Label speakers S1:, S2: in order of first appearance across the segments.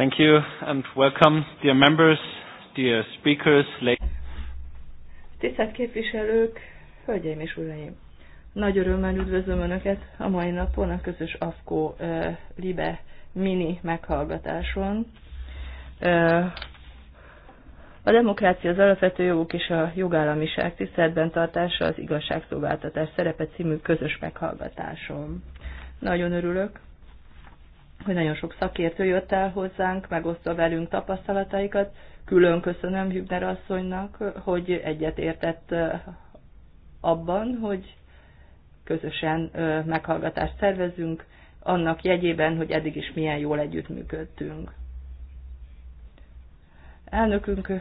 S1: Thank you and welcome, dear members, dear speakers, ladies.
S2: Tisztelt képviselők, hölgyeim és uraim! Nagy örömmel üdvözlöm Önöket a mai napon a közös AFKO uh, Libe mini meghallgatáson. Uh, a demokrácia, az alapvető jogok és a jogállamiság tiszteletben tartása az igazságszolgáltatás szerepe című közös meghallgatáson. Nagyon örülök, hogy nagyon sok szakértő jött el hozzánk, megosztva velünk tapasztalataikat. Külön köszönöm Hübner asszonynak, hogy egyetértett abban, hogy közösen meghallgatást szervezünk, annak jegyében, hogy eddig is milyen jól együttműködtünk. Elnökünk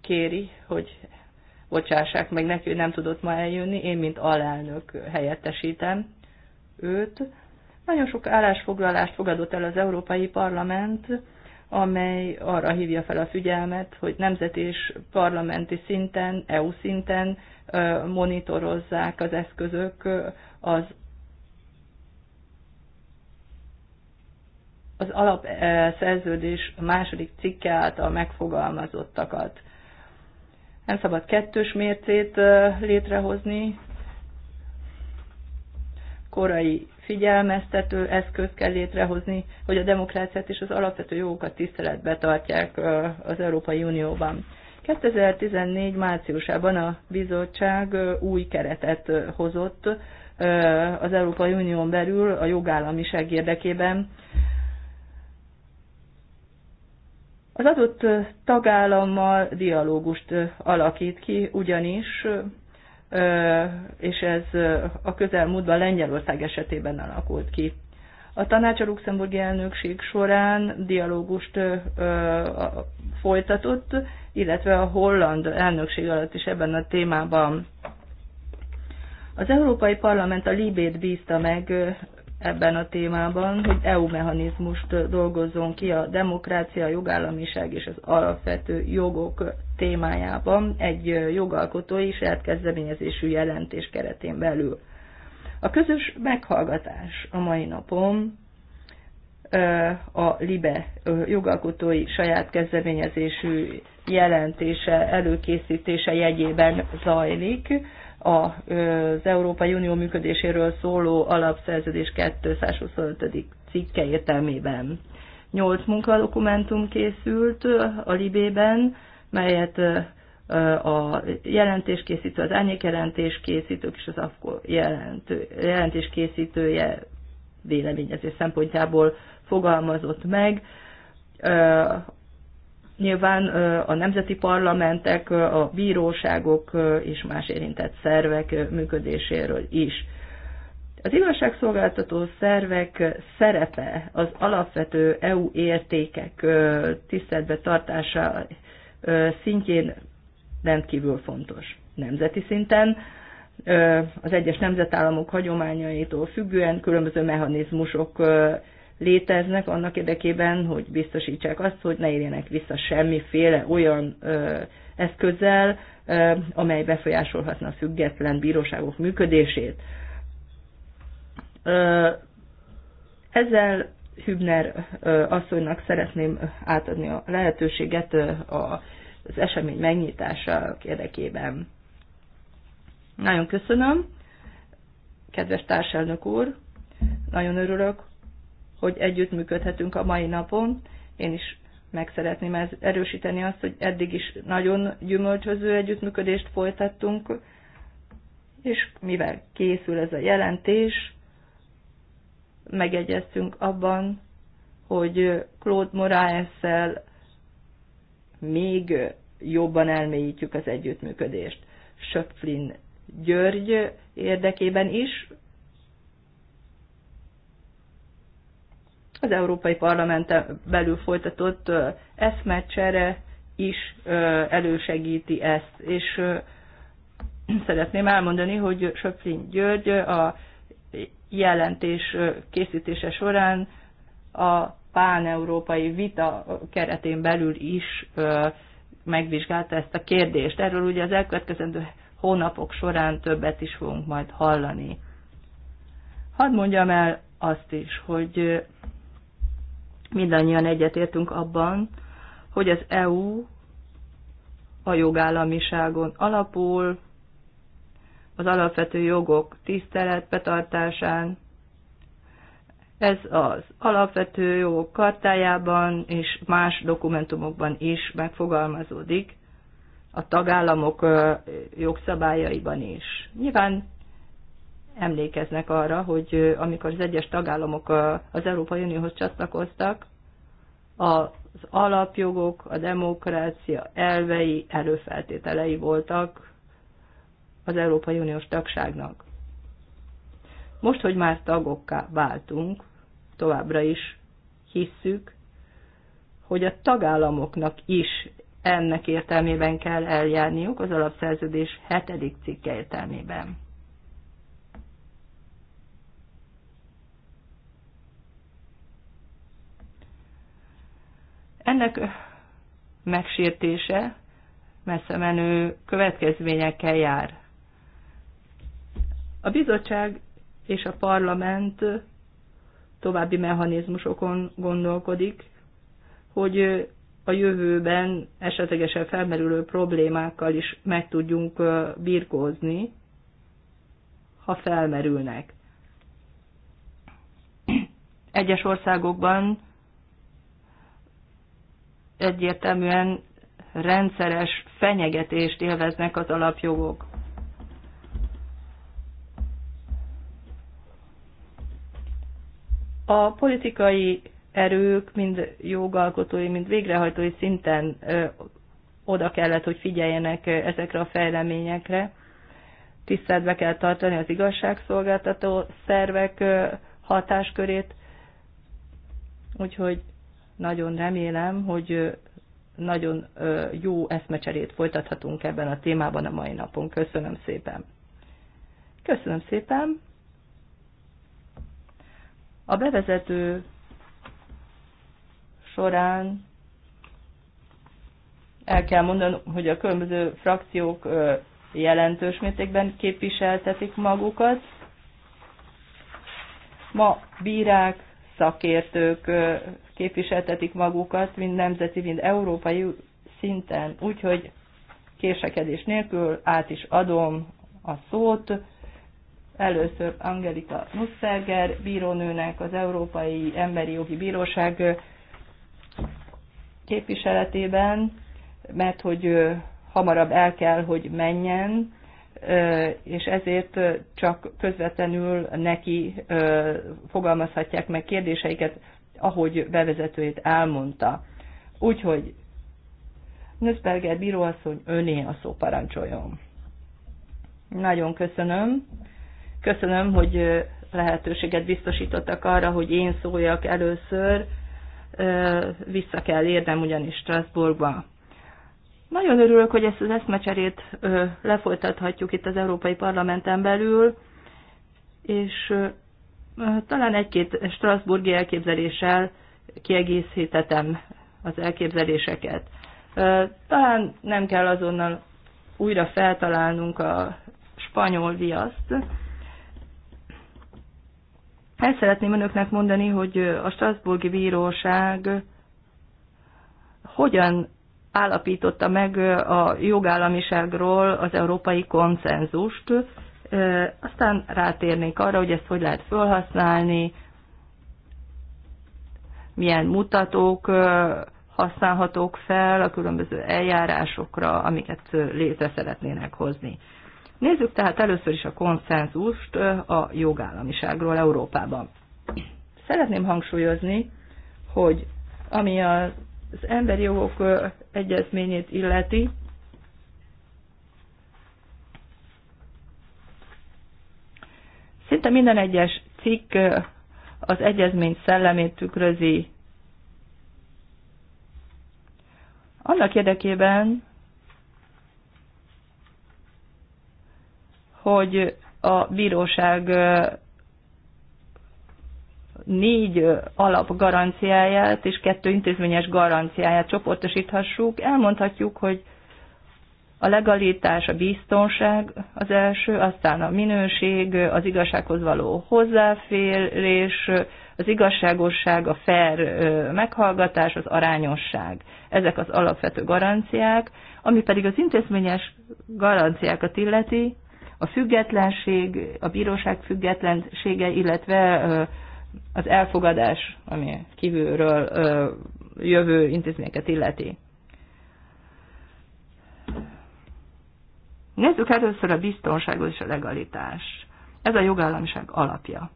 S2: kéri, hogy bocsássák meg neki, hogy nem tudott ma eljönni, én, mint alelnök helyettesítem őt, nagyon sok állásfoglalást fogadott el az Európai Parlament, amely arra hívja fel a figyelmet, hogy nemzeti és parlamenti szinten, EU szinten monitorozzák az eszközök az az alapszerződés második cikke által megfogalmazottakat. Nem szabad kettős mércét létrehozni, korai figyelmeztető eszköz kell létrehozni, hogy a demokráciát és az alapvető jogokat tiszteletbe tartják az Európai Unióban. 2014 márciusában a bizottság új keretet hozott az Európai Unión belül a jogállamiság érdekében. Az adott tagállammal dialógust alakít ki, ugyanis és ez a közelmúltban Lengyelország esetében alakult ki. A tanács a luxemburgi elnökség során dialógust folytatott, illetve a holland elnökség alatt is ebben a témában. Az Európai Parlament a Libét bízta meg ebben a témában, hogy EU mechanizmust dolgozzon ki a demokrácia, a jogállamiság és az alapvető jogok témájában egy jogalkotói saját kezdeményezésű jelentés keretén belül. A közös meghallgatás a mai napon a LIBE jogalkotói saját kezdeményezésű jelentése előkészítése jegyében zajlik az Európai Unió működéséről szóló alapszerződés 225. cikke értelmében. Nyolc munkadokumentum készült a Libében, melyet a jelentéskészítő, az árnyék jelentéskészítők és az AFKO jelentő, jelentéskészítője véleményezés szempontjából fogalmazott meg Nyilván a nemzeti parlamentek, a bíróságok és más érintett szervek működéséről is. Az igazságszolgáltató szervek szerepe az alapvető EU értékek tiszteletbe tartása szintjén rendkívül fontos. Nemzeti szinten az egyes nemzetállamok hagyományaitól függően különböző mechanizmusok léteznek annak érdekében, hogy biztosítsák azt, hogy ne érjenek vissza semmiféle olyan ö, eszközzel, ö, amely befolyásolhatna a független bíróságok működését. Ö, ezzel Hübner ö, asszonynak szeretném átadni a lehetőséget ö, a, az esemény megnyitása érdekében. Nagyon köszönöm, kedves társelnök úr, nagyon örülök, hogy együttműködhetünk a mai napon. Én is meg szeretném erősíteni azt, hogy eddig is nagyon gyümölcsöző együttműködést folytattunk, és mivel készül ez a jelentés, megegyeztünk abban, hogy Claude moraes még jobban elmélyítjük az együttműködést. Söpflin György érdekében is, az Európai parlament belül folytatott eszmecsere is elősegíti ezt. És szeretném elmondani, hogy Söpflin György a jelentés készítése során a páneurópai vita keretén belül is megvizsgálta ezt a kérdést. Erről ugye az elkövetkezendő hónapok során többet is fogunk majd hallani. Hadd mondjam el azt is, hogy mindannyian egyetértünk abban, hogy az EU a jogállamiságon alapul, az alapvető jogok tisztelet betartásán, ez az alapvető jogok kartájában és más dokumentumokban is megfogalmazódik, a tagállamok jogszabályaiban is. Nyilván emlékeznek arra, hogy amikor az egyes tagállamok az Európai Unióhoz csatlakoztak, az alapjogok, a demokrácia elvei előfeltételei voltak az Európai Uniós tagságnak. Most, hogy már tagokká váltunk, továbbra is hisszük, hogy a tagállamoknak is ennek értelmében kell eljárniuk az alapszerződés hetedik cikke értelmében. Ennek megsértése messze menő következményekkel jár. A bizottság és a parlament további mechanizmusokon gondolkodik, hogy a jövőben esetlegesen felmerülő problémákkal is meg tudjunk birkózni, ha felmerülnek. Egyes országokban egyértelműen rendszeres fenyegetést élveznek az alapjogok. A politikai erők mind jogalkotói, mind végrehajtói szinten ö, oda kellett, hogy figyeljenek ezekre a fejleményekre. Tiszteletbe kell tartani az igazságszolgáltató szervek ö, hatáskörét. Úgyhogy nagyon remélem, hogy nagyon jó eszmecserét folytathatunk ebben a témában a mai napon. Köszönöm szépen. Köszönöm szépen. A bevezető során el kell mondanom, hogy a különböző frakciók jelentős mértékben képviseltetik magukat. Ma bírák, szakértők képviseltetik magukat, mind nemzeti, mind európai szinten. Úgyhogy késekedés nélkül át is adom a szót. Először Angelika Nusszerger bírónőnek az Európai Emberi Jogi Bíróság képviseletében, mert hogy hamarabb el kell, hogy menjen, és ezért csak közvetlenül neki fogalmazhatják meg kérdéseiket ahogy bevezetőjét elmondta. Úgyhogy Nöszberger bíróasszony öné a szó parancsoljon. Nagyon köszönöm. Köszönöm, hogy lehetőséget biztosítottak arra, hogy én szóljak először. Vissza kell érnem ugyanis Strasbourgba. Nagyon örülök, hogy ezt az eszmecserét lefolytathatjuk itt az Európai Parlamenten belül, és talán egy-két Strasburgi elképzeléssel kiegészítetem az elképzeléseket. Talán nem kell azonnal újra feltalálnunk a spanyol viaszt. El szeretném önöknek mondani, hogy a Strasburgi Bíróság hogyan állapította meg a jogállamiságról az európai konszenzust, aztán rátérnék arra, hogy ezt hogy lehet felhasználni, milyen mutatók használhatók fel a különböző eljárásokra, amiket létre szeretnének hozni. Nézzük tehát először is a konszenzust a jogállamiságról Európában. Szeretném hangsúlyozni, hogy ami az emberi jogok egyezményét illeti, Szinte minden egyes cikk az egyezmény szellemét tükrözi. Annak érdekében, hogy a bíróság négy alap garanciáját és kettő intézményes garanciáját csoportosíthassuk, elmondhatjuk, hogy a legalitás, a biztonság az első, aztán a minőség, az igazsághoz való hozzáférés, az igazságosság, a fair meghallgatás, az arányosság. Ezek az alapvető garanciák, ami pedig az intézményes garanciákat illeti, a függetlenség, a bíróság függetlensége, illetve az elfogadás, ami kívülről jövő intézményeket illeti. Nézzük hát először a biztonságot és a legalitás. Ez a jogállamiság alapja.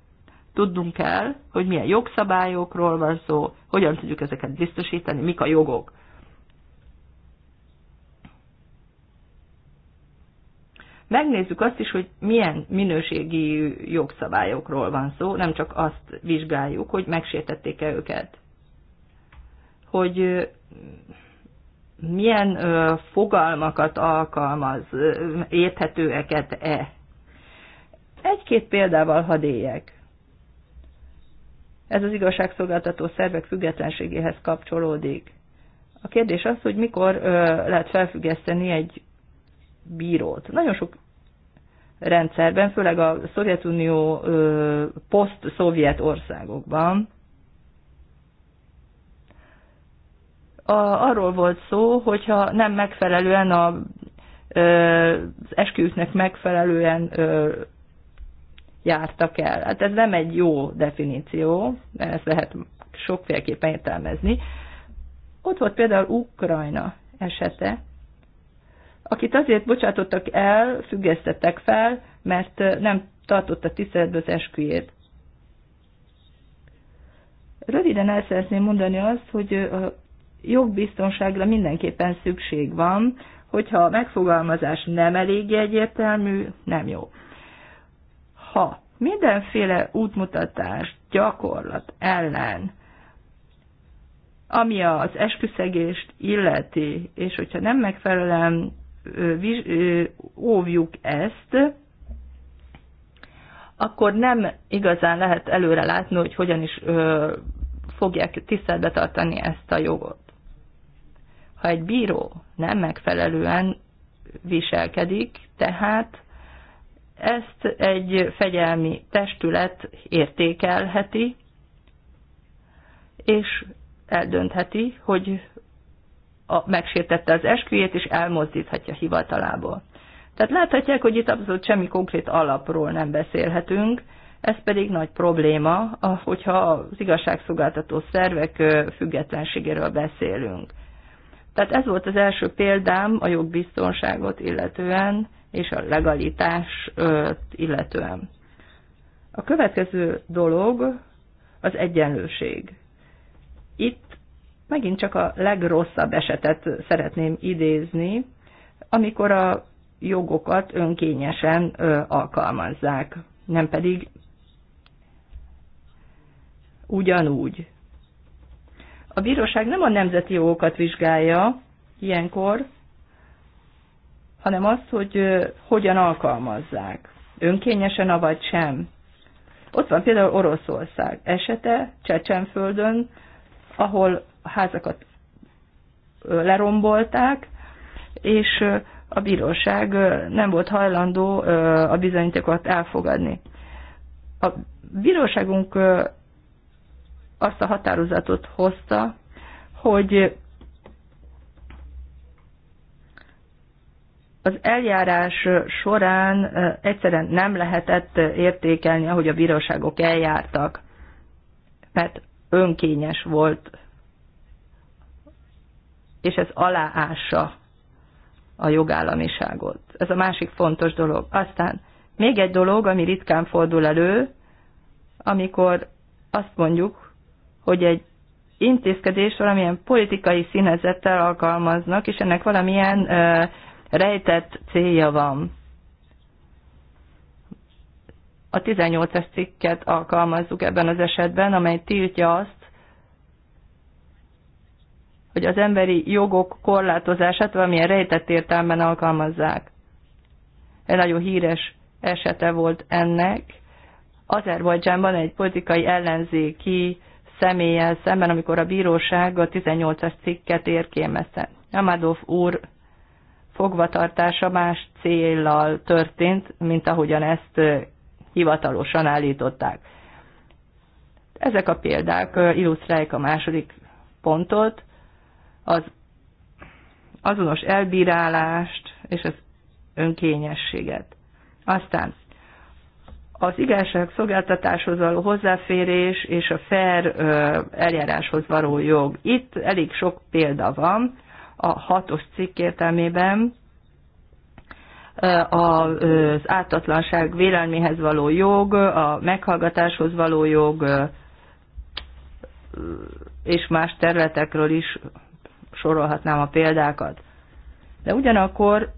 S2: Tudnunk kell, hogy milyen jogszabályokról van szó, hogyan tudjuk ezeket biztosítani, mik a jogok. Megnézzük azt is, hogy milyen minőségi jogszabályokról van szó, nem csak azt vizsgáljuk, hogy megsértették-e őket. Hogy milyen ö, fogalmakat alkalmaz, érthetőeket-e. Egy-két példával hadd éljek. Ez az igazságszolgáltató szervek függetlenségéhez kapcsolódik. A kérdés az, hogy mikor ö, lehet felfüggeszteni egy bírót. Nagyon sok rendszerben, főleg a Szovjetunió poszt-szovjet országokban a, arról volt szó, hogyha nem megfelelően a, az esküvőknek megfelelően jártak el. Hát ez nem egy jó definíció, ezt lehet sokféleképpen értelmezni. Ott volt például Ukrajna esete, akit azért bocsátottak el, függesztettek fel, mert nem tartotta tiszteletbe az esküjét. Röviden el szeretném mondani azt, hogy a jogbiztonságra mindenképpen szükség van, hogyha a megfogalmazás nem elég egyértelmű, nem jó. Ha mindenféle útmutatás, gyakorlat ellen, ami az esküszegést illeti, és hogyha nem megfelelően óvjuk ezt, akkor nem igazán lehet előre látni, hogy hogyan is fogják tiszteletbe tartani ezt a jogot ha egy bíró nem megfelelően viselkedik, tehát ezt egy fegyelmi testület értékelheti, és eldöntheti, hogy a, megsértette az esküjét, és elmozdíthatja hivatalából. Tehát láthatják, hogy itt abszolút semmi konkrét alapról nem beszélhetünk, ez pedig nagy probléma, hogyha az igazságszolgáltató szervek függetlenségéről beszélünk. Tehát ez volt az első példám a jogbiztonságot illetően, és a legalitás illetően. A következő dolog az egyenlőség. Itt megint csak a legrosszabb esetet szeretném idézni, amikor a jogokat önkényesen alkalmazzák, nem pedig ugyanúgy. A bíróság nem a nemzeti jogokat vizsgálja ilyenkor, hanem azt, hogy hogyan alkalmazzák, önkényesen, avagy sem. Ott van például Oroszország esete Csecsenföldön, ahol a házakat lerombolták, és a bíróság nem volt hajlandó a bizonyítékokat elfogadni. A bíróságunk azt a határozatot hozta, hogy az eljárás során egyszerűen nem lehetett értékelni, ahogy a bíróságok eljártak, mert önkényes volt, és ez aláássa a jogállamiságot. Ez a másik fontos dolog. Aztán még egy dolog, ami ritkán fordul elő, amikor azt mondjuk, hogy egy intézkedés valamilyen politikai színezettel alkalmaznak, és ennek valamilyen ö, rejtett célja van. A 18 es cikket alkalmazzuk ebben az esetben, amely tiltja azt, hogy az emberi jogok korlátozását valamilyen rejtett értelmen alkalmazzák. Egy nagyon híres esete volt ennek. Azerbajdzsánban egy politikai ellenzéki személlyel szemben, amikor a bíróság a 18-as cikket érkémezte. Amadov úr fogvatartása más céllal történt, mint ahogyan ezt hivatalosan állították. Ezek a példák illusztrálják a második pontot, az azonos elbírálást és az önkényességet. Aztán az igazság szolgáltatáshoz való hozzáférés és a fair eljáráshoz való jog. Itt elég sok példa van a hatos cikk értelmében, az áltatlanság vélelméhez való jog, a meghallgatáshoz való jog, és más területekről is sorolhatnám a példákat. De ugyanakkor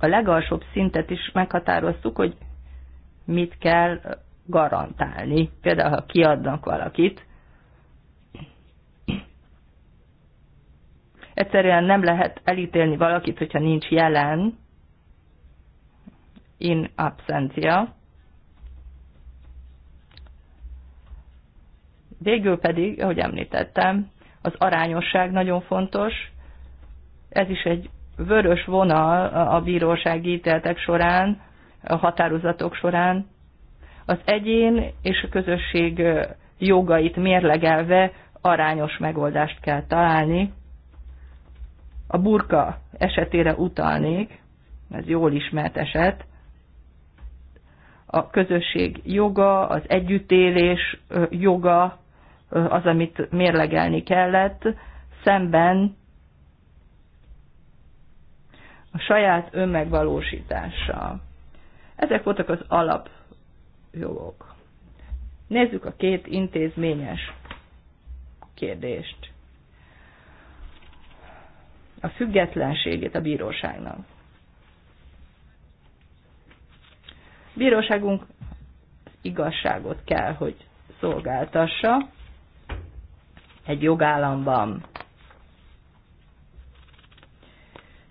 S2: a legalsóbb szintet is meghatároztuk, hogy mit kell garantálni. Például, ha kiadnak valakit, egyszerűen nem lehet elítélni valakit, hogyha nincs jelen, in absentia. Végül pedig, ahogy említettem, az arányosság nagyon fontos. Ez is egy vörös vonal a bírósági ítéltek során, a határozatok során, az egyén és a közösség jogait mérlegelve arányos megoldást kell találni. A burka esetére utalnék, ez jól ismert eset, a közösség joga, az együttélés joga, az, amit mérlegelni kellett, szemben a saját önmegvalósítása Ezek voltak az alapjogok. Nézzük a két intézményes kérdést. A függetlenségét a bíróságnak. bíróságunk igazságot kell, hogy szolgáltassa egy jogállamban.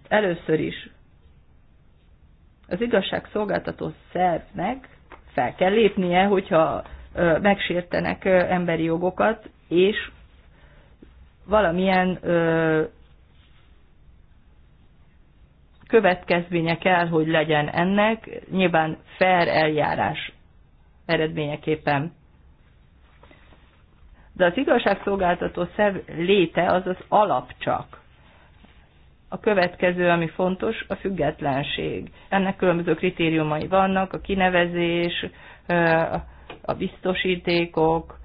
S2: Először is az igazságszolgáltató szervnek fel kell lépnie, hogyha megsértenek emberi jogokat, és valamilyen következménye kell, hogy legyen ennek, nyilván fair eljárás eredményeképpen. De az igazságszolgáltató szerv léte az az alap csak a következő, ami fontos, a függetlenség. Ennek különböző kritériumai vannak, a kinevezés, a biztosítékok,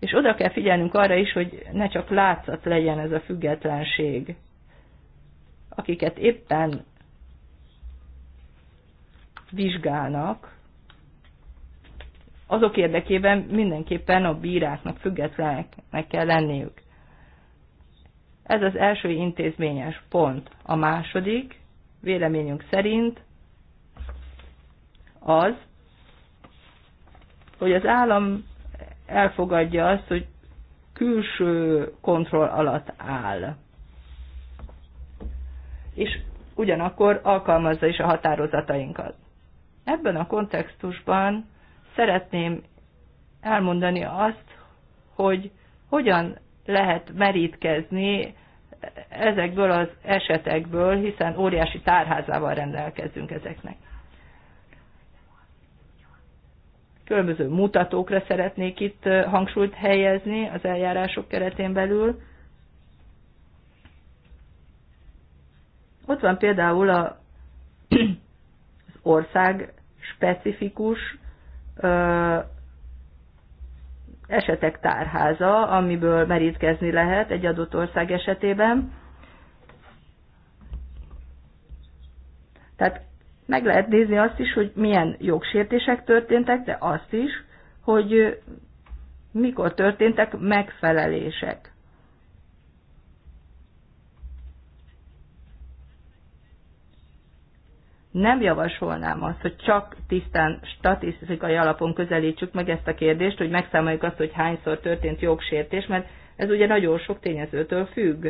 S2: és oda kell figyelnünk arra is, hogy ne csak látszat legyen ez a függetlenség. Akiket éppen vizsgálnak, azok érdekében mindenképpen a bíráknak függetlenek kell lenniük. Ez az első intézményes pont. A második, véleményünk szerint, az, hogy az állam elfogadja azt, hogy külső kontroll alatt áll. És ugyanakkor alkalmazza is a határozatainkat. Ebben a kontextusban szeretném elmondani azt, hogy hogyan lehet merítkezni ezekből az esetekből, hiszen óriási tárházával rendelkezünk ezeknek. Különböző mutatókra szeretnék itt hangsúlyt helyezni az eljárások keretén belül. Ott van például a, az ország specifikus esetek tárháza, amiből merítkezni lehet egy adott ország esetében. Tehát meg lehet nézni azt is, hogy milyen jogsértések történtek, de azt is, hogy mikor történtek megfelelések. nem javasolnám azt, hogy csak tisztán statisztikai alapon közelítsük meg ezt a kérdést, hogy megszámoljuk azt, hogy hányszor történt jogsértés, mert ez ugye nagyon sok tényezőtől függ.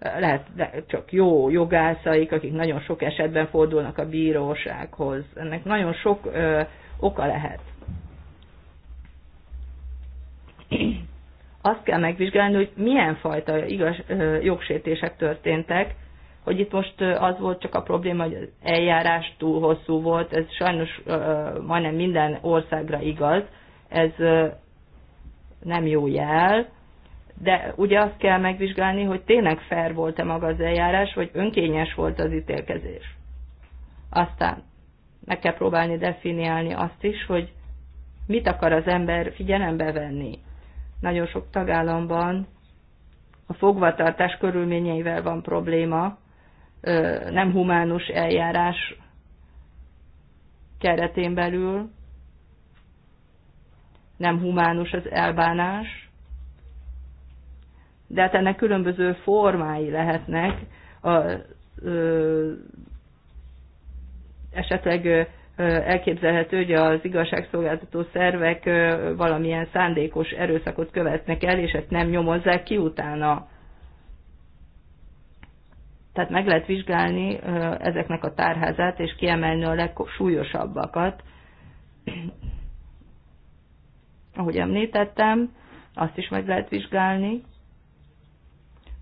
S2: Lehet csak jó jogászaik, akik nagyon sok esetben fordulnak a bírósághoz. Ennek nagyon sok ö, oka lehet. Azt kell megvizsgálni, hogy milyen fajta igaz, ö, jogsértések történtek, hogy itt most az volt csak a probléma, hogy az eljárás túl hosszú volt, ez sajnos majdnem minden országra igaz, ez nem jó jel, de ugye azt kell megvizsgálni, hogy tényleg fair volt-e maga az eljárás, vagy önkényes volt az ítélkezés. Aztán meg kell próbálni definiálni azt is, hogy mit akar az ember figyelembe venni. Nagyon sok tagállamban a fogvatartás körülményeivel van probléma, nem humánus eljárás keretén belül, nem humánus az elbánás, de hát ennek különböző formái lehetnek, a, ö, esetleg ö, elképzelhető, hogy az igazságszolgáltató szervek valamilyen szándékos erőszakot követnek el, és ezt nem nyomozzák ki utána. Tehát meg lehet vizsgálni ezeknek a tárházát, és kiemelni a legsúlyosabbakat. Ahogy említettem, azt is meg lehet vizsgálni,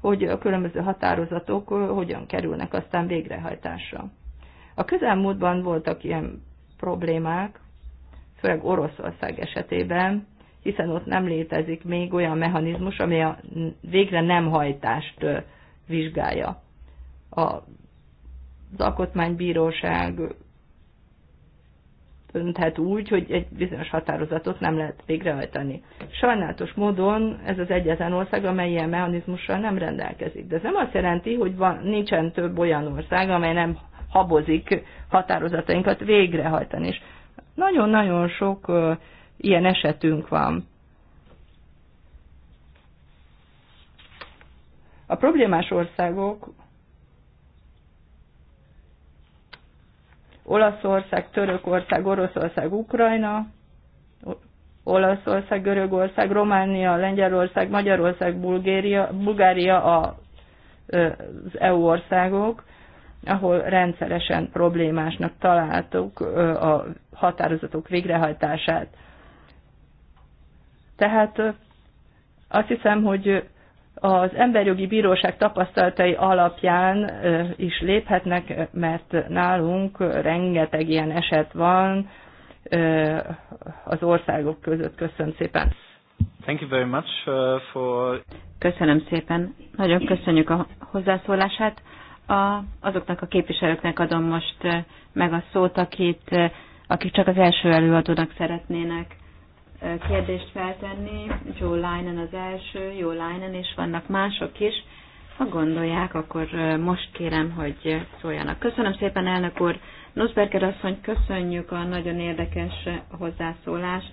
S2: hogy a különböző határozatok hogyan kerülnek aztán végrehajtásra. A közelmúltban voltak ilyen problémák, főleg Oroszország esetében, hiszen ott nem létezik még olyan mechanizmus, ami a végre nem hajtást vizsgálja a az alkotmánybíróság dönthet úgy, hogy egy bizonyos határozatot nem lehet végrehajtani. Sajnálatos módon ez az egyetlen ország, amely ilyen mechanizmussal nem rendelkezik. De ez nem azt jelenti, hogy van, nincsen több olyan ország, amely nem habozik határozatainkat végrehajtani. És nagyon-nagyon sok uh, ilyen esetünk van. A problémás országok Olaszország, Törökország, Oroszország, Ukrajna, Olaszország, Görögország, Románia, Lengyelország, Magyarország, Bulgária, Bulgária a, az EU országok, ahol rendszeresen problémásnak találtuk a határozatok végrehajtását. Tehát azt hiszem, hogy az emberjogi bíróság tapasztalatai alapján is léphetnek, mert nálunk rengeteg ilyen eset van az országok között. Köszönöm szépen.
S1: Thank you very much uh, for...
S3: Köszönöm szépen. Nagyon köszönjük a hozzászólását. A, azoknak a képviselőknek adom most meg a szót, akit, akik csak az első előadónak szeretnének kérdést feltenni. Joe Linen az első, jó Linen, és vannak mások is. Ha gondolják, akkor most kérem, hogy szóljanak. Köszönöm szépen, elnök úr. Nussberger asszony, köszönjük a nagyon érdekes hozzászólást.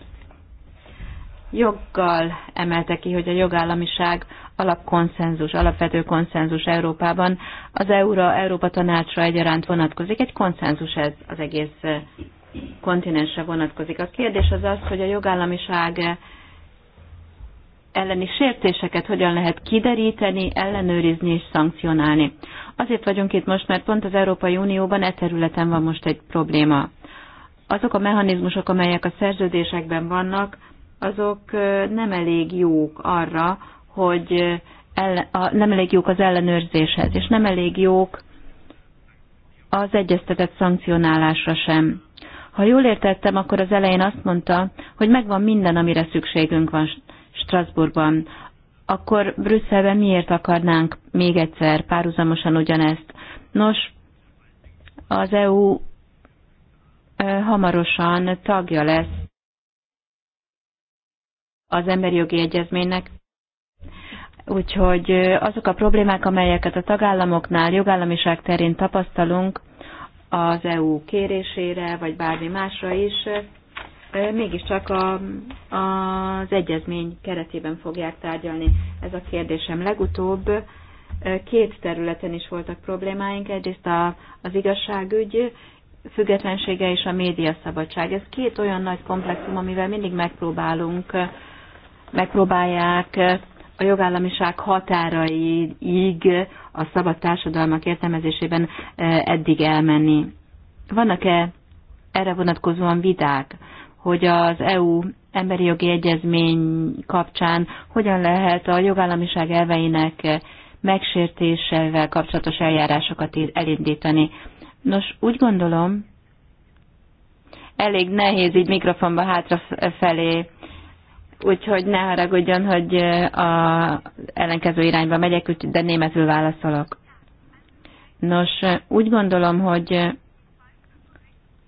S3: Joggal emelte ki, hogy a jogállamiság alapkonszenzus, alapvető konszenzus Európában az Európa Európa tanácsra egyaránt vonatkozik. Egy konszenzus ez az egész kontinensre vonatkozik. A kérdés az az, hogy a jogállamiság elleni sértéseket hogyan lehet kideríteni, ellenőrizni és szankcionálni. Azért vagyunk itt most, mert pont az Európai Unióban e területen van most egy probléma. Azok a mechanizmusok, amelyek a szerződésekben vannak, azok nem elég jók arra, hogy ellen, a, nem elég jók az ellenőrzéshez, és nem elég jók az egyeztetett szankcionálásra sem. Ha jól értettem, akkor az elején azt mondta, hogy megvan minden, amire szükségünk van Strasbourgban. Akkor Brüsszelben miért akarnánk még egyszer párhuzamosan ugyanezt? Nos, az EU hamarosan tagja lesz az emberi jogi egyezménynek, Úgyhogy azok a problémák, amelyeket a tagállamoknál jogállamiság terén tapasztalunk, az EU kérésére, vagy bármi másra is, mégiscsak a, az egyezmény keretében fogják tárgyalni. Ez a kérdésem legutóbb. Két területen is voltak problémáink, egyrészt a, az igazságügy függetlensége és a médiaszabadság. Ez két olyan nagy komplexum, amivel mindig megpróbálunk, megpróbálják a jogállamiság határaiig a szabad társadalmak értelmezésében e, eddig elmenni. Vannak-e erre vonatkozóan viták, hogy az EU emberi jogi egyezmény kapcsán hogyan lehet a jogállamiság elveinek megsértésevel kapcsolatos eljárásokat elindítani. Nos, úgy gondolom, elég nehéz így mikrofonba hátrafelé úgyhogy ne haragudjon, hogy a ellenkező irányba megyek, de németül válaszolok. Nos, úgy gondolom, hogy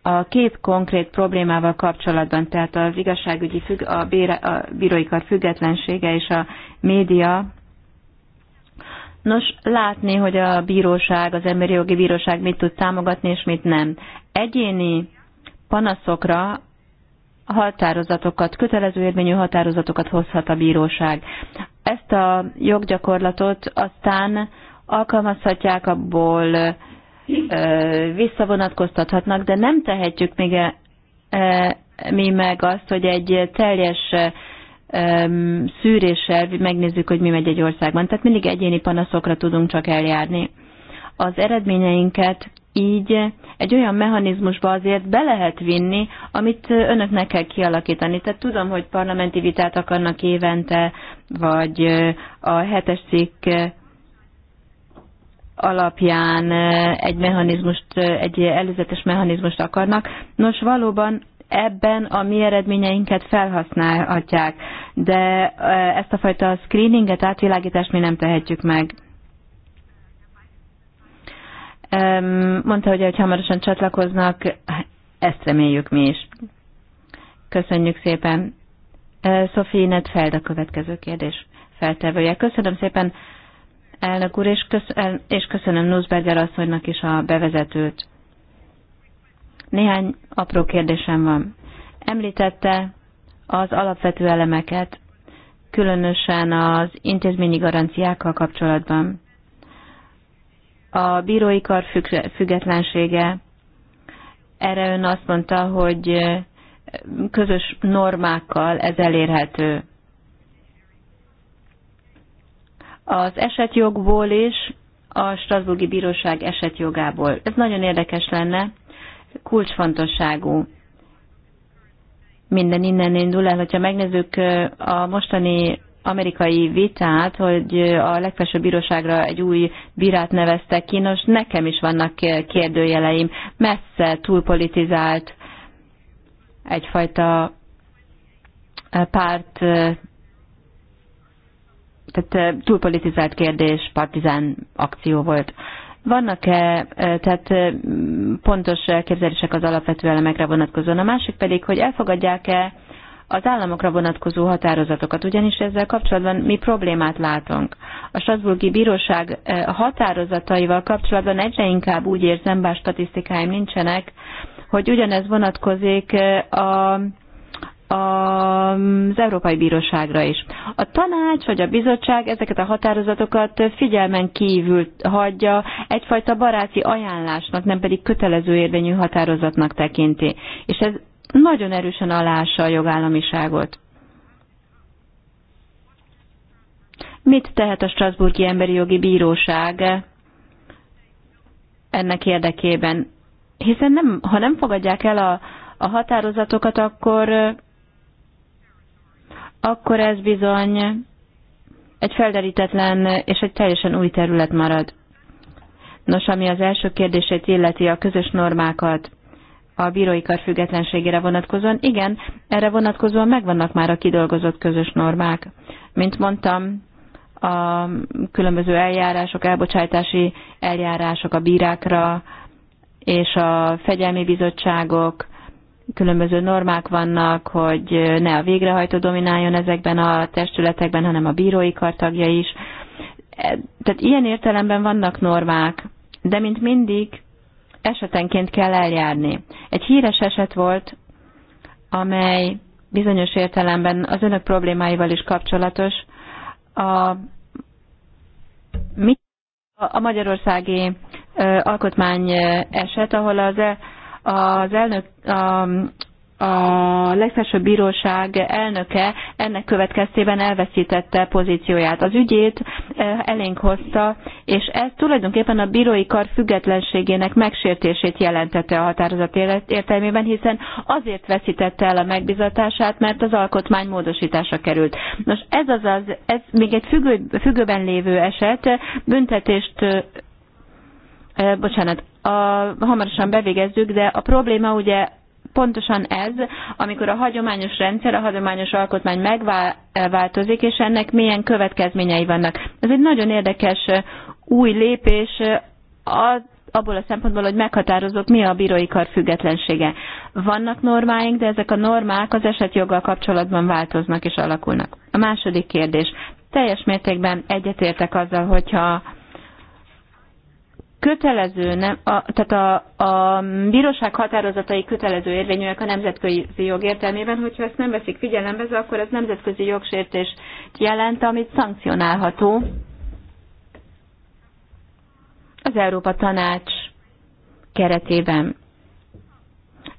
S3: a két konkrét problémával kapcsolatban, tehát az igazságügyi függ, a, bére, a bírói kar függetlensége és a média, Nos, látni, hogy a bíróság, az emberi jogi bíróság mit tud támogatni és mit nem. Egyéni panaszokra határozatokat, kötelező érvényű határozatokat hozhat a bíróság. Ezt a joggyakorlatot aztán alkalmazhatják abból, visszavonatkoztathatnak, de nem tehetjük még e, e, mi meg azt, hogy egy teljes szűréssel megnézzük, hogy mi megy egy országban. Tehát mindig egyéni panaszokra tudunk csak eljárni. Az eredményeinket így egy olyan mechanizmusba azért be lehet vinni, amit önöknek kell kialakítani. Tehát tudom, hogy parlamenti vitát akarnak évente, vagy a hetes cikk alapján egy mechanizmust, egy előzetes mechanizmust akarnak. Nos, valóban ebben a mi eredményeinket felhasználhatják, de ezt a fajta screeninget, átvilágítást mi nem tehetjük meg. Mondta, hogy, hogy hamarosan csatlakoznak, ezt reméljük mi is. Köszönjük szépen. Sophie Nedfeld a következő kérdés feltevője. Köszönöm szépen, elnök úr, és, köszönöm és köszönöm Nussberger asszonynak is a bevezetőt. Néhány apró kérdésem van. Említette az alapvető elemeket, különösen az intézményi garanciákkal kapcsolatban a bírói kar függetlensége, erre ön azt mondta, hogy közös normákkal ez elérhető. Az esetjogból is, a Strasburgi Bíróság esetjogából. Ez nagyon érdekes lenne, kulcsfontosságú. Minden innen indul el, hogyha megnézzük a mostani amerikai vitát, hogy a legfelsőbb bíróságra egy új bírát neveztek ki. Nos, nekem is vannak kérdőjeleim. Messze túlpolitizált egyfajta eh, párt, eh, tehát eh, túlpolitizált kérdés, partizán akció volt. Vannak-e tehát pontos elképzelések az alapvető elemekre vonatkozóan? A másik pedig, hogy elfogadják-e az államokra vonatkozó határozatokat, ugyanis ezzel kapcsolatban mi problémát látunk. A Strasburgi Bíróság eh, határozataival kapcsolatban egyre inkább úgy érzem, bár statisztikáim nincsenek, hogy ugyanez vonatkozik eh, a az Európai Bíróságra is. A tanács vagy a bizottság ezeket a határozatokat figyelmen kívül hagyja, egyfajta baráti ajánlásnak, nem pedig kötelező érvényű határozatnak tekinti. És ez nagyon erősen aláássa a jogállamiságot. Mit tehet a Strasburgi Emberi Jogi Bíróság ennek érdekében? Hiszen nem, ha nem fogadják el a, a határozatokat, akkor, akkor ez bizony egy felderítetlen és egy teljesen új terület marad. Nos, ami az első kérdését illeti a közös normákat, a bírói kar függetlenségére vonatkozóan, igen, erre vonatkozóan megvannak már a kidolgozott közös normák. Mint mondtam, a különböző eljárások, elbocsátási eljárások a bírákra és a fegyelmi bizottságok, különböző normák vannak, hogy ne a végrehajtó domináljon ezekben a testületekben, hanem a bírói kar tagja is. E, tehát ilyen értelemben vannak normák, de mint mindig esetenként kell eljárni. Egy híres eset volt, amely bizonyos értelemben az önök problémáival is kapcsolatos. A, a magyarországi alkotmány eset, ahol az, e- az elnök, a, a legfelsőbb bíróság elnöke ennek következtében elveszítette pozícióját. Az ügyét eh, elénk hozta, és ez tulajdonképpen a bírói kar függetlenségének megsértését jelentette a határozat értelmében, hiszen azért veszítette el a megbizatását, mert az alkotmány módosítása került. Nos, ez az, az ez még egy függő, függőben lévő eset, büntetést eh, eh, bocsánat, a, hamarosan bevégezzük, de a probléma ugye pontosan ez, amikor a hagyományos rendszer, a hagyományos alkotmány megváltozik, eh, és ennek milyen következményei vannak. Ez egy nagyon érdekes eh, új lépés eh, az, abból a szempontból, hogy meghatározok, mi a bírói kar függetlensége. Vannak normáink, de ezek a normák az esetjoggal kapcsolatban változnak és alakulnak. A második kérdés. Teljes mértékben egyetértek azzal, hogyha kötelező, nem, a, tehát a, a bíróság határozatai kötelező érvényűek a nemzetközi jog értelmében, hogyha ezt nem veszik figyelembe, akkor ez nemzetközi jogsértés jelent, amit szankcionálható az Európa Tanács keretében.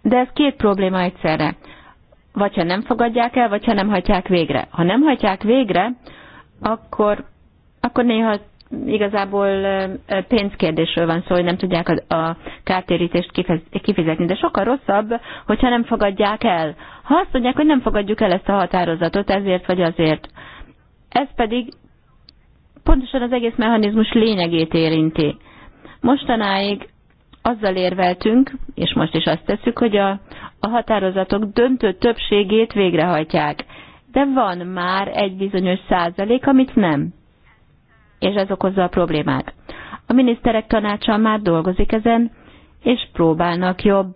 S3: De ez két probléma egyszerre. Vagy ha nem fogadják el, vagy ha nem hagyják végre. Ha nem hagyják végre, akkor, akkor néha igazából pénzkérdésről van szó, hogy nem tudják a, a kártérítést kifizetni. De sokkal rosszabb, hogyha nem fogadják el. Ha azt mondják, hogy nem fogadjuk el ezt a határozatot, ezért vagy azért. Ez pedig pontosan az egész mechanizmus lényegét érinti. Mostanáig azzal érveltünk, és most is azt tesszük, hogy a, a határozatok döntő többségét végrehajtják. De van már egy bizonyos százalék, amit nem és ez okozza a problémát. A miniszterek tanácsa már dolgozik ezen, és próbálnak jobb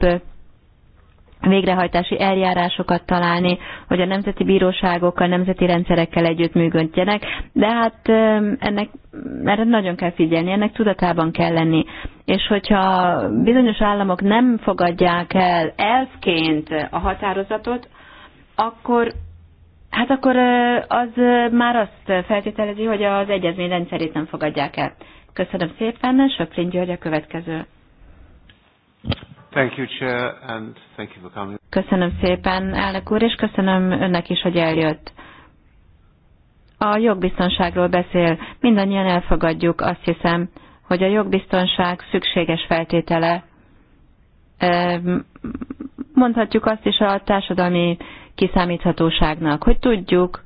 S3: végrehajtási eljárásokat találni, hogy a nemzeti bíróságokkal, nemzeti rendszerekkel együtt működjenek. de hát ennek erre nagyon kell figyelni, ennek tudatában kell lenni. És hogyha bizonyos államok nem fogadják el elfként a határozatot, akkor Hát akkor az már azt feltételezi, hogy az egyezmény rendszerét nem fogadják el. Köszönöm szépen, Söprin György a következő.
S1: Thank you, Chair, and thank you for coming.
S3: Köszönöm szépen, elnök úr, és köszönöm önnek is, hogy eljött. A jogbiztonságról beszél, mindannyian elfogadjuk, azt hiszem, hogy a jogbiztonság szükséges feltétele. Mondhatjuk azt is a társadalmi kiszámíthatóságnak, hogy tudjuk,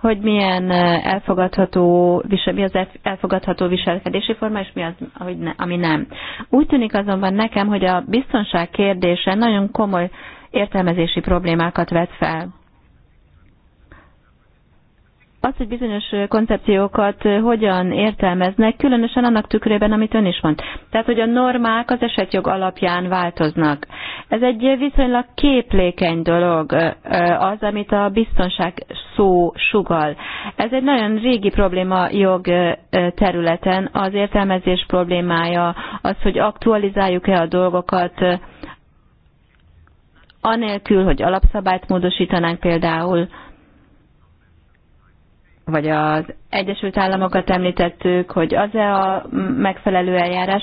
S3: hogy milyen eh, elfogadható, mi az elfogadható viselkedési forma, és mi az, ami nem. Úgy tűnik azonban nekem, hogy a biztonság kérdése nagyon komoly értelmezési problémákat vet fel. Az, hogy bizonyos koncepciókat hogyan értelmeznek, különösen annak tükrében, amit ön is mond. Tehát, hogy a normák az esetjog alapján változnak. Ez egy viszonylag képlékeny dolog, az, amit a biztonság szó sugal. Ez egy nagyon régi probléma jog területen, az értelmezés problémája, az, hogy aktualizáljuk-e a dolgokat, anélkül, hogy alapszabályt módosítanánk például, vagy az Egyesült Államokat említettük, hogy az-e a megfelelő eljárás.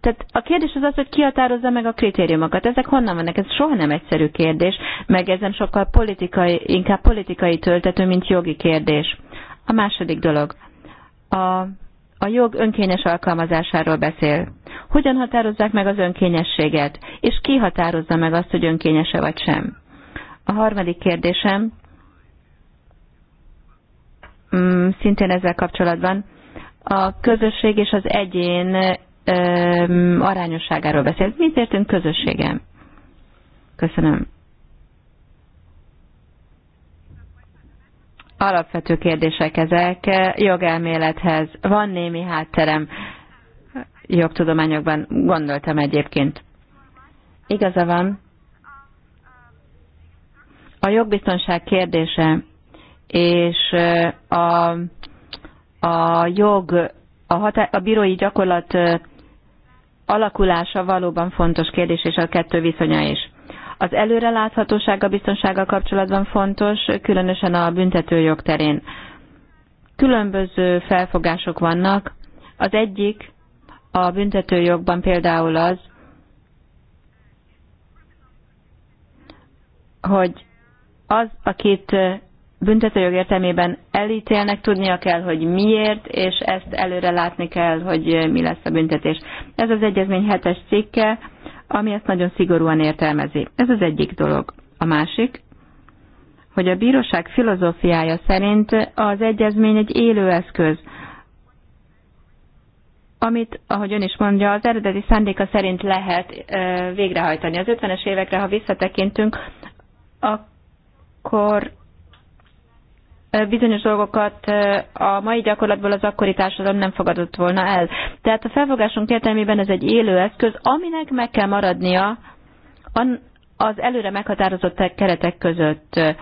S3: Tehát a kérdés az az, hogy ki határozza meg a kritériumokat. Ezek honnan vannak? Ez soha nem egyszerű kérdés, meg nem sokkal politikai, inkább politikai töltető, mint jogi kérdés. A második dolog. A, a jog önkényes alkalmazásáról beszél. Hogyan határozzák meg az önkényességet? És ki határozza meg azt, hogy önkényese vagy sem? A harmadik kérdésem, Mm, szintén ezzel kapcsolatban a közösség és az egyén arányosságáról beszélt. Mit értünk közösségem? Köszönöm. Alapvető kérdések ezek. Eh, jogelmélethez van némi hátterem jogtudományokban, gondoltam egyébként. Igaza van. A jogbiztonság kérdése és a, a jog, a, hatá, a bírói gyakorlat alakulása valóban fontos kérdés, és a kettő viszonya is. Az a biztonsággal kapcsolatban fontos, különösen a büntetőjog terén. Különböző felfogások vannak. Az egyik a büntetőjogban például az, hogy az, akit büntetőjog értelmében elítélnek, tudnia kell, hogy miért, és ezt előre látni kell, hogy mi lesz a büntetés. Ez az egyezmény hetes cikke, ami ezt nagyon szigorúan értelmezi. Ez az egyik dolog. A másik, hogy a bíróság filozófiája szerint az egyezmény egy élő eszköz, amit, ahogy ön is mondja, az eredeti szándéka szerint lehet végrehajtani. Az 50-es évekre, ha visszatekintünk, akkor bizonyos dolgokat a mai gyakorlatból az akkori társadalom nem fogadott volna el. Tehát a felfogásunk értelmében ez egy élő eszköz, aminek meg kell maradnia az előre meghatározott keretek között.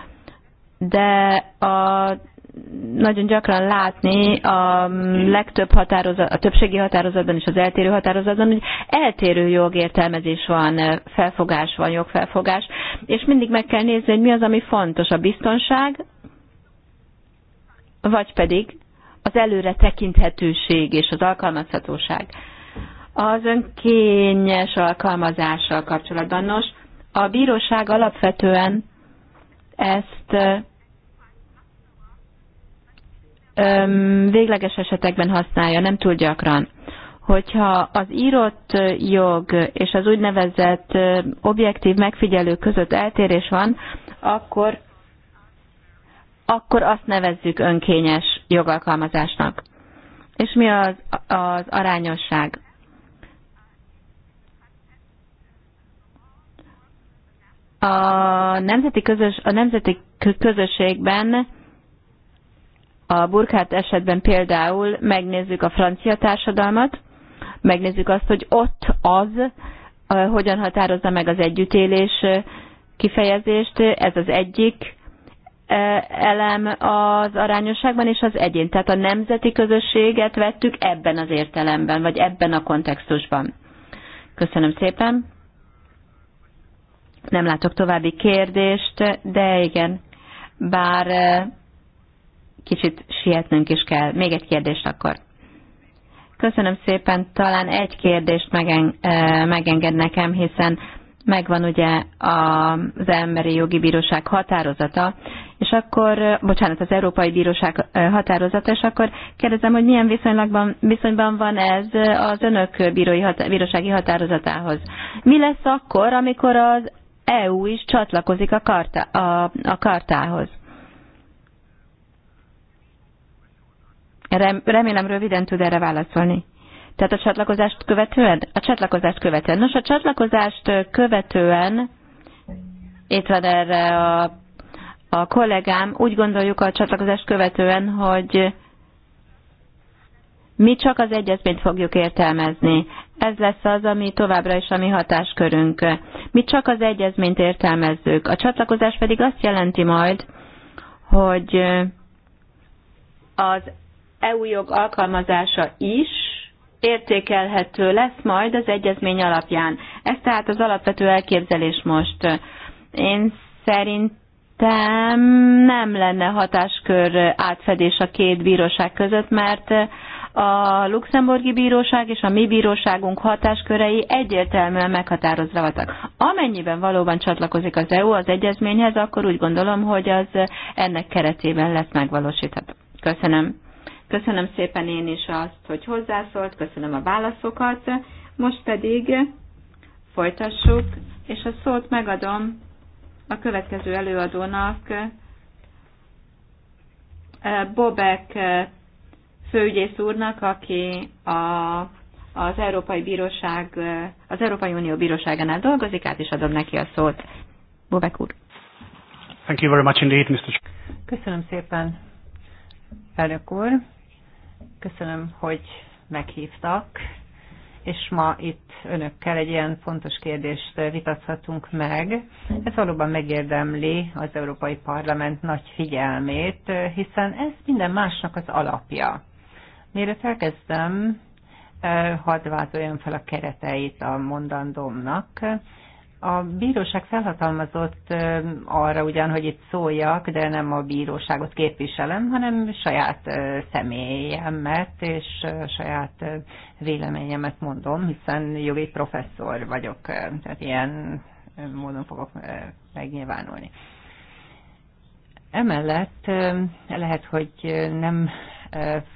S3: De a nagyon gyakran látni a legtöbb határozat, a többségi határozatban és az eltérő határozatban, hogy eltérő jogértelmezés van, felfogás van, jogfelfogás, és mindig meg kell nézni, hogy mi az, ami fontos, a biztonság, vagy pedig az előre tekinthetőség és az alkalmazhatóság. Az önkényes alkalmazással kapcsolatban. Nos, a bíróság alapvetően ezt végleges esetekben használja, nem túl gyakran. Hogyha az írott jog és az úgynevezett objektív megfigyelő között eltérés van, akkor akkor azt nevezzük önkényes jogalkalmazásnak. És mi az, az arányosság? A nemzeti, közös, a nemzeti közösségben a burkát esetben például megnézzük a francia társadalmat, megnézzük azt, hogy ott az hogyan határozza meg az együttélés kifejezést, ez az egyik E, elem az arányosságban, és az egyén. Tehát a nemzeti közösséget vettük ebben az értelemben, vagy ebben a kontextusban. Köszönöm szépen. Nem látok további kérdést, de igen, bár e, kicsit sietnünk is kell. Még egy kérdést akkor. Köszönöm szépen, talán egy kérdést megen, e, megenged nekem, hiszen megvan ugye az Emberi Jogi Bíróság határozata, és akkor, bocsánat, az Európai Bíróság határozata, és akkor kérdezem, hogy milyen viszonylagban, viszonyban van ez az önök bírói hatá, bírósági határozatához. Mi lesz akkor, amikor az EU is csatlakozik a, karta, a, a kartához? Remélem röviden tud erre válaszolni. Tehát a csatlakozást követően? A csatlakozást követően. Nos, a csatlakozást követően itt van erre a a kollégám, úgy gondoljuk a csatlakozást követően, hogy mi csak az egyezményt fogjuk értelmezni. Ez lesz az, ami továbbra is a mi hatáskörünk. Mi csak az egyezményt értelmezzük. A csatlakozás pedig azt jelenti majd, hogy az EU jog alkalmazása is értékelhető lesz majd az egyezmény alapján. Ez tehát az alapvető elképzelés most. Én szerint szerintem nem lenne hatáskör átfedés a két bíróság között, mert a luxemburgi bíróság és a mi bíróságunk hatáskörei egyértelműen meghatározva voltak. Amennyiben valóban csatlakozik az EU az egyezményhez, akkor úgy gondolom, hogy az ennek keretében lesz megvalósítható. Köszönöm. Köszönöm szépen én is azt, hogy hozzászólt, köszönöm a válaszokat. Most pedig folytassuk, és a szót megadom a következő előadónak, eh, Bobek eh, főügyész úrnak, aki a, az Európai Bíróság, eh, az Európai Unió Bíróságánál dolgozik, át is adom neki a szót. Bobek úr.
S1: Thank you very much indeed, Mr. Köszönöm szépen, elnök úr. Köszönöm, hogy meghívtak és ma itt önökkel egy ilyen fontos kérdést vitathatunk meg. Ez valóban megérdemli az Európai Parlament nagy figyelmét, hiszen ez minden másnak az alapja. Mire elkezdem, eh, hadd váltoljam fel a kereteit a mondandómnak. A bíróság felhatalmazott arra ugyan, hogy itt szóljak, de nem a bíróságot képviselem, hanem saját személyemet és saját véleményemet mondom, hiszen jogi professzor vagyok, tehát ilyen módon fogok megnyilvánulni. Emellett lehet, hogy nem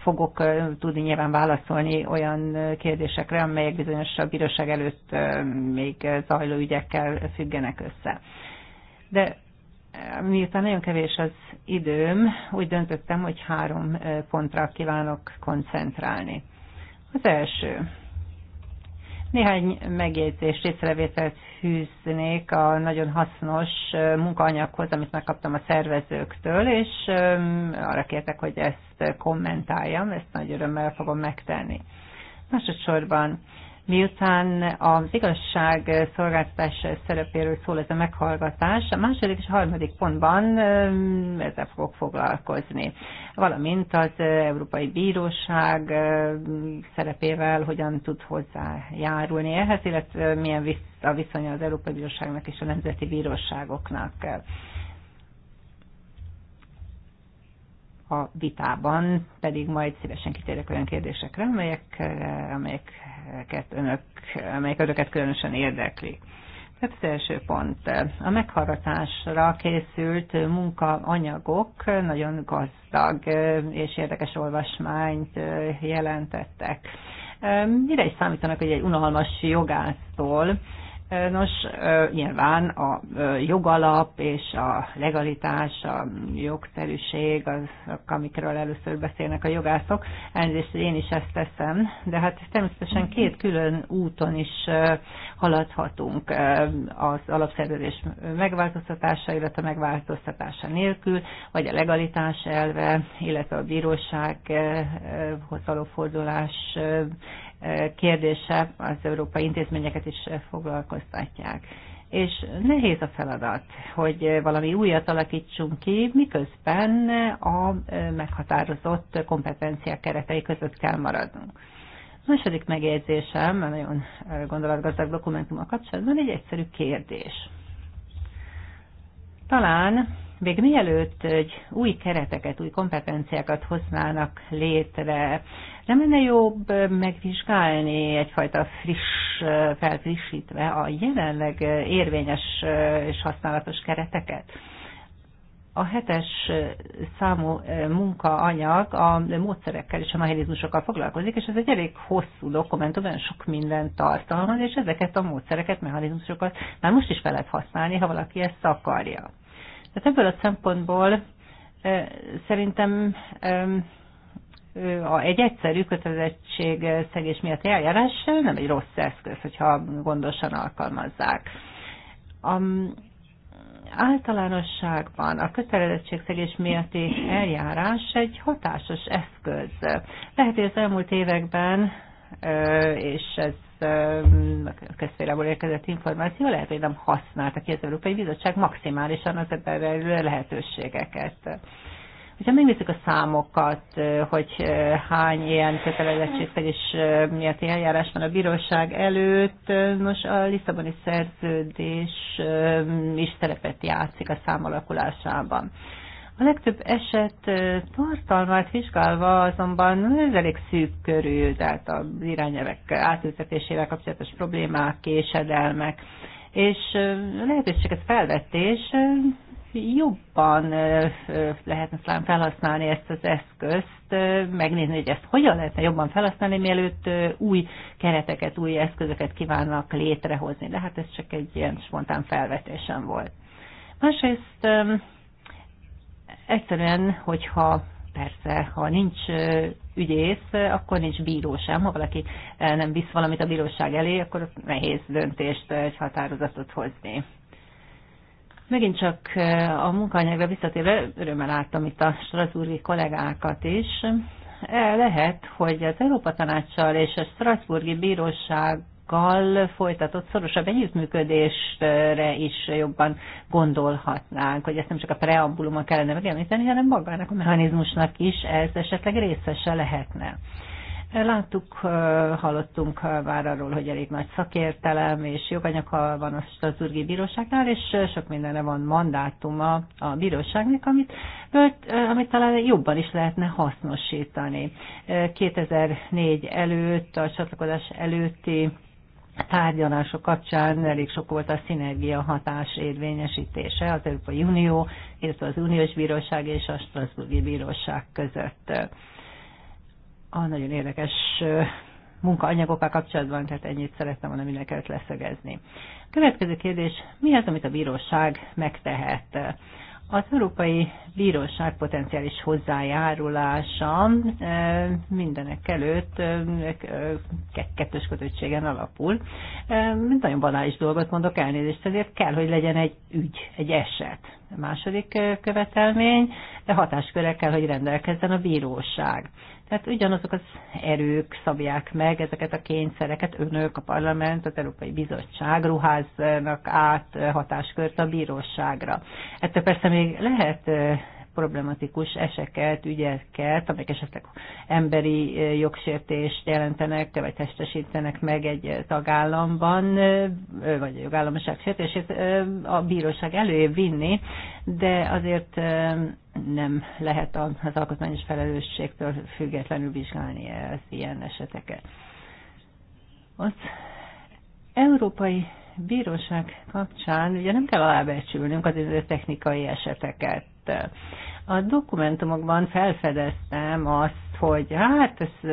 S1: fogok tudni nyilván válaszolni olyan kérdésekre, amelyek bizonyos a bíróság előtt még zajló ügyekkel függenek össze. De miután nagyon kevés az időm, úgy döntöttem, hogy három pontra kívánok koncentrálni. Az első, néhány megjegyzést, észrevételt fűznék a nagyon hasznos munkaanyaghoz, amit megkaptam a szervezőktől, és arra kértek, hogy ezt kommentáljam, ezt nagy örömmel fogom megtenni. Másodszorban Miután az igazság szolgáltatás szerepéről szól ez a meghallgatás, a második és harmadik pontban ezzel fogok foglalkozni. Valamint az Európai Bíróság szerepével hogyan tud hozzájárulni ehhez, illetve milyen a viszony az Európai Bíróságnak és a nemzeti bíróságoknak. a vitában pedig majd szívesen kitérek olyan kérdésekre, amelyek, amelyeket önök, amelyek önöket különösen érdekli. Tehát az első pont. A meghallgatásra készült munkaanyagok nagyon gazdag és érdekes olvasmányt jelentettek. Mire is számítanak, hogy egy unalmas jogásztól, Nos, nyilván a jogalap és a legalitás, a jogszerűség, azok, amikről először beszélnek a jogászok, elnézést, én is ezt teszem, de hát természetesen két külön úton is haladhatunk az alapszerződés megváltoztatása, illetve megváltoztatása nélkül, vagy a legalitás elve, illetve a bírósághoz való fordulás kérdése az európai intézményeket is foglalkoztatják. És nehéz a feladat, hogy valami újat alakítsunk ki, miközben a meghatározott kompetenciák keretei között kell maradnunk. A második megjegyzésem, a nagyon gondolatgazdag dokumentum a kapcsolatban, egy egyszerű kérdés. Talán még mielőtt egy új kereteket, új kompetenciákat hoznának létre, nem lenne jobb megvizsgálni egyfajta friss, felfrissítve a jelenleg érvényes és használatos kereteket? a hetes számú munkaanyag a módszerekkel és a mechanizmusokkal foglalkozik, és ez egy elég hosszú dokumentum, olyan sok minden tartalmaz, és ezeket a módszereket, mechanizmusokat már most is fel lehet használni, ha valaki ezt akarja. Tehát ebből a szempontból szerintem egy egyszerű kötelezettség szegés miatt eljárás nem egy rossz eszköz, hogyha gondosan alkalmazzák. A, általánosságban a kötelezettségszegés miatti eljárás egy hatásos eszköz. Lehet, hogy az elmúlt években és ez a közfélából érkezett információ, lehet, hogy nem használta ki az Európai Bizottság maximálisan az ebben lehetőségeket. Hogyha megnézzük a számokat, hogy hány ilyen kötelezettségszegés miatti eljárás van a bíróság előtt, nos a Lisszaboni szerződés is szerepet játszik a szám alakulásában. A legtöbb eset tartalmát vizsgálva azonban ez elég szűk körül, tehát az irányelvek átültetésével kapcsolatos problémák, késedelmek, és lehetőséget felvetés jobban lehetne talán felhasználni ezt az eszközt, megnézni, hogy ezt hogyan lehetne jobban felhasználni, mielőtt új kereteket, új eszközöket kívánnak létrehozni. De hát ez csak egy ilyen spontán felvetésem volt. Másrészt egyszerűen, hogyha persze, ha nincs ügyész, akkor nincs bíró sem. Ha valaki nem visz valamit a bíróság elé, akkor ott nehéz döntést, egy határozatot hozni. Megint csak a munkaanyagra visszatérve, örömmel láttam itt a strasburgi kollégákat is. Lehet, hogy az Európa Tanácssal és a Strasburgi Bíróság országokkal folytatott szorosabb együttműködésre is jobban gondolhatnánk, hogy ezt nem csak a preambulumon kellene megemlíteni, hanem magának a mechanizmusnak is ez esetleg részese lehetne. Láttuk, hallottunk már arról, hogy elég nagy szakértelem és joganyag van a Strasburgi Bíróságnál, és sok mindenre van mandátuma a bíróságnak, amit, amit talán jobban is lehetne hasznosítani. 2004 előtt, a csatlakozás előtti tárgyalások kapcsán elég sok volt a szinergia hatás érvényesítése az Európai Unió, illetve az Uniós Bíróság és a Strasburgi Bíróság között. A nagyon érdekes munkaanyagokkal kapcsolatban, tehát ennyit szerettem volna mindenkelt leszögezni. következő kérdés, mi az, amit a bíróság megtehet? Az Európai Bíróság potenciális hozzájárulása e, mindenek előtt e, e, kettős kötöttségen alapul. Nagyon banális dolgot mondok, elnézést, ezért kell, hogy legyen egy ügy, egy eset második követelmény, de hatásköre kell, hogy rendelkezzen a bíróság. Tehát ugyanazok az erők szabják meg ezeket a kényszereket, önök, a parlament, az Európai Bizottság ruháznak át hatáskört a bíróságra. Ettől persze még lehet problematikus eseket, ügyeket, amelyek esetleg emberi jogsértést jelentenek, vagy testesítenek meg egy tagállamban, vagy a jogállamiság sértését a bíróság elő vinni, de azért nem lehet az alkotmányos felelősségtől függetlenül vizsgálni az ilyen eseteket. Az Európai Bíróság kapcsán ugye nem kell alábecsülnünk az technikai eseteket el. A dokumentumokban felfedeztem azt, hogy hát ez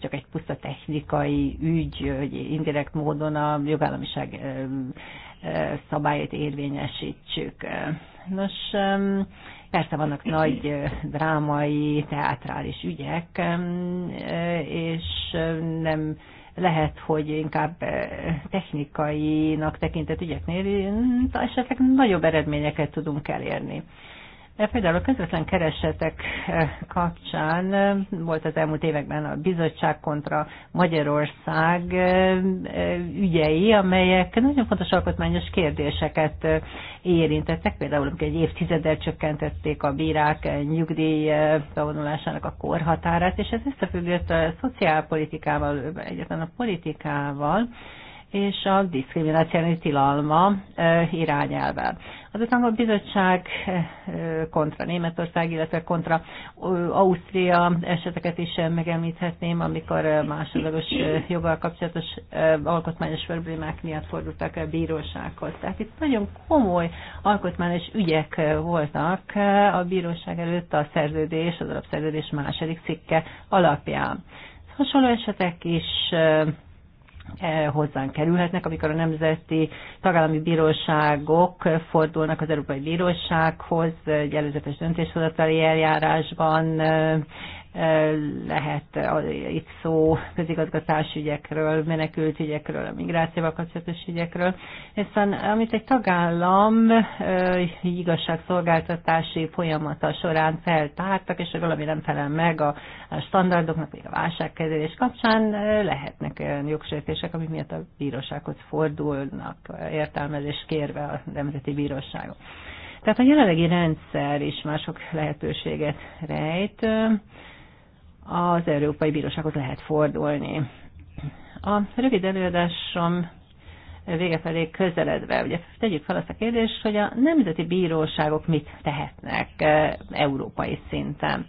S1: csak egy puszta technikai ügy, hogy indirekt módon a jogállamiság szabályt érvényesítsük. Nos, persze vannak nagy drámai, teátrális ügyek, és nem lehet, hogy inkább technikainak tekintett ügyeknél esetleg nagyobb eredményeket tudunk elérni. Például a közvetlen keresetek eh, kapcsán eh, volt az elmúlt években a bizottság kontra Magyarország eh, ügyei, amelyek nagyon fontos alkotmányos kérdéseket érintettek, például amikor egy évtizeddel csökkentették a bírák nyugdíj bevonulásának a korhatárát, és ez összefüggött a szociálpolitikával, egyetlen a politikával, és a diszkrimináció tilalma irányelve az a bizottság eh, eh, kontra Németország, illetve kontra Ausztria eseteket is eh, megemlíthetném, amikor másodlagos joggal kapcsolatos alkotmányos problémák miatt fordultak a bírósághoz. Tehát itt nagyon komoly alkotmányos ügyek voltak a bíróság előtt a szerződés, az alapszerződés második cikke alapján. Hasonló esetek is Eh, hozzánk kerülhetnek, amikor a nemzeti tagállami bíróságok fordulnak az Európai Bírósághoz egy előzetes döntéshozatali eljárásban eh, lehet itt szó közigazgatás ügyekről, menekült ügyekről, migrációval kapcsolatos ügyekről, hiszen amit egy tagállam igazságszolgáltatási folyamata során feltártak, és valami nem felel meg a standardoknak, vagy a válságkezelés kapcsán, lehetnek olyan jogsértések, amik miatt a bírósághoz fordulnak értelmezés kérve a Nemzeti Bíróságok. Tehát a jelenlegi rendszer is mások lehetőséget rejt az Európai Bírósághoz lehet fordulni. A rövid előadásom vége felé közeledve, ugye tegyük fel azt a kérdést, hogy a nemzeti bíróságok mit tehetnek eh, európai szinten.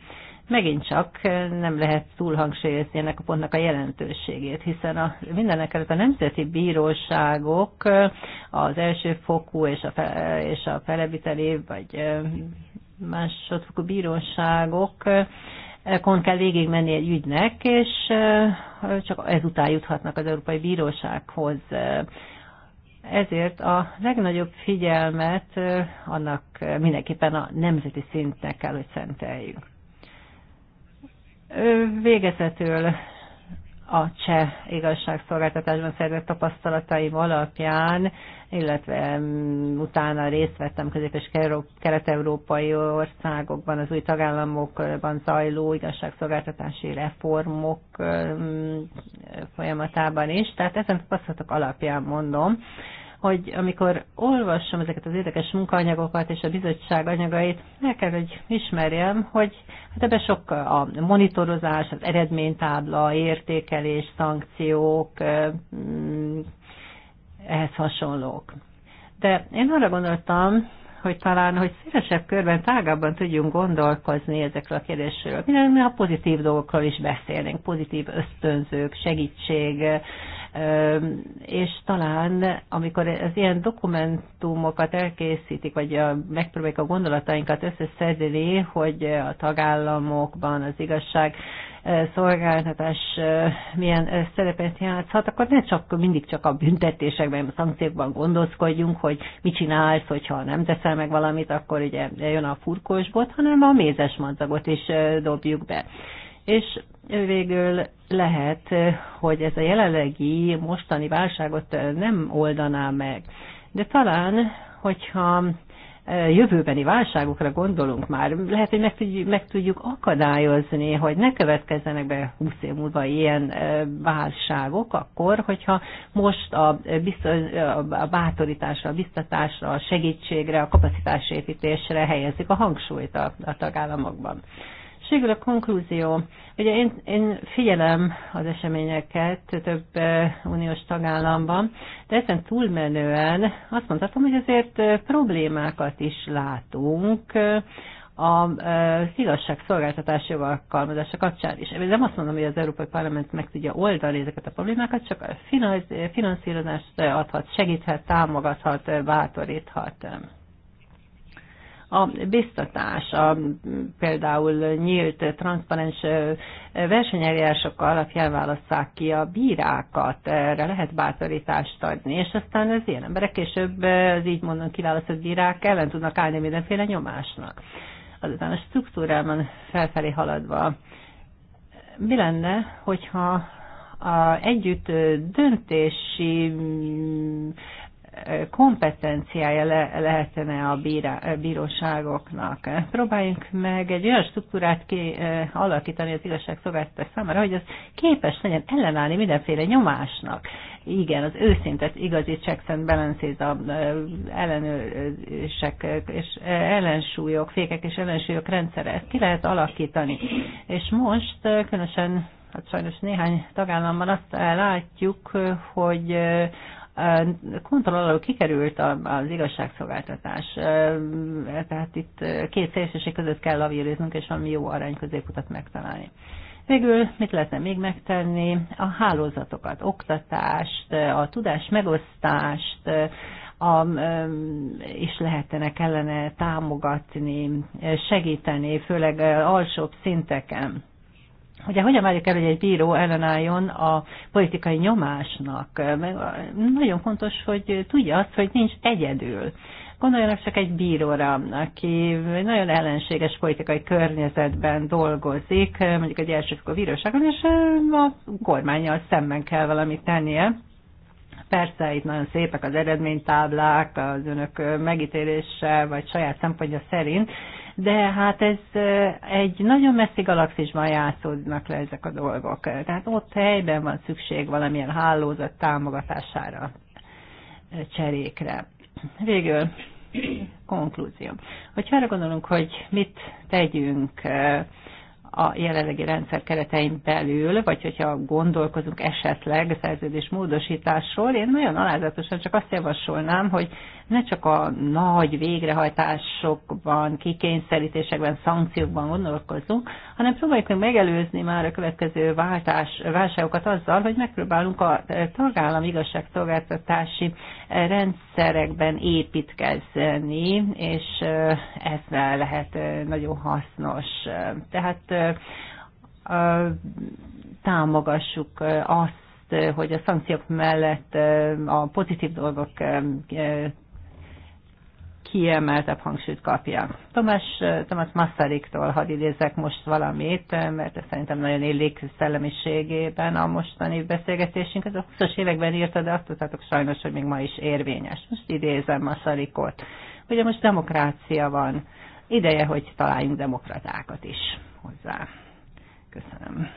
S1: Megint csak eh, nem lehet túl hangsúlyozni ennek a pontnak a jelentőségét, hiszen a, mindenek előtt a nemzeti bíróságok eh, az fokú és a, fe, és a felebiteli vagy másodfokú bíróságok Ekon kell végigmenni egy ügynek, és csak ezután juthatnak az Európai Bírósághoz. Ezért a legnagyobb figyelmet annak mindenképpen a nemzeti szintnek kell, hogy szenteljük. Végezetül a cseh igazságszolgáltatásban szerzett tapasztalataim alapján, illetve utána részt vettem közép- és kelet-európai országokban, az új tagállamokban zajló igazságszolgáltatási reformok folyamatában is. Tehát ezen tapasztalatok alapján mondom, hogy amikor olvassam ezeket az érdekes munkaanyagokat és a bizottság anyagait, el kell, hogy ismerjem, hogy hát ebben sok a monitorozás, az eredménytábla, értékelés, szankciók, mm, ehhez hasonlók. De én arra gondoltam, hogy talán, hogy szélesebb körben, tágabban tudjunk gondolkozni ezekről a kérdésről. mi a pozitív dolgokról is beszélnénk, pozitív ösztönzők, segítség, és talán amikor az ilyen dokumentumokat elkészítik, vagy megpróbálják megpróbáljuk a gondolatainkat összeszedni, hogy a tagállamokban az igazság szolgáltatás milyen szerepet játszhat, akkor ne csak mindig csak a büntetésekben, a szankciókban gondoskodjunk, hogy mit csinálsz, hogyha nem teszel meg valamit, akkor ugye jön a furkósbot, hanem a mézes madzagot is dobjuk be és végül lehet, hogy ez a jelenlegi mostani válságot nem oldaná meg. De talán, hogyha e, jövőbeni válságokra gondolunk már, lehet, hogy meg tudjuk, meg tudjuk akadályozni, hogy ne következzenek be 20 év múlva ilyen e, válságok, akkor, hogyha most a, biztos, a bátorításra, a biztatásra, a segítségre, a kapacitásépítésre helyezik a hangsúlyt a, a tagállamokban. És végül a konklúzió. Ugye én, én figyelem az eseményeket több eh, uniós tagállamban, de ezen túlmenően azt mondhatom, hogy azért eh, problémákat is látunk, eh, a szolgáltatás jogalkalmazása kapcsán is. nem azt mondom, hogy az Európai Parlament meg tudja oldani ezeket a problémákat, csak a finanszírozást adhat, segíthet, támogathat, bátoríthat a biztatás, a, például nyílt, transzparens versenyeljárások alapján válasszák ki a bírákat, erre lehet bátorítást adni, és aztán az ilyen emberek később az így mondom kiválasztott bírák ellen tudnak állni mindenféle nyomásnak. Azután a struktúrában felfelé haladva, mi lenne, hogyha a együtt döntési kompetenciája le, lehetne a bíróságoknak. Próbáljunk meg egy olyan struktúrát ki, alakítani az igazságszolgáltatás számára, hogy az képes legyen ellenállni mindenféle nyomásnak. Igen, az őszintet igazi checks and balances, a, ellenőrsek és ellensúlyok, fékek és ellensúlyok rendszere, ezt ki lehet alakítani. És most különösen hát sajnos néhány tagállamban azt látjuk, hogy kontroll alól kikerült az igazságszolgáltatás. Tehát itt két szélsőség között kell lavíroznunk, és valami jó arány középutat megtalálni. Végül mit lehetne még megtenni? A hálózatokat, oktatást, a tudás megosztást, a, is lehetene, kellene támogatni, segíteni, főleg alsóbb szinteken. Ugye hogyan várjuk el, hogy egy bíró ellenálljon a politikai nyomásnak? Nagyon fontos, hogy tudja azt, hogy nincs egyedül. Gondoljanak csak egy bíróra, aki nagyon ellenséges politikai környezetben dolgozik, mondjuk egy elsőfokú bíróságon, és a kormányjal szemben kell valamit tennie. Persze itt nagyon szépek az eredménytáblák, az önök megítélése, vagy saját szempontja szerint, de hát ez egy nagyon messzi galaxisban játszódnak le ezek a dolgok. Tehát ott helyben van szükség valamilyen hálózat támogatására, cserékre. Végül konklúzió. Hogyha arra gondolunk, hogy mit tegyünk, a jelenlegi rendszer keretein belül, vagy hogyha gondolkozunk esetleg szerződés módosításról, én nagyon alázatosan csak azt javasolnám, hogy ne csak a nagy végrehajtásokban, kikényszerítésekben, szankciókban gondolkozunk, hanem próbáljuk meg megelőzni már a következő váltás, válságokat azzal, hogy megpróbálunk a tagállam igazságszolgáltatási rendszerekben építkezni, és eh, ezzel lehet eh, nagyon hasznos. Tehát eh, támogassuk azt, hogy a szankciók mellett a pozitív dolgok kiemeltebb hangsúlyt kapják. Tomás, Tomás Massariktól hadd idézek most valamit, mert ez szerintem nagyon illik szellemiségében a mostani beszélgetésünk. Ez a 20-as években írta, de azt tudtátok sajnos, hogy még ma is érvényes. Most idézem Massarikot. Ugye most demokrácia van. Ideje, hogy találjunk demokratákat is hozzá. Köszönöm.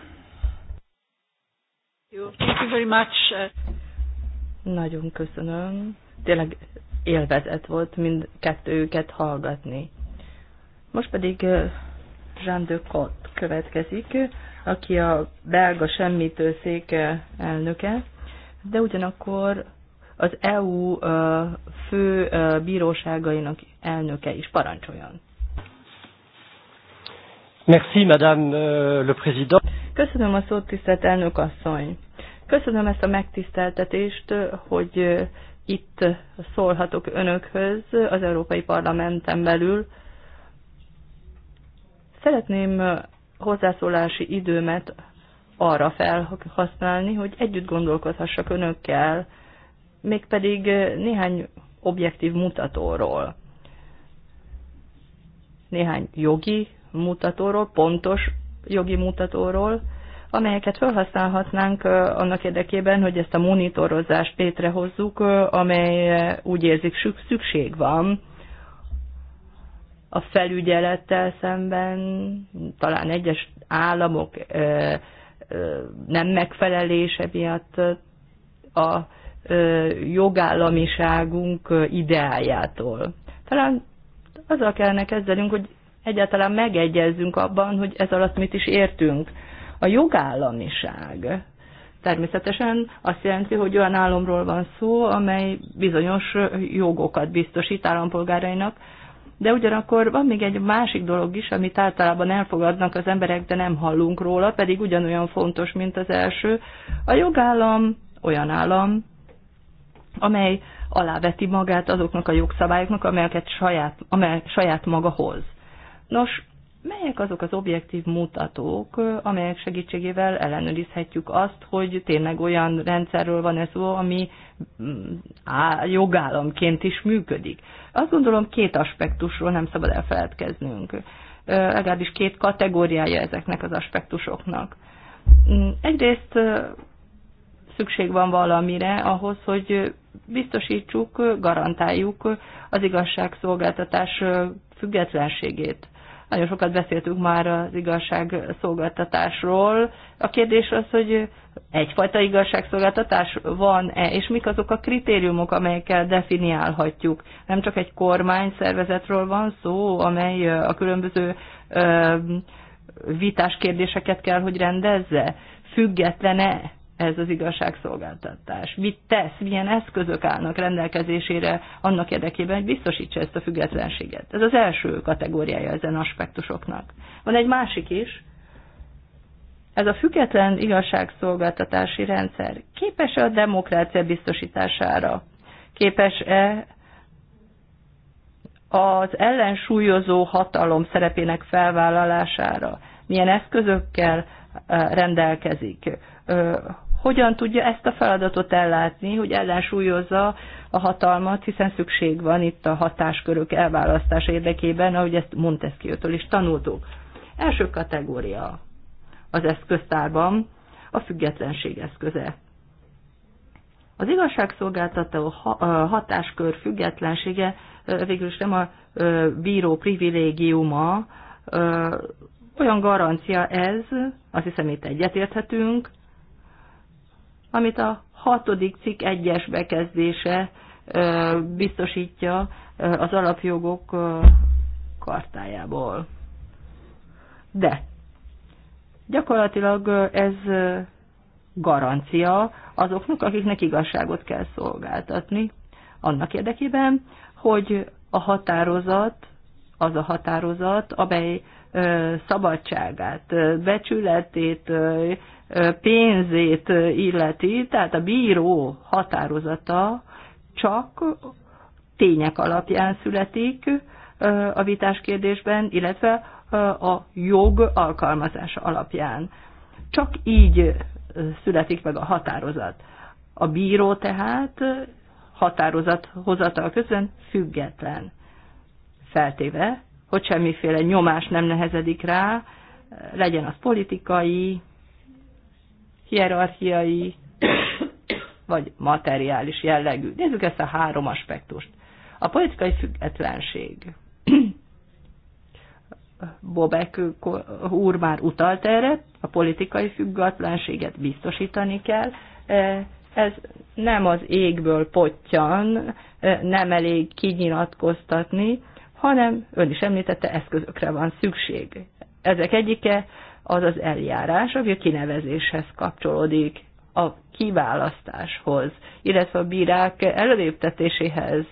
S1: Jó, thank you very much. Nagyon
S2: köszönöm. Tényleg élvezet volt mind kettőjüket hallgatni. Most pedig Jean de Cotte következik, aki a belga széke elnöke, de ugyanakkor az EU fő bíróságainak elnöke is parancsoljon.
S1: Merci, Madame euh, le Président.
S2: Köszönöm a szót, tisztelt elnök asszony. Köszönöm ezt a megtiszteltetést, hogy itt szólhatok önökhöz az Európai Parlamenten belül. Szeretném hozzászólási időmet arra felhasználni, hogy együtt gondolkodhassak önökkel, mégpedig néhány objektív mutatóról. Néhány jogi mutatóról, pontos jogi mutatóról, amelyeket felhasználhatnánk annak érdekében, hogy ezt a monitorozást létrehozzuk, amely úgy érzik szükség van a felügyelettel szemben, talán egyes államok nem megfelelése miatt a jogállamiságunk ideájától. Talán azzal kellene kezdenünk, hogy egyáltalán megegyezzünk abban, hogy ez alatt mit is értünk. A jogállamiság természetesen azt jelenti, hogy olyan államról van szó, amely bizonyos jogokat biztosít állampolgárainak, de ugyanakkor van még egy másik dolog is, amit általában elfogadnak az emberek, de nem hallunk róla, pedig ugyanolyan fontos, mint az első. A jogállam olyan állam, amely aláveti magát azoknak a jogszabályoknak, amelyeket saját, amely saját maga hoz. Nos, melyek azok az objektív mutatók, amelyek segítségével ellenőrizhetjük azt, hogy tényleg olyan rendszerről van ez szó, ami mm, á, jogállamként is működik. Azt gondolom két aspektusról nem szabad elfeledkeznünk, legalábbis két kategóriája ezeknek az aspektusoknak. Mm, egyrészt szükség van valamire ahhoz, hogy biztosítsuk, garantáljuk az igazságszolgáltatás függetlenségét nagyon sokat beszéltünk már az igazságszolgáltatásról. A kérdés az, hogy egyfajta igazságszolgáltatás van-e, és mik azok a kritériumok, amelyekkel definiálhatjuk. Nem csak egy kormányszervezetről van szó, amely a különböző vitás kérdéseket kell, hogy rendezze. Függetlene ez az igazságszolgáltatás? Mit tesz, milyen eszközök állnak rendelkezésére annak érdekében, hogy biztosítsa ezt a függetlenséget? Ez az első kategóriája ezen aspektusoknak. Van egy másik is, ez a független igazságszolgáltatási rendszer képes-e a demokrácia biztosítására? Képes-e az ellensúlyozó hatalom szerepének felvállalására? Milyen eszközökkel eh, rendelkezik? hogyan tudja ezt a feladatot ellátni, hogy ellensúlyozza a hatalmat, hiszen szükség van itt a hatáskörök elválasztása érdekében, ahogy ezt Montesquieu-től is tanultuk. Első kategória az eszköztárban a függetlenség eszköze. Az igazságszolgáltató hatáskör függetlensége végül is nem a bíró privilégiuma, olyan garancia ez, azt hiszem itt egyetérthetünk, amit a hatodik cikk egyes bekezdése biztosítja az alapjogok kartájából. De gyakorlatilag ez garancia azoknak, akiknek igazságot kell szolgáltatni, annak érdekében, hogy a határozat, az a határozat, amely szabadságát, becsületét, pénzét illeti, tehát a bíró határozata csak tények alapján születik a vitás kérdésben, illetve a jog alkalmazása alapján. Csak így születik meg a határozat. A bíró tehát határozathozatal közben független. Feltéve, hogy semmiféle nyomás nem nehezedik rá, legyen az politikai, hierarchiai vagy materiális jellegű. Nézzük ezt a három aspektust. A politikai függetlenség. Bobek úr már utalt erre, a politikai függetlenséget biztosítani kell. Ez nem az égből potyan, nem elég kinyilatkoztatni, hanem ön is említette, eszközökre van szükség. Ezek egyike az az eljárás, ami a kinevezéshez kapcsolódik, a kiválasztáshoz, illetve a bírák előléptetéséhez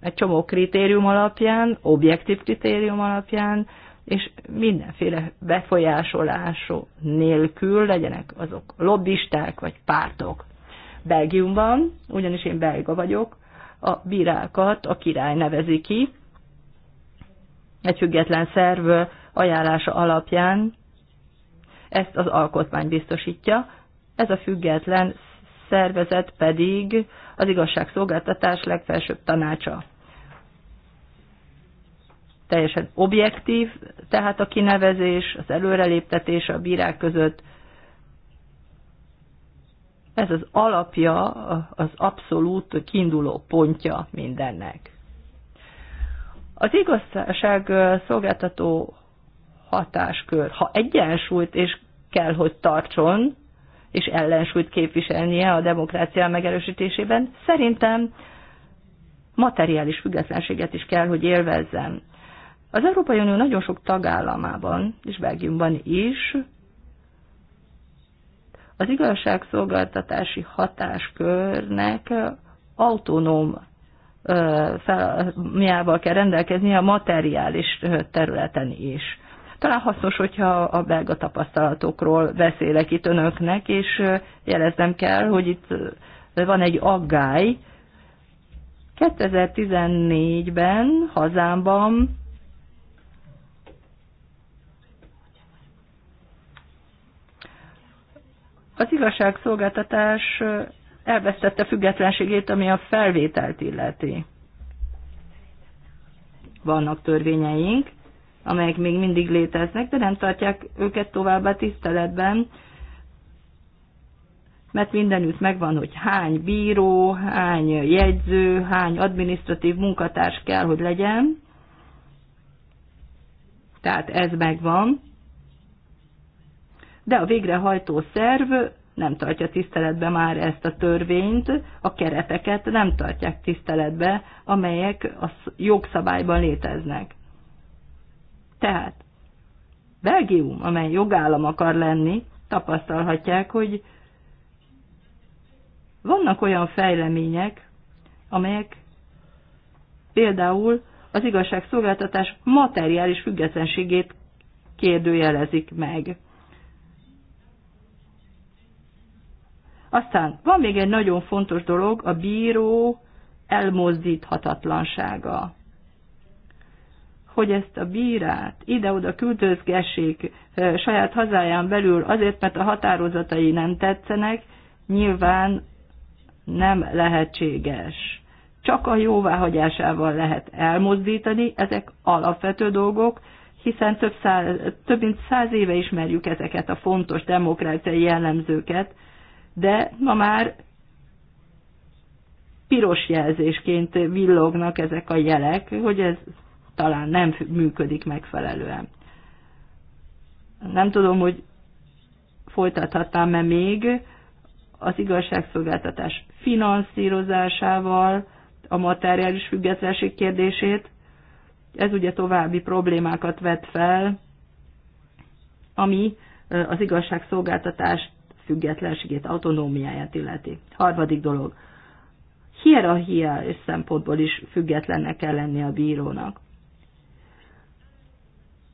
S2: egy csomó kritérium alapján, objektív kritérium alapján, és mindenféle befolyásolások nélkül legyenek azok lobbisták vagy pártok. Belgiumban, ugyanis én belga vagyok, a bírákat a király nevezi ki, egy független szerv ajánlása alapján, ezt az alkotmány biztosítja, ez a független szervezet pedig az igazságszolgáltatás legfelsőbb tanácsa. Teljesen objektív, tehát a kinevezés, az előreléptetés a bírák között, ez az alapja, az abszolút kiinduló pontja mindennek. Az igazságszolgáltató szolgáltató hatáskör. Ha egyensúlyt és kell, hogy tartson, és ellensúlyt képviselnie a demokrácia megerősítésében, szerintem materiális függetlenséget is kell, hogy élvezzem. Az Európai Unió nagyon sok tagállamában, és Belgiumban is az igazságszolgáltatási hatáskörnek autonóm felmiával kell rendelkezni a materiális területen is. Talán hasznos, hogyha a belga tapasztalatokról beszélek itt önöknek, és jeleznem kell, hogy itt van egy aggály. 2014-ben hazámban az igazságszolgáltatás elvesztette függetlenségét, ami a felvételt illeti. Vannak törvényeink, amelyek még mindig léteznek, de nem tartják őket továbbá tiszteletben, mert mindenütt megvan, hogy hány bíró, hány jegyző, hány adminisztratív munkatárs kell, hogy legyen. Tehát ez megvan. De a végrehajtó szerv nem tartja tiszteletbe már ezt a törvényt, a kereteket nem tartják tiszteletbe, amelyek a jogszabályban léteznek. Tehát Belgium, amely jogállam akar lenni, tapasztalhatják, hogy vannak olyan fejlemények, amelyek például az igazságszolgáltatás materiális függetlenségét kérdőjelezik meg. Aztán van még egy nagyon fontos dolog, a bíró elmozdíthatatlansága hogy ezt a bírát ide-oda küldözgessék e, saját hazáján belül azért, mert a határozatai nem tetszenek, nyilván nem lehetséges. Csak a jóváhagyásával lehet elmozdítani, ezek alapvető dolgok, hiszen több, száz, több mint száz éve ismerjük ezeket a fontos demokráciai jellemzőket, de ma már piros jelzésként villognak ezek a jelek, hogy ez talán nem működik megfelelően. Nem tudom, hogy folytathatnám-e még az igazságszolgáltatás finanszírozásával a materiális függetlenség kérdését. Ez ugye további problémákat vet fel, ami az igazságszolgáltatás függetlenségét, autonómiáját illeti. Harmadik dolog. és szempontból is függetlennek kell lenni a bírónak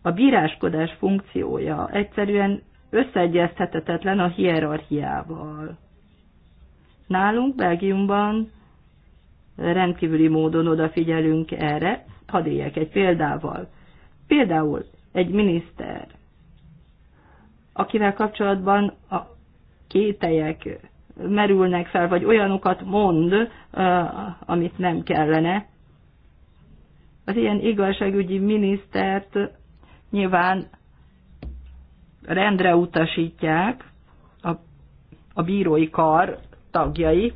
S2: a bíráskodás funkciója egyszerűen összeegyeztethetetlen a hierarchiával. Nálunk Belgiumban rendkívüli módon odafigyelünk erre, hadd éljek egy példával. Például egy miniszter, akivel kapcsolatban a kételyek merülnek fel, vagy olyanokat mond, amit nem kellene, az ilyen igazságügyi minisztert nyilván rendre utasítják a, a bírói kar tagjai,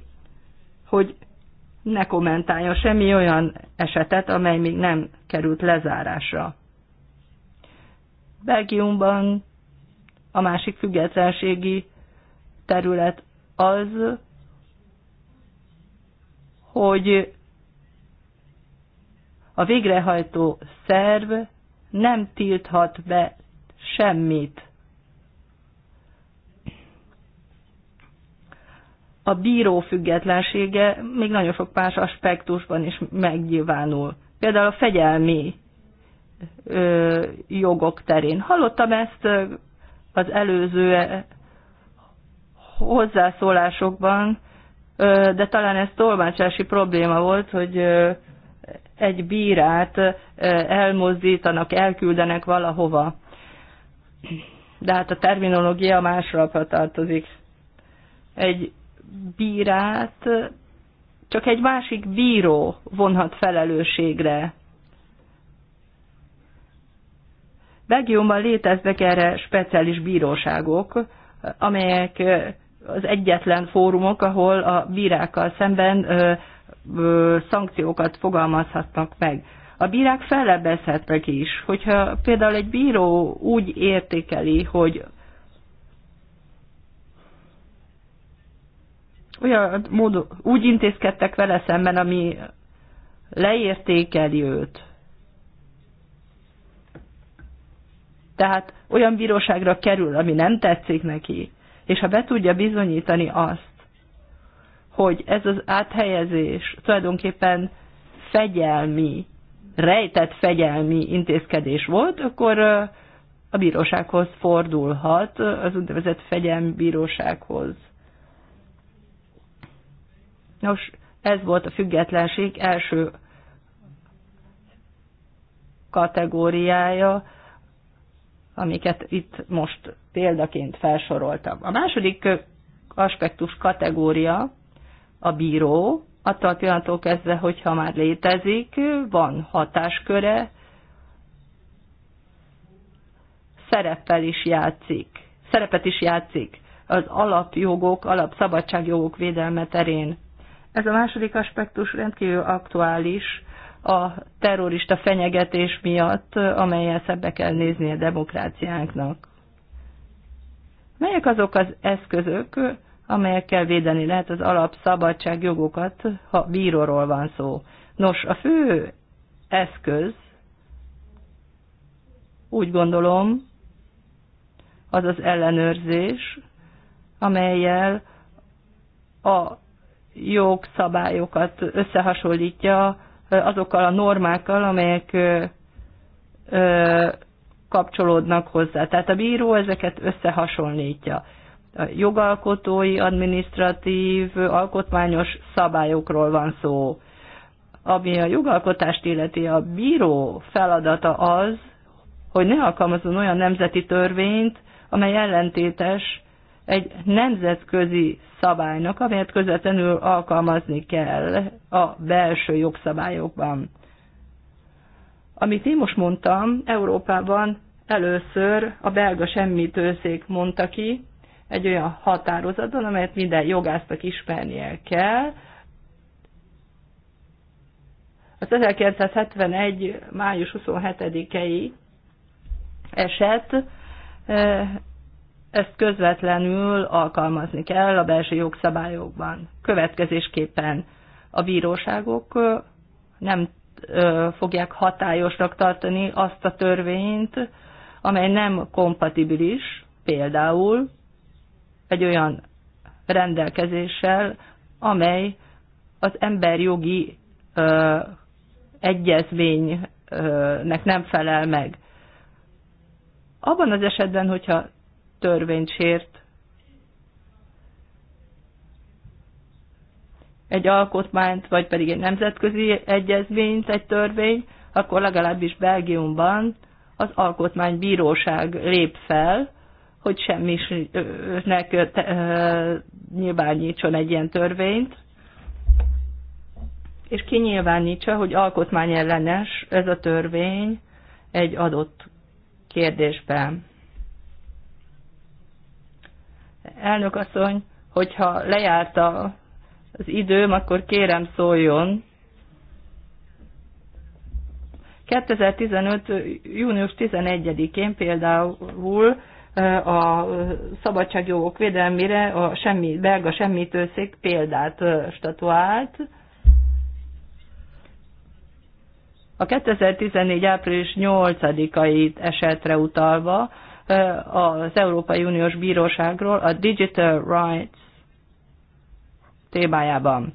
S2: hogy ne kommentálja semmi olyan esetet, amely még nem került lezárásra. Belgiumban a másik függetlenségi terület az, hogy a végrehajtó szerv nem tilthat be semmit. A bíró függetlensége még nagyon sok más aspektusban is megnyilvánul. Például a fegyelmi ö, jogok terén. Hallottam ezt az előző hozzászólásokban, de talán ez tolmácsási probléma volt, hogy egy bírát elmozdítanak, elküldenek valahova. De hát a terminológia másra tartozik. Egy bírát csak egy másik bíró vonhat felelősségre. Belgiumban léteznek erre speciális bíróságok, amelyek az egyetlen fórumok, ahol a bírákkal szemben szankciókat fogalmazhatnak meg. A bírák fellebezhetnek is, hogyha például egy bíró úgy értékeli, hogy olyan módon, úgy intézkedtek vele szemben, ami leértékeli őt. Tehát olyan bíróságra kerül, ami nem tetszik neki, és ha be tudja bizonyítani azt, hogy ez az áthelyezés tulajdonképpen fegyelmi, rejtett fegyelmi intézkedés volt, akkor a bírósághoz fordulhat, az úgynevezett fegyelmi bírósághoz. Nos, ez volt a függetlenség első kategóriája, amiket itt most példaként felsoroltam. A második aspektus kategória a bíró, attól a pillanattól kezdve, hogyha már létezik, van hatásköre, szereppel is játszik, szerepet is játszik az alapjogok, alapszabadságjogok védelme terén. Ez a második aspektus rendkívül aktuális a terrorista fenyegetés miatt, amelyel szebbe kell nézni a demokráciánknak. Melyek azok az eszközök, amelyekkel védeni lehet az alapszabadságjogokat, ha bíróról van szó. Nos, a fő eszköz, úgy gondolom, az az ellenőrzés, amelyel a jogszabályokat összehasonlítja azokkal a normákkal, amelyek kapcsolódnak hozzá. Tehát a bíró ezeket összehasonlítja jogalkotói, administratív, alkotmányos szabályokról van szó. Ami a jogalkotást illeti, a bíró feladata az, hogy ne alkalmazzon olyan nemzeti törvényt, amely ellentétes egy nemzetközi szabálynak, amelyet közvetlenül alkalmazni kell a belső jogszabályokban. Amit én most mondtam, Európában először a belga semmitőszék mondta ki, egy olyan határozaton, amelyet minden jogásznak ismernie kell. Az 1971. május 27-i eset e, ezt közvetlenül alkalmazni kell a belső jogszabályokban. Következésképpen a bíróságok e, nem e, fogják hatályosnak tartani azt a törvényt, amely nem kompatibilis, például egy olyan rendelkezéssel, amely az emberjogi ö, egyezménynek nem felel meg. Abban az esetben, hogyha törvényt sért egy alkotmányt, vagy pedig egy nemzetközi egyezményt, egy törvény, akkor legalábbis Belgiumban az alkotmánybíróság lép fel, hogy semmisnek nyilvánítson egy ilyen törvényt, és kinyilvánítsa, hogy alkotmányellenes ez a törvény egy adott kérdésben. Elnök asszony, hogyha lejárt a, az időm, akkor kérem szóljon. 2015. június 11-én például a szabadságjogok védelmére a semmi, belga semmitőszék példát statuált. A 2014. április 8-ai esetre utalva az Európai Uniós Bíróságról a Digital Rights témájában.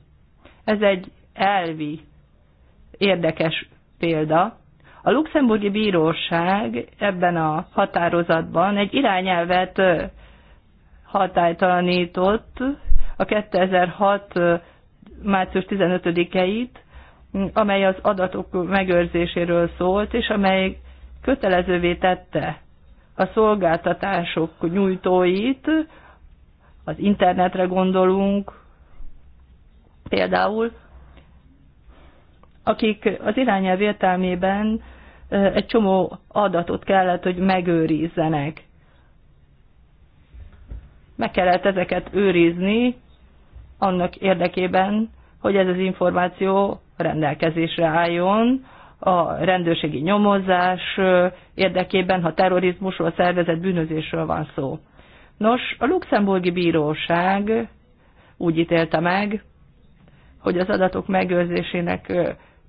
S2: Ez egy elvi érdekes példa, a luxemburgi bíróság ebben a határozatban egy irányelvet hatálytalanított a 2006. március 15-eit, amely az adatok megőrzéséről szólt, és amely kötelezővé tette a szolgáltatások nyújtóit, az internetre gondolunk például, akik az irányelv értelmében egy csomó adatot kellett, hogy megőrizzenek. Meg kellett ezeket őrizni annak érdekében, hogy ez az információ rendelkezésre álljon a rendőrségi nyomozás érdekében, ha terrorizmusról, szervezett bűnözésről van szó. Nos, a luxemburgi bíróság úgy ítélte meg, hogy az adatok megőrzésének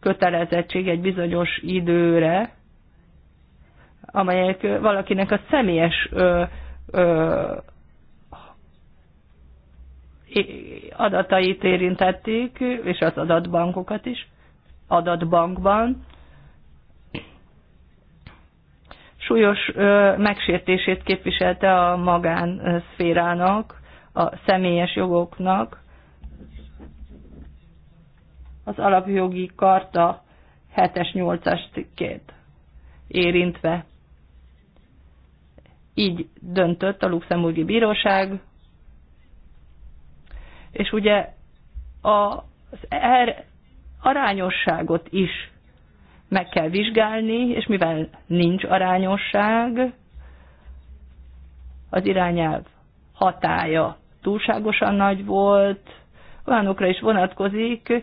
S2: kötelezettség egy bizonyos időre, amelyek valakinek a személyes ö, ö, adatait érintették, és az adatbankokat is, adatbankban. Súlyos ö, megsértését képviselte a magánszférának, a személyes jogoknak, az alapjogi karta 7-es, 8-as cikkét érintve. Így döntött a luxemburgi bíróság, és ugye az er, arányosságot is meg kell vizsgálni, és mivel nincs arányosság, az irányelv hatája túlságosan nagy volt, olyanokra is vonatkozik,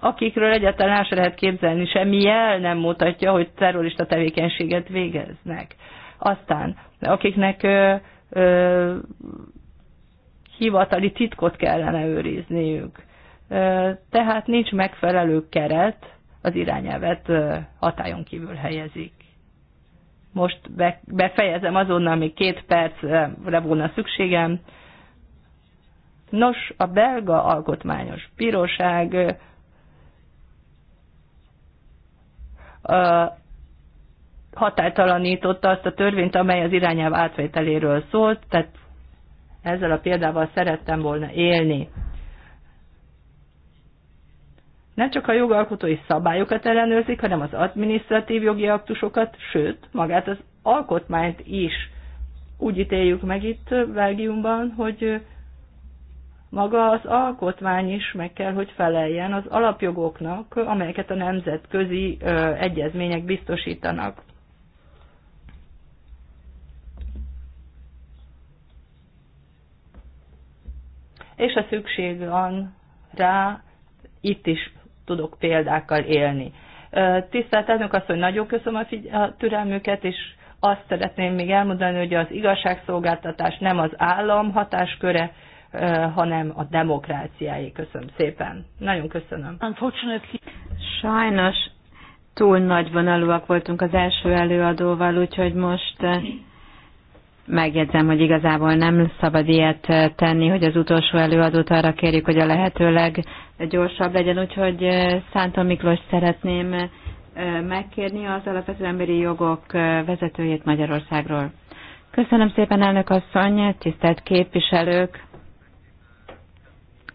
S2: akikről egyáltalán sem lehet képzelni, semmi jel nem mutatja, hogy terrorista tevékenységet végeznek. Aztán, akiknek ö, ö, hivatali titkot kellene őrizniük. Ö, tehát nincs megfelelő keret, az irányelvet ö, hatályon kívül helyezik. Most be, befejezem azonnal, még két percre volna szükségem. Ö, Nos, a belga alkotmányos bíróság hatáltalanította azt a törvényt, amely az irányelv átvételéről szólt, tehát ezzel a példával szerettem volna élni. Nem csak a jogalkotói szabályokat ellenőrzik, hanem az adminisztratív jogi aktusokat, sőt, magát az alkotmányt is. Úgy ítéljük meg itt Belgiumban, hogy maga az alkotmány is meg kell, hogy feleljen az alapjogoknak, amelyeket a nemzetközi egyezmények biztosítanak. És a szükség van rá, itt is tudok példákkal élni. Tisztelt elnök asszony, nagyon köszönöm a, a türelmüket, és azt szeretném még elmondani, hogy az igazságszolgáltatás nem az állam hatásköre, hanem a demokráciái. Köszönöm szépen. Nagyon köszönöm. Sajnos túl nagy vonalúak voltunk az első
S3: előadóval, úgyhogy most megjegyzem, hogy igazából nem szabad ilyet tenni, hogy az utolsó előadót arra kérjük, hogy a lehetőleg gyorsabb legyen, úgyhogy Szántó Miklós szeretném megkérni az alapvető emberi jogok vezetőjét Magyarországról. Köszönöm szépen, elnök asszony, tisztelt képviselők!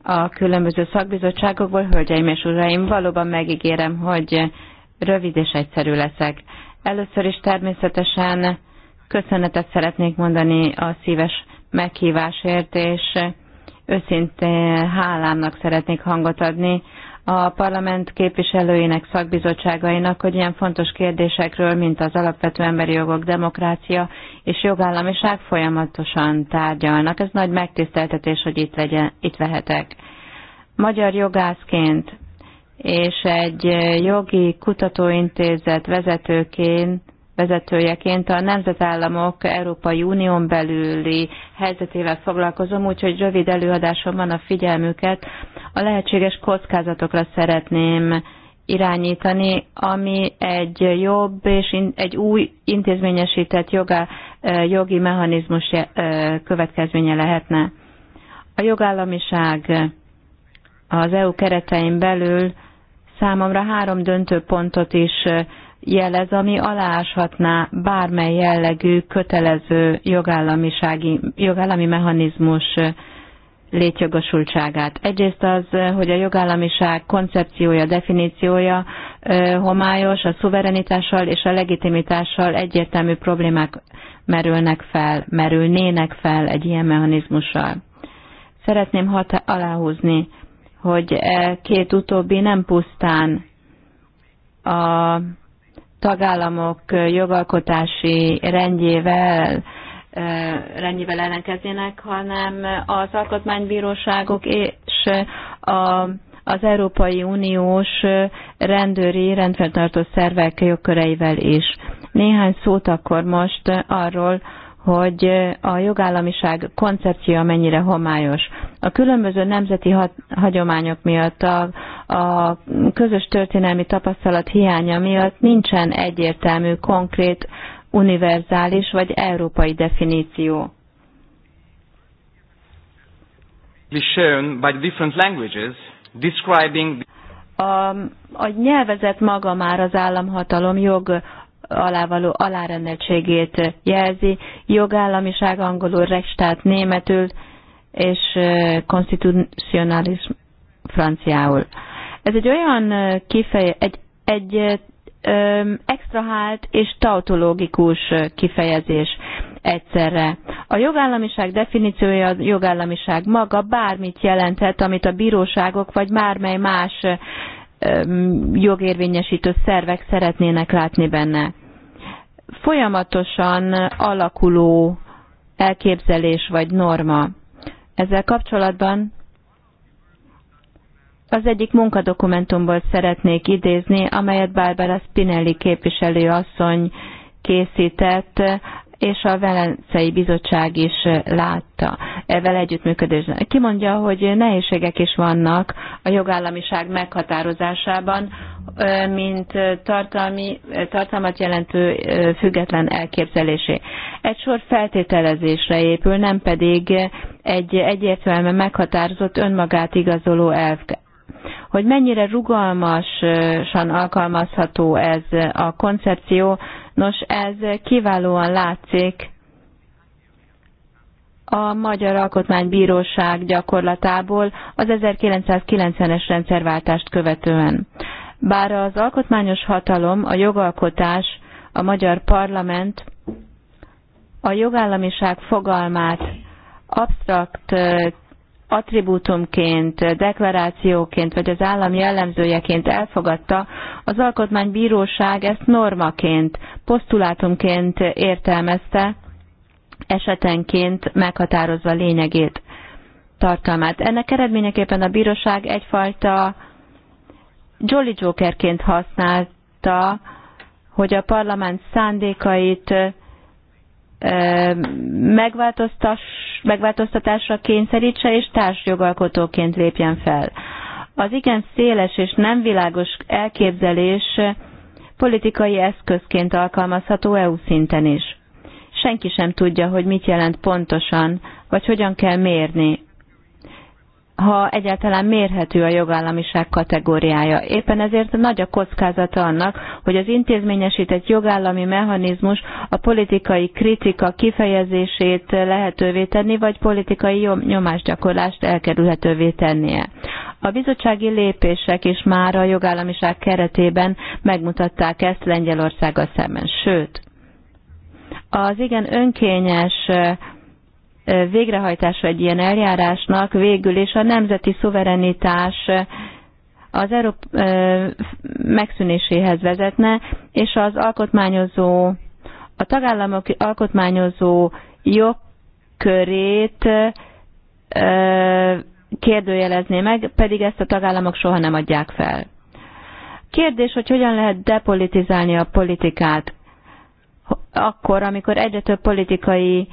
S3: a különböző szakbizottságokból. Hölgyeim és uraim, valóban megígérem, hogy rövid és egyszerű leszek. Először is természetesen köszönetet szeretnék mondani a szíves meghívásért, és őszintén hálámnak szeretnék hangot adni a parlament képviselőinek, szakbizottságainak, hogy ilyen fontos kérdésekről, mint az alapvető emberi jogok, demokrácia és jogállamiság folyamatosan tárgyalnak. Ez nagy megtiszteltetés, hogy itt, legyen, itt vehetek. Magyar jogászként és egy jogi kutatóintézet vezetőként vezetőjeként a nemzetállamok Európai Unión belüli helyzetével foglalkozom, úgyhogy rövid előadásomban a figyelmüket a lehetséges kockázatokra szeretném irányítani, ami egy jobb és egy új intézményesített joga, jogi mechanizmus következménye lehetne. A jogállamiság az EU keretein belül számomra három döntő pontot is jelez, ami aláshatná bármely jellegű kötelező jogállamisági, jogállami mechanizmus létjogosultságát. Egyrészt az, hogy a jogállamiság koncepciója, definíciója homályos, a szuverenitással és a legitimitással egyértelmű problémák merülnek fel, merülnének fel egy ilyen mechanizmussal. Szeretném hat- aláhúzni, hogy e két utóbbi nem pusztán a tagállamok jogalkotási rendjével rendjével ellenkeznének, hanem az alkotmánybíróságok és a az Európai Uniós rendőri, rendfenntartó szervek jogköreivel is. Néhány szót akkor most arról, hogy a jogállamiság koncepciója mennyire homályos. A különböző nemzeti hagyományok miatt, a, a közös történelmi tapasztalat hiánya miatt nincsen egyértelmű, konkrét, univerzális vagy európai definíció.
S1: by different languages describing
S3: a, a nyelvezet maga már az államhatalom jog alávaló alárendeltségét jelzi, jogállamiság angolul, rechtsstaat németül és konstitucionális franciául. Ez egy olyan kifeje, egy, egy extrahált és tautológikus kifejezés egyszerre. A jogállamiság definíciója a jogállamiság maga bármit jelenthet, amit a bíróságok vagy mármely más jogérvényesítő szervek szeretnének látni benne. Folyamatosan alakuló elképzelés vagy norma. Ezzel kapcsolatban az egyik munkadokumentumból szeretnék idézni, amelyet Barbara Spinelli képviselő asszony készített és a Velencei Bizottság is látta vele együttműködésben. Kimondja, hogy nehézségek is vannak a jogállamiság meghatározásában, mint tartalmi, tartalmat jelentő független elképzelésé. Egy sor feltételezésre épül, nem pedig egy egyértelműen meghatározott önmagát igazoló elv hogy mennyire rugalmasan alkalmazható ez a koncepció, nos ez kiválóan látszik a Magyar Alkotmánybíróság gyakorlatából az 1990-es rendszerváltást követően. Bár az alkotmányos hatalom, a jogalkotás, a magyar parlament a jogállamiság fogalmát absztrakt attribútumként, deklarációként, vagy az állam jellemzőjeként elfogadta, az alkotmánybíróság ezt normaként, posztulátumként értelmezte, esetenként meghatározva lényegét, tartalmát. Ennek eredményeképpen a bíróság egyfajta Jolly Jokerként használta, hogy a parlament szándékait megváltoztas, megváltoztatásra kényszerítse és társjogalkotóként lépjen fel. Az igen széles és nem világos elképzelés politikai eszközként alkalmazható EU szinten is. Senki sem tudja, hogy mit jelent pontosan, vagy hogyan kell mérni ha egyáltalán mérhető a jogállamiság kategóriája. Éppen ezért nagy a kockázata annak, hogy az intézményesített jogállami mechanizmus a politikai kritika kifejezését lehetővé tenni, vagy politikai nyomásgyakorlást elkerülhetővé tennie. A bizottsági lépések is már a jogállamiság keretében megmutatták ezt Lengyelországgal szemben. Sőt, az igen önkényes végrehajtása egy ilyen eljárásnak végül is a nemzeti szuverenitás az Európ megszűnéséhez vezetne, és az alkotmányozó, a tagállamok alkotmányozó jogkörét kérdőjelezné meg, pedig ezt a tagállamok soha nem adják fel. Kérdés, hogy hogyan lehet depolitizálni a politikát akkor, amikor egyre több politikai uh,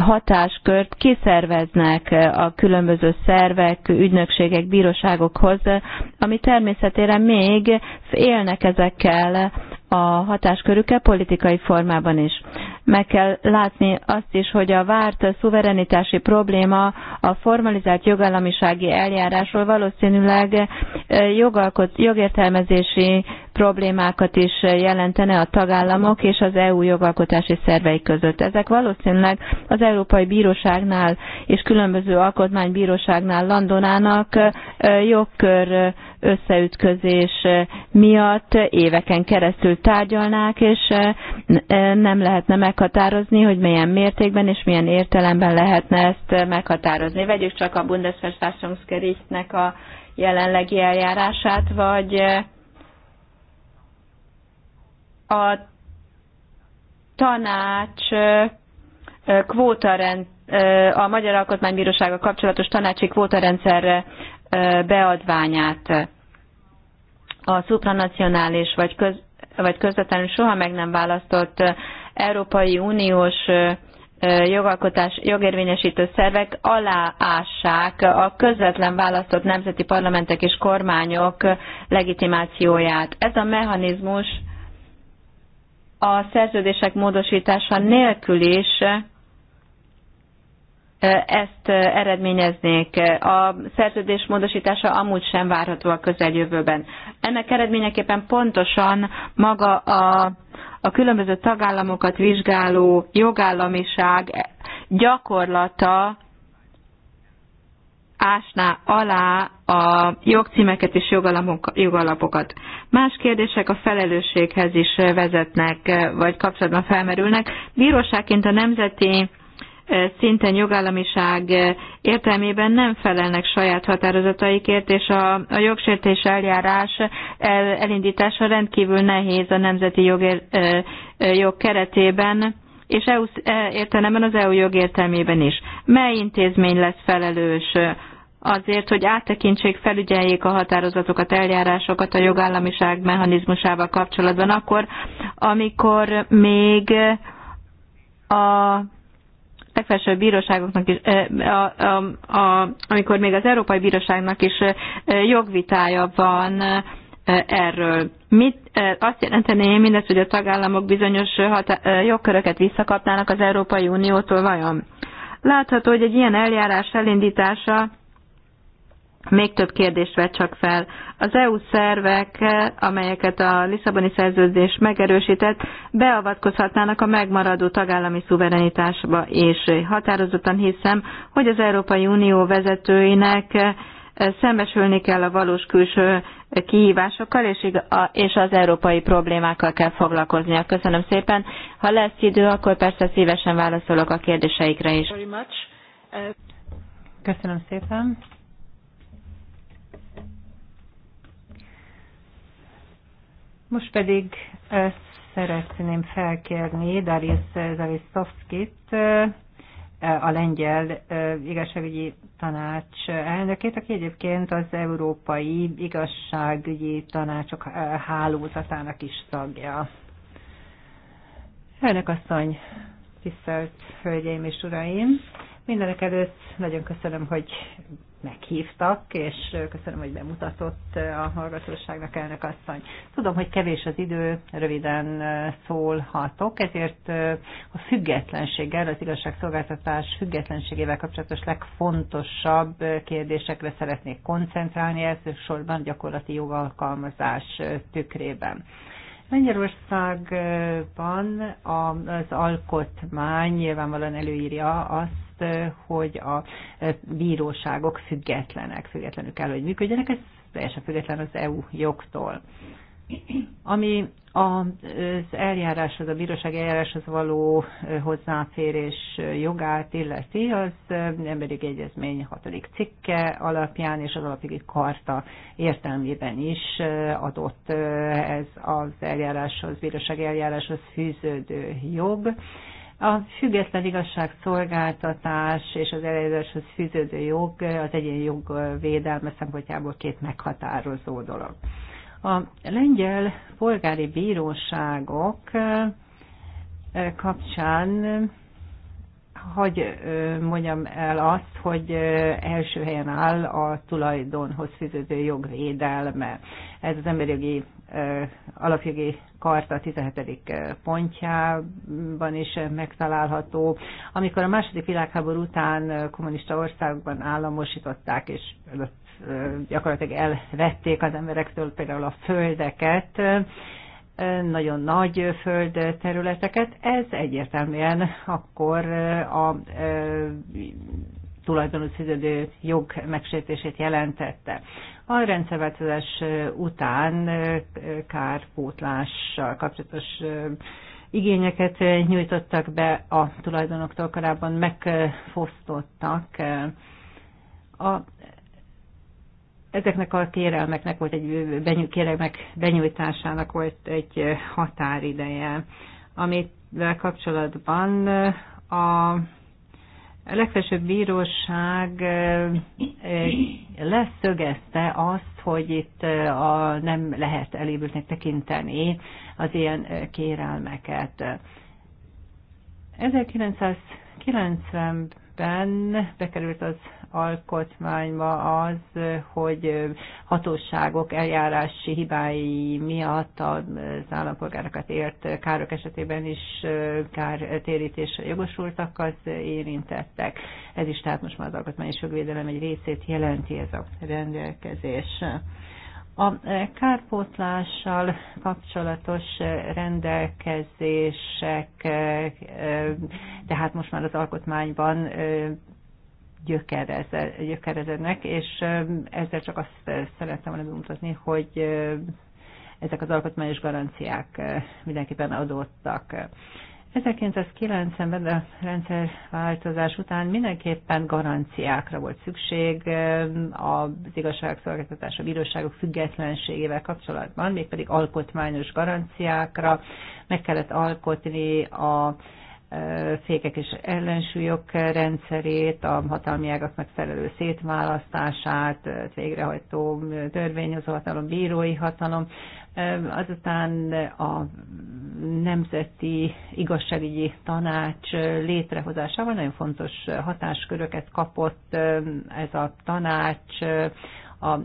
S3: hatáskört kiszerveznek eh, a különböző szervek, ügynökségek, bíróságokhoz, ami természetére még élnek ezekkel a hatáskörükkel politikai formában is. Meg kell látni azt is, hogy a várt szuverenitási probléma a formalizált jogállamisági eljárásról valószínűleg eh, jogalkot, jogértelmezési problémákat is jelentene a tagállamok és az EU jogalkotási szervei között. Ezek valószínűleg az Európai Bíróságnál és különböző alkotmánybíróságnál landonának jogkör összeütközés miatt éveken keresztül tárgyalnák, és nem lehetne meghatározni, hogy milyen mértékben és milyen értelemben lehetne ezt meghatározni. Vegyük csak a Bundesverfassungsgerichtnek a jelenlegi eljárását, vagy a tanács kvótarend, a Magyar Alkotmánybírósága kapcsolatos tanácsi kvótarendszerre beadványát a szupranacionális vagy, köz, vagy közvetlenül soha meg nem választott Európai Uniós jogalkotás, jogérvényesítő szervek aláássák a közvetlen választott nemzeti parlamentek és kormányok legitimációját. Ez a mechanizmus a szerződések módosítása nélkül is e, ezt eredményeznék. A szerződés módosítása amúgy sem várható a közeljövőben. Ennek eredményeképpen pontosan maga a, a különböző tagállamokat vizsgáló jogállamiság gyakorlata ásná alá a jogcímeket és jogalapokat. Más kérdések a felelősséghez is vezetnek, vagy kapcsolatban felmerülnek. Bíróságként a nemzeti szinten jogállamiság értelmében nem felelnek saját határozataikért, és a, a jogsértés eljárás el, elindítása rendkívül nehéz a nemzeti jog, jog keretében, és EU e, értelemben az EU jog értelmében is. Mely intézmény lesz felelős azért, hogy áttekintsék, felügyeljék a határozatokat, eljárásokat a jogállamiság mechanizmusával kapcsolatban, akkor, amikor még a legfelsőbb bíróságoknak is, eh, a, a, a, amikor még az Európai Bíróságnak is eh, jogvitája van eh, erről. Mit, azt jelenteni mindez, hogy a tagállamok bizonyos hatá- jogköröket visszakapnának az Európai Uniótól vajon? Látható, hogy egy ilyen eljárás elindítása még több kérdést vett csak fel. Az EU szervek, amelyeket a Lisszaboni szerződés megerősített, beavatkozhatnának a megmaradó tagállami szuverenitásba, és határozottan hiszem, hogy az Európai Unió vezetőinek eh, szembesülni kell a valós külső kihívásokkal, és, és az európai problémákkal kell foglalkoznia. Köszönöm szépen. Ha lesz idő, akkor persze szívesen válaszolok a kérdéseikre is.
S1: Eh, Köszönöm szépen. Most pedig szeretném felkérni Darius Zavisovskit, eh, a lengyel eh, igazságügyi tanács elnökét, aki egyébként az Európai Igazságügyi Tanácsok eh, hálózatának is tagja. Elnök asszony, tisztelt Hölgyeim és Uraim! Mindenek előtt nagyon köszönöm, hogy meghívtak, és köszönöm, hogy bemutatott a hallgatóságnak elnök asszony. Tudom, hogy kevés az idő, röviden szólhatok, ezért a függetlenséggel, az igazságszolgáltatás függetlenségével kapcsolatos legfontosabb kérdésekre szeretnék koncentrálni, elsősorban gyakorlati jogalkalmazás tükrében. Magyarországban az alkotmány nyilvánvalóan előírja azt, hogy a bíróságok függetlenek, függetlenül kell, hogy működjenek, ez teljesen független az EU jogtól. Ami az eljáráshoz, a bíróság eljáráshoz való hozzáférés jogát illeti, az emberi egyezmény hatodik cikke alapján és az alapjogi karta értelmében is adott ez az eljáráshoz, bíróság eljáráshoz fűződő jog. A független igazságszolgáltatás és az eljáráshoz fűződő jog az egyéni jog védelme szempontjából két meghatározó dolog. A lengyel polgári bíróságok kapcsán hogy mondjam el azt, hogy első helyen áll a tulajdonhoz fűződő jog védelme. Ez az emberi jogi alapjogi karta 17. pontjában is megtalálható. Amikor a második világháború után kommunista országokban államosították, és előtt gyakorlatilag elvették az emberektől például a földeket, nagyon nagy földterületeket. Ez egyértelműen akkor a tulajdonos fizető jog megsértését jelentette. A rendszerváltozás után kárpótlással kapcsolatos igényeket nyújtottak be a tulajdonoktól korábban megfosztottak. A Ezeknek a kérelmeknek volt egy kérelmek benyújtásának volt egy határideje, amivel kapcsolatban a legfelsőbb bíróság leszögezte azt, hogy itt a, nem lehet elévültnek tekinteni az ilyen kérelmeket. 1990-ben bekerült az alkotmányba az, hogy hatóságok eljárási hibái miatt az állampolgárokat ért károk esetében is kártérítésre jogosultak az érintettek. Ez is tehát most már az alkotmányos jogvédelem egy részét jelenti ez a rendelkezés. A kárpótlással kapcsolatos rendelkezések, eh, tehát most már az alkotmányban eh, gyökerezenek, és ezzel csak azt szerettem volna bemutatni, hogy ezek az alkotmányos garanciák mindenképpen adottak. 1990-ben a rendszerváltozás után mindenképpen garanciákra volt szükség az igazságszolgáltatás, a bíróságok függetlenségével kapcsolatban, mégpedig alkotmányos garanciákra. Meg kellett alkotni a székek és ellensúlyok rendszerét, a hatalmi ágaknak felelő szétválasztását, végrehajtó törvényhozó hatalom, bírói hatalom, azután a Nemzeti Igazságügyi Tanács létrehozásával nagyon fontos hatásköröket kapott ez a tanács, a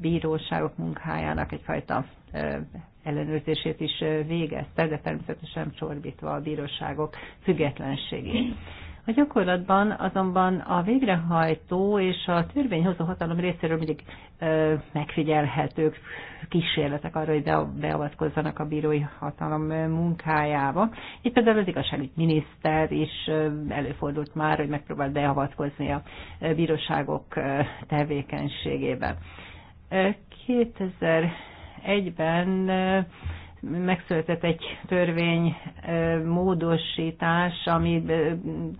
S1: bíróságok munkájának egyfajta ellenőrzését is végezte, de természetesen csorbítva a bíróságok függetlenségét. A gyakorlatban azonban a végrehajtó és a törvényhozó hatalom részéről mindig ö, megfigyelhetők kísérletek arra, hogy beavatkozzanak a bírói hatalom munkájába. Itt például az igazságügy miniszter is előfordult már, hogy megpróbált beavatkozni a bíróságok tevékenységébe. 2000 egyben megszületett egy törvény módosítás, ami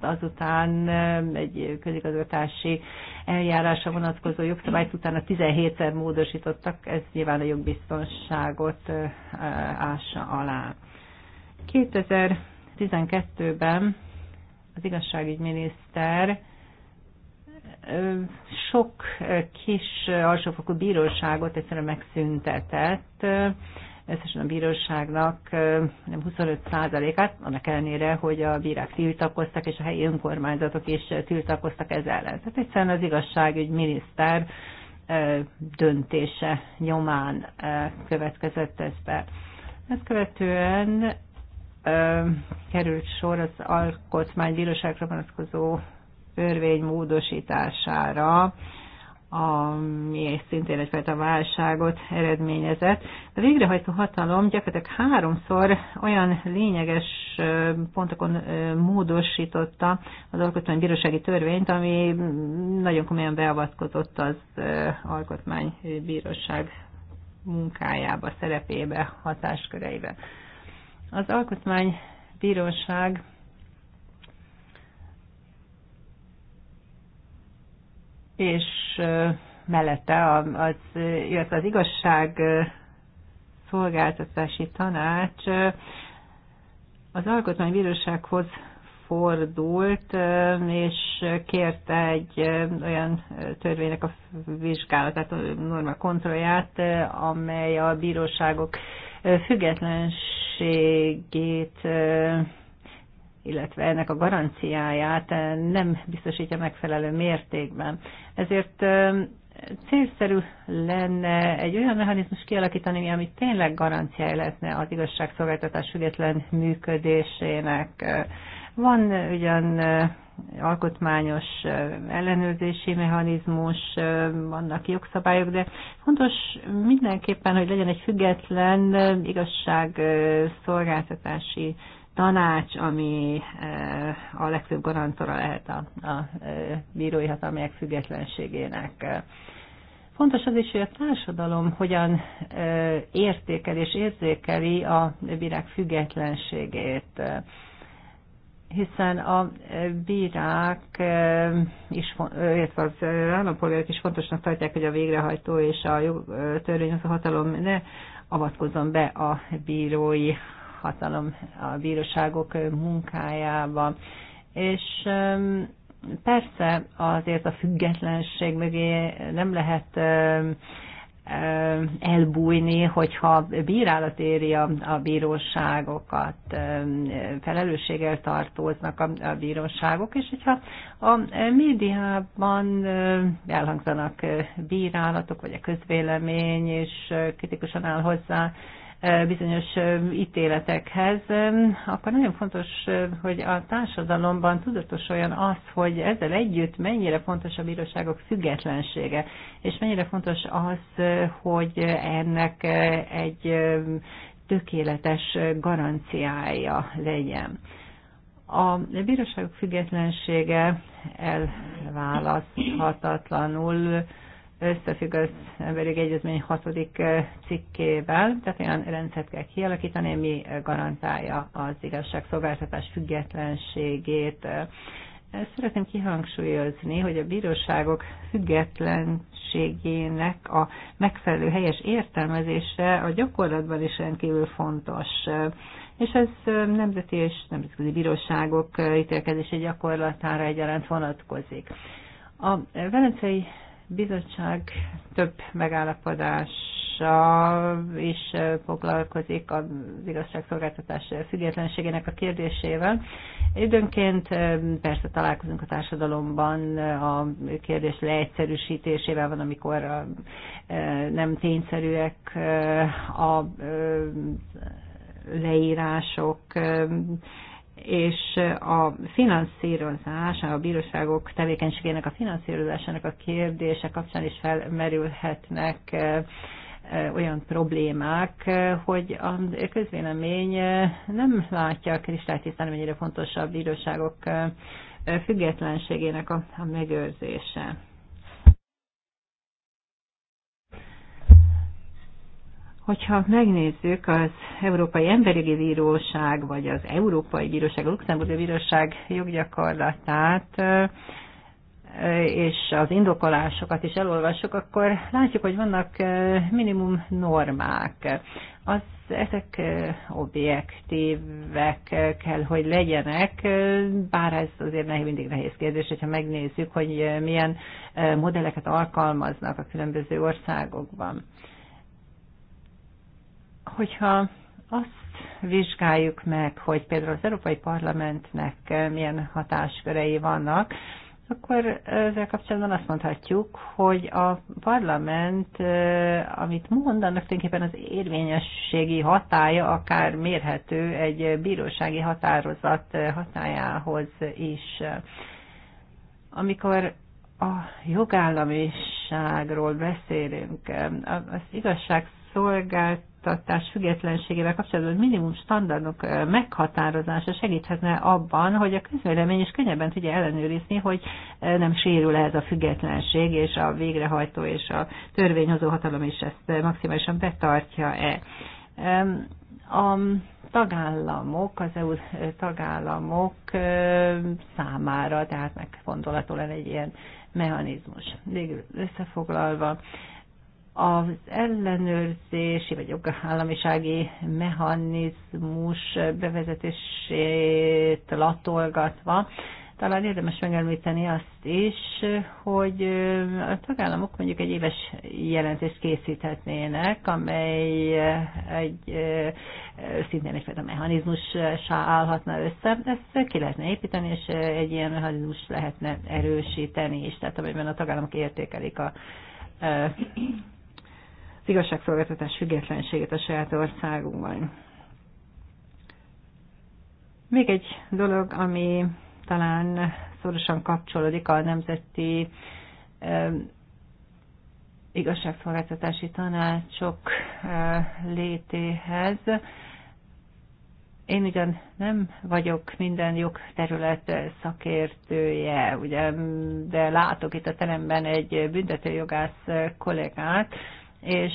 S1: azután egy közigazgatási eljárásra vonatkozó jogszabályt utána 17-szer módosítottak, ez nyilván a jogbiztonságot ássa alá. 2012-ben az igazságügyminiszter miniszter sok kis alsófokú bíróságot egyszerűen megszüntetett, összesen a bíróságnak nem 25%-át, annak ellenére, hogy a bírák tiltakoztak, és a helyi önkormányzatok is tiltakoztak ez ellen. Tehát egyszerűen az igazságügy miniszter döntése nyomán következett ez be. Ezt követően került sor az alkotmánybíróságra vonatkozó törvény módosítására, ami szintén egyfajta válságot eredményezett. A végrehajtó hatalom gyakorlatilag háromszor olyan lényeges pontokon módosította az alkotmánybírósági törvényt, ami nagyon komolyan beavatkozott az alkotmánybíróság munkájába, szerepébe, hatásköreibe. Az alkotmánybíróság és mellette az, illetve az igazság szolgáltatási tanács az Alkotmánybírósághoz fordult, és kérte egy olyan törvénynek a vizsgálatát, normál kontrollját, amely a bíróságok függetlenségét illetve ennek a garanciáját nem biztosítja megfelelő mértékben. Ezért célszerű lenne egy olyan mechanizmus kialakítani, ami tényleg garanciája lehetne az igazságszolgáltatás független működésének. Van ugyan alkotmányos ellenőrzési mechanizmus, vannak jogszabályok, de fontos mindenképpen, hogy legyen egy független igazságszolgáltatási tanács, ami e, a legfőbb garantora lehet a, a e, bírói hatalmiak függetlenségének. Fontos az is, hogy a társadalom hogyan e, értékel és érzékeli a bírák függetlenségét, hiszen a bírák is, illetve az állampolgárok is fontosnak tartják, hogy a végrehajtó és a az törvényhozó hatalom ne avatkozzon be a bírói hatalom a bíróságok munkájába. És persze azért a függetlenség mögé nem lehet elbújni, hogyha bírálat éri a, a bíróságokat, felelősséggel tartóznak a, a bíróságok, és hogyha a médiában elhangzanak bírálatok, vagy a közvélemény, és kritikusan áll hozzá bizonyos ítéletekhez, akkor nagyon fontos, hogy a társadalomban olyan az, hogy ezzel együtt mennyire fontos a bíróságok függetlensége, és mennyire fontos az, hogy ennek egy tökéletes garanciája legyen. A bíróságok függetlensége elválaszthatatlanul összefügg az emberi egyezmény hatodik cikkével, tehát olyan rendszert kell kialakítani, ami garantálja az igazságszolgáltatás függetlenségét. Szeretném kihangsúlyozni, hogy a bíróságok függetlenségének a megfelelő helyes értelmezése a gyakorlatban is rendkívül fontos és ez nemzeti és nemzetközi bíróságok ítélkezési gyakorlatára egyaránt vonatkozik. A Velencei bizottság több megállapodása is foglalkozik az igazságszolgáltatás függetlenségének a kérdésével. Időnként persze találkozunk a társadalomban a kérdés leegyszerűsítésével, van, amikor a, nem tényszerűek a leírások, és a finanszírozás, a bíróságok tevékenységének a finanszírozásának a kérdése kapcsán is felmerülhetnek eh, eh, olyan problémák, eh, hogy a közvélemény nem látja kristálytisztán, mennyire fontos a bíróságok függetlenségének a, a megőrzése. Hogyha megnézzük az Európai Emberi Bíróság, vagy az Európai Bíróság, a Luxemburgi Bíróság joggyakorlatát, és az indokolásokat is elolvassuk, akkor látjuk, hogy vannak minimum normák. Az, ezek objektívek kell, hogy legyenek, bár ez azért nehéz, mindig nehéz kérdés, hogyha megnézzük, hogy milyen modelleket alkalmaznak a különböző országokban. Hogyha azt vizsgáljuk meg, hogy például az Európai Parlamentnek milyen hatáskörei vannak, akkor ezzel kapcsolatban azt mondhatjuk, hogy a parlament, amit mondanak, tulajdonképpen az érvényességi hatája akár mérhető egy bírósági határozat hatájához is. Amikor a jogállamiságról beszélünk, az igazság szolgált közigazgatás függetlenségével kapcsolatban minimum standardok meghatározása segíthetne abban, hogy a közvélemény is könnyebben tudja ellenőrizni, hogy nem sérül ez a függetlenség, és a végrehajtó és a törvényhozó hatalom is ezt maximálisan betartja-e. A tagállamok, az EU tagállamok számára, tehát meg lenne egy ilyen mechanizmus. Végül összefoglalva, az ellenőrzési vagy jogállamisági mechanizmus bevezetését latolgatva, talán érdemes megemlíteni azt is, hogy a tagállamok mondjuk egy éves jelentést készíthetnének, amely egy szintén egyfajta mechanizmussá állhatna össze. Ezt ki lehetne építeni, és egy ilyen mechanizmus lehetne erősíteni is, tehát amelyben a tagállamok értékelik a igazságszolgáltatás függetlenségét a saját országunkban. Még egy dolog, ami talán szorosan kapcsolódik a nemzeti igazságszolgáltatási tanácsok létéhez. Én ugyan nem vagyok minden jogterület szakértője, ugye, de látok itt a teremben egy büntetőjogász kollégát, és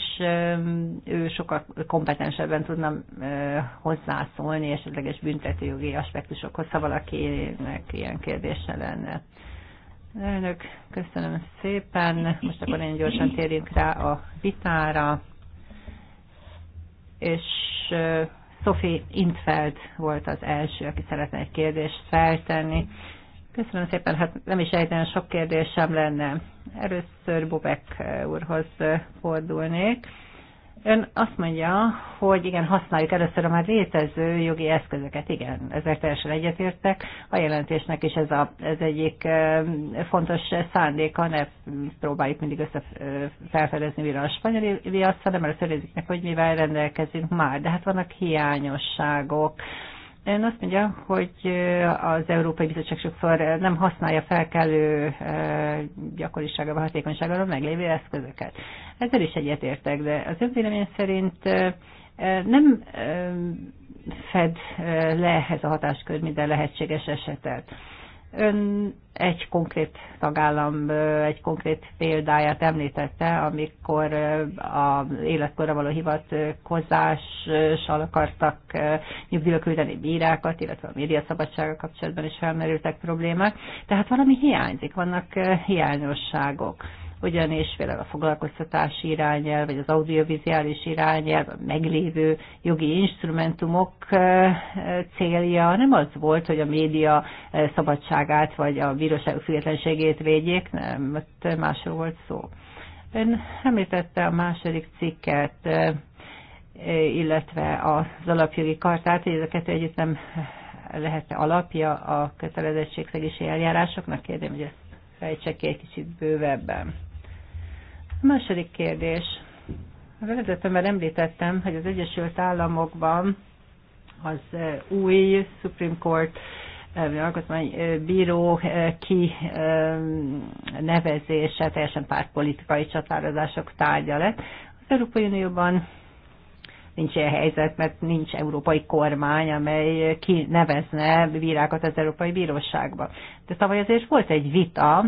S1: ő sokkal kompetensebben tudna hozzászólni esetleges büntetőjogi aspektusokhoz, ha valakinek ilyen kérdése lenne. Önök, köszönöm szépen. Most akkor én gyorsan térjünk rá a vitára. És Sophie Intfeld volt az első, aki szeretne egy kérdést feltenni. Köszönöm szépen, hát nem is nagyon sok kérdésem lenne. Először Bobek úrhoz fordulnék. Ön azt mondja, hogy igen, használjuk először a már létező jogi eszközöket. Igen, ezzel teljesen egyetértek. A jelentésnek is ez, a, ez egyik fontos szándéka, ne próbáljuk mindig össze felfedezni újra a spanyol viaszt, hanem először nézzük meg, hogy mivel rendelkezünk már. De hát vannak hiányosságok, Ön azt mondja, hogy az Európai Bizottság sokszor nem használja felkelő gyakoriságába, hatékonysága a meglévő eszközöket. Ezzel is egyetértek, de az vélemény szerint nem fed le ez a hatáskör minden lehetséges esetet. Ön egy konkrét tagállam, egy konkrét példáját említette, amikor az életkorra való hivatkozással akartak nyugdíjra küldeni bírákat, illetve a médiaszabadsága kapcsolatban is felmerültek problémák. Tehát valami hiányzik, vannak hiányosságok ugyanis például a foglalkoztatási irányel, vagy az audiovizuális irányel, a meglévő jogi instrumentumok eh, célja nem az volt, hogy a média eh, szabadságát, vagy a bíróság függetlenségét védjék, nem, ott másról volt szó. Ön említette a második cikket, eh, illetve az alapjogi kartát, hogy ez a kettő együtt nem lehet -e alapja a kötelezettségszegési eljárásoknak? Kérdem, hogy ezt fejtsek ki egy kicsit bővebben. A második kérdés. A vezetőmben említettem, hogy az Egyesült Államokban az eh, új Supreme Court eh, bíró eh, ki nevezése teljesen pártpolitikai csatározások tárgya lett. Az Európai Unióban nincs ilyen helyzet, mert nincs európai kormány, amely ki nevezne bírákat az Európai Bíróságba. De tavaly azért volt egy vita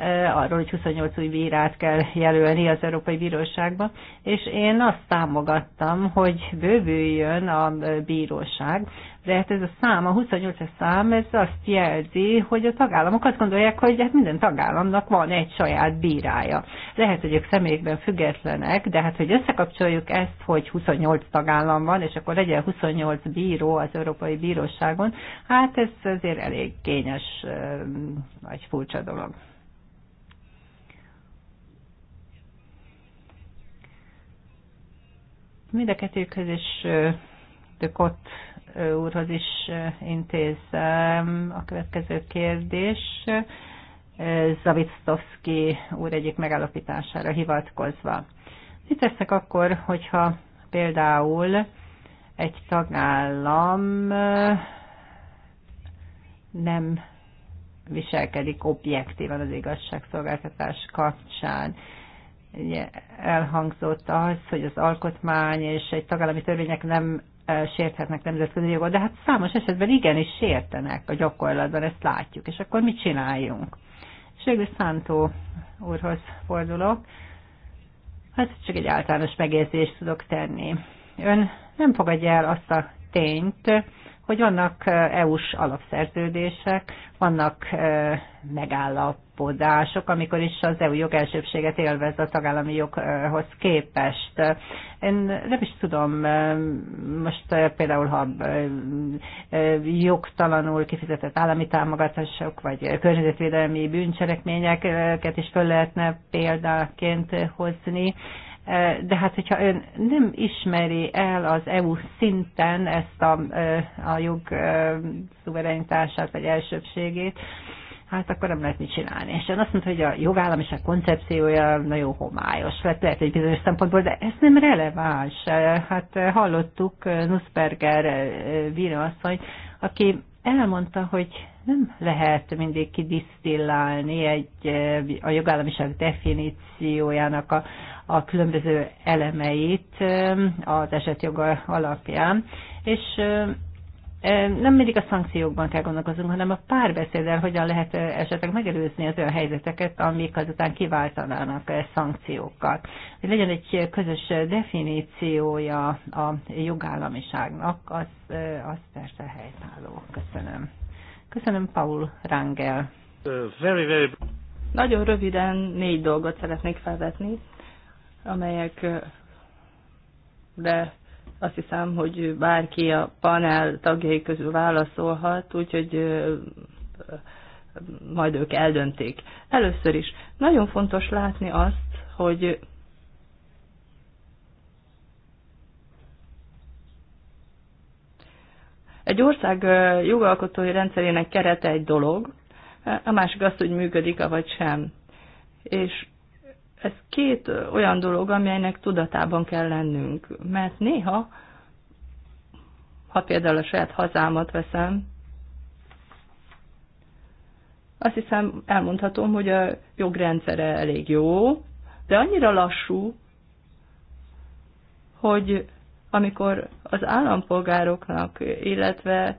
S1: Eh, arról, hogy 28 új bírát kell jelölni az Európai Bíróságba, és én azt támogattam, hogy bővüljön a eh, bíróság, de hát ez a szám, a 28 es szám, ez azt jelzi, hogy a tagállamok azt gondolják, hogy hát minden tagállamnak van egy saját bírája. Lehet, hogy ők személyekben függetlenek, de hát hogy összekapcsoljuk ezt, hogy 28 tagállam van, és akkor legyen 28 bíró az Európai Bíróságon, hát ez azért elég kényes vagy eh, furcsa dolog. Mind a kettőkhöz is de úrhoz is intézem a következő kérdés. Zavitsztovszki úr egyik megállapítására hivatkozva. Mit teszek akkor, hogyha például egy tagállam nem viselkedik objektívan az igazságszolgáltatás kapcsán elhangzott az, hogy az alkotmány és egy tagállami törvények nem e, sérthetnek nemzetközi jogot, de hát számos esetben igenis sértenek a gyakorlatban, ezt látjuk, és akkor mit csináljunk? És végül Szántó úrhoz fordulok. Hát csak egy általános megjegyzést tudok tenni. Ön nem fogadja el azt a tényt, hogy vannak e, EU-s alapszerződések, vannak e, megállap, megállapodások, amikor is az EU jogelsőbséget élvez a tagállami joghoz képest. Én nem is tudom, most például ha jogtalanul kifizetett állami támogatások, vagy környezetvédelmi bűncselekményeket is föl lehetne példaként hozni, de hát hogyha ön nem ismeri el az EU szinten ezt a, a jog szuverenitását vagy elsőbségét, hát akkor nem lehet mit csinálni. És én azt mondta, hogy a a koncepciója nagyon homályos, hát lehet egy bizonyos szempontból, de ez nem releváns. Hát hallottuk Nussberger eh, Vira asszony, aki elmondta, hogy nem lehet mindig kidisztillálni egy, eh, a jogállamiság definíciójának a, a különböző elemeit eh, az esetjoga alapján, és nem mindig a szankciókban kell gondolkozunk, hanem a párbeszéddel hogyan lehet esetleg megelőzni az olyan helyzeteket, amik azután kiváltanának szankciókat. Hogy legyen egy közös definíciója a jogállamiságnak, az, az persze helytálló. Köszönöm. Köszönöm Paul Rangel. Very, very... Nagyon röviden négy
S2: dolgot szeretnék felvetni, amelyek de azt hiszem, hogy bárki a panel tagjai közül válaszolhat, úgyhogy majd ők eldöntik. Először is nagyon fontos látni azt, hogy Egy ország jogalkotói rendszerének kerete egy dolog, a másik az, hogy működik-e vagy sem. És ez két olyan dolog, amelynek tudatában kell lennünk. Mert néha, ha például a saját hazámat veszem, azt hiszem elmondhatom, hogy a jogrendszere elég jó, de annyira lassú, hogy amikor az állampolgároknak, illetve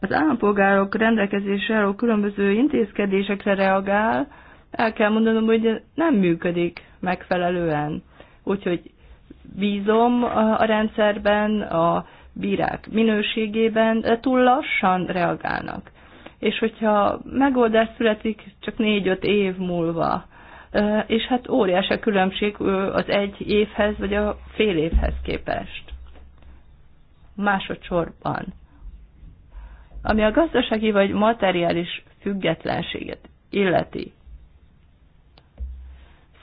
S2: az állampolgárok rendelkezésre álló különböző intézkedésekre reagál, el kell mondanom, hogy nem működik megfelelően. Úgyhogy bízom a rendszerben, a bírák minőségében, de túl lassan reagálnak. És hogyha megoldás születik csak négy-öt év múlva, és hát óriási a különbség az egy évhez vagy a fél évhez képest. Másodszorban ami a gazdasági vagy materiális függetlenséget illeti.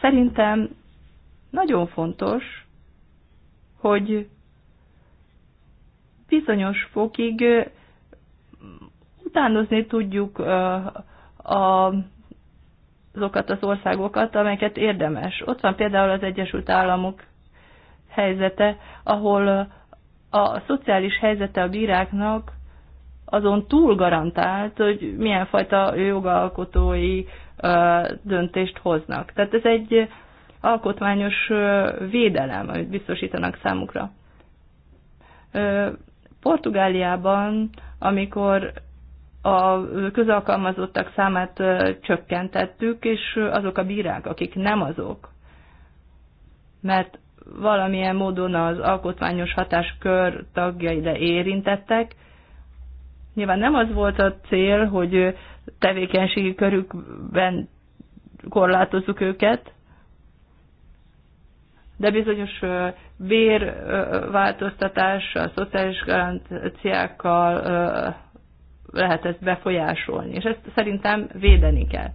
S2: Szerintem nagyon fontos, hogy bizonyos fokig utánozni tudjuk azokat az országokat, amelyeket érdemes. Ott van például az Egyesült Államok helyzete, ahol a szociális helyzete a bíráknak azon túl garantált, hogy milyen fajta jogalkotói döntést hoznak. Tehát ez egy alkotmányos védelem, amit biztosítanak számukra. Portugáliában, amikor a közalkalmazottak számát csökkentettük, és azok a bírák, akik nem azok, mert valamilyen módon az alkotmányos hatáskör tagjai, érintettek, Nyilván nem az volt a cél, hogy tevékenységi körükben korlátozzuk őket, de bizonyos vérváltoztatás, a szociális garanciákkal lehet ezt befolyásolni, és ezt szerintem védeni kell.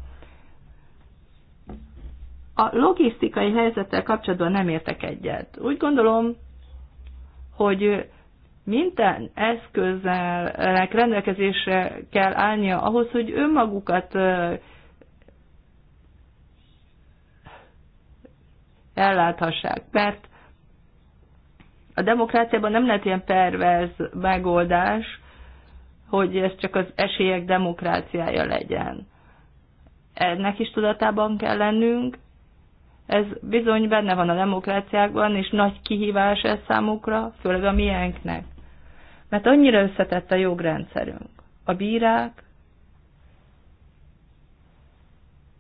S2: A logisztikai helyzettel kapcsolatban nem értek egyet. Úgy gondolom, hogy minden eszköznek rendelkezésre kell állnia ahhoz, hogy önmagukat elláthassák. Mert a demokráciában nem lehet ilyen perverz megoldás, hogy ez csak az esélyek demokráciája legyen. Ennek is tudatában kell lennünk, ez bizony benne van a demokráciákban, és nagy kihívás ez számukra, főleg a miénknek mert annyira összetett a jogrendszerünk. A bírák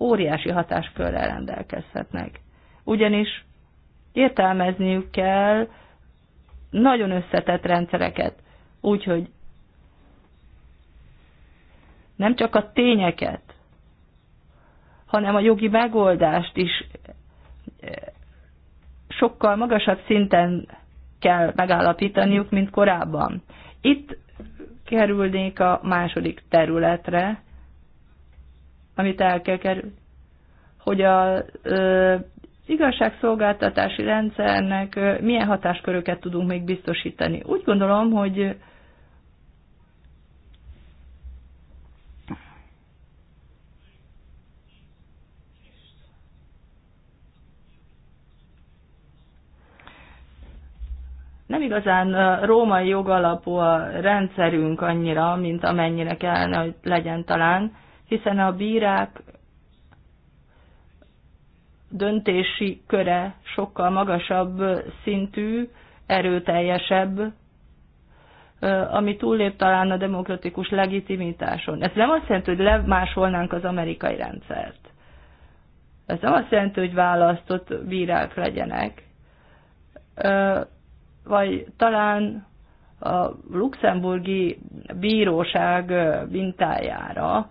S2: óriási hatáskörrel rendelkezhetnek. Ugyanis értelmezniük kell nagyon összetett rendszereket, úgyhogy nem csak a tényeket, hanem a jogi megoldást is eh, sokkal magasabb szinten kell megállapítaniuk, mint korábban. Itt kerülnék a második területre, amit el kell kerülni, hogy a igazságszolgáltatási rendszernek milyen hatásköröket tudunk még biztosítani. Úgy gondolom, hogy nem igazán római jogalapú a rendszerünk annyira, mint amennyire kellene, hogy legyen talán, hiszen a bírák döntési köre sokkal magasabb szintű, erőteljesebb, ami túllép talán a demokratikus legitimitáson. Ez nem azt jelenti, hogy lemásolnánk az amerikai rendszert. Ez nem azt jelenti, hogy választott bírák legyenek vagy talán a luxemburgi bíróság mintájára,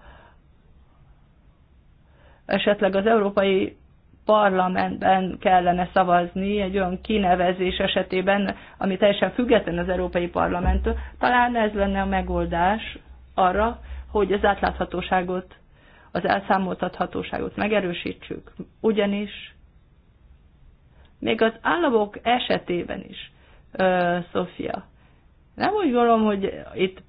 S2: esetleg az Európai Parlamentben kellene szavazni egy olyan kinevezés esetében, ami teljesen független az Európai Parlamenttől. Talán ez lenne a megoldás arra, hogy az átláthatóságot, az elszámoltathatóságot megerősítsük. Ugyanis még az államok esetében is Szofia. Nem úgy gondolom, hogy itt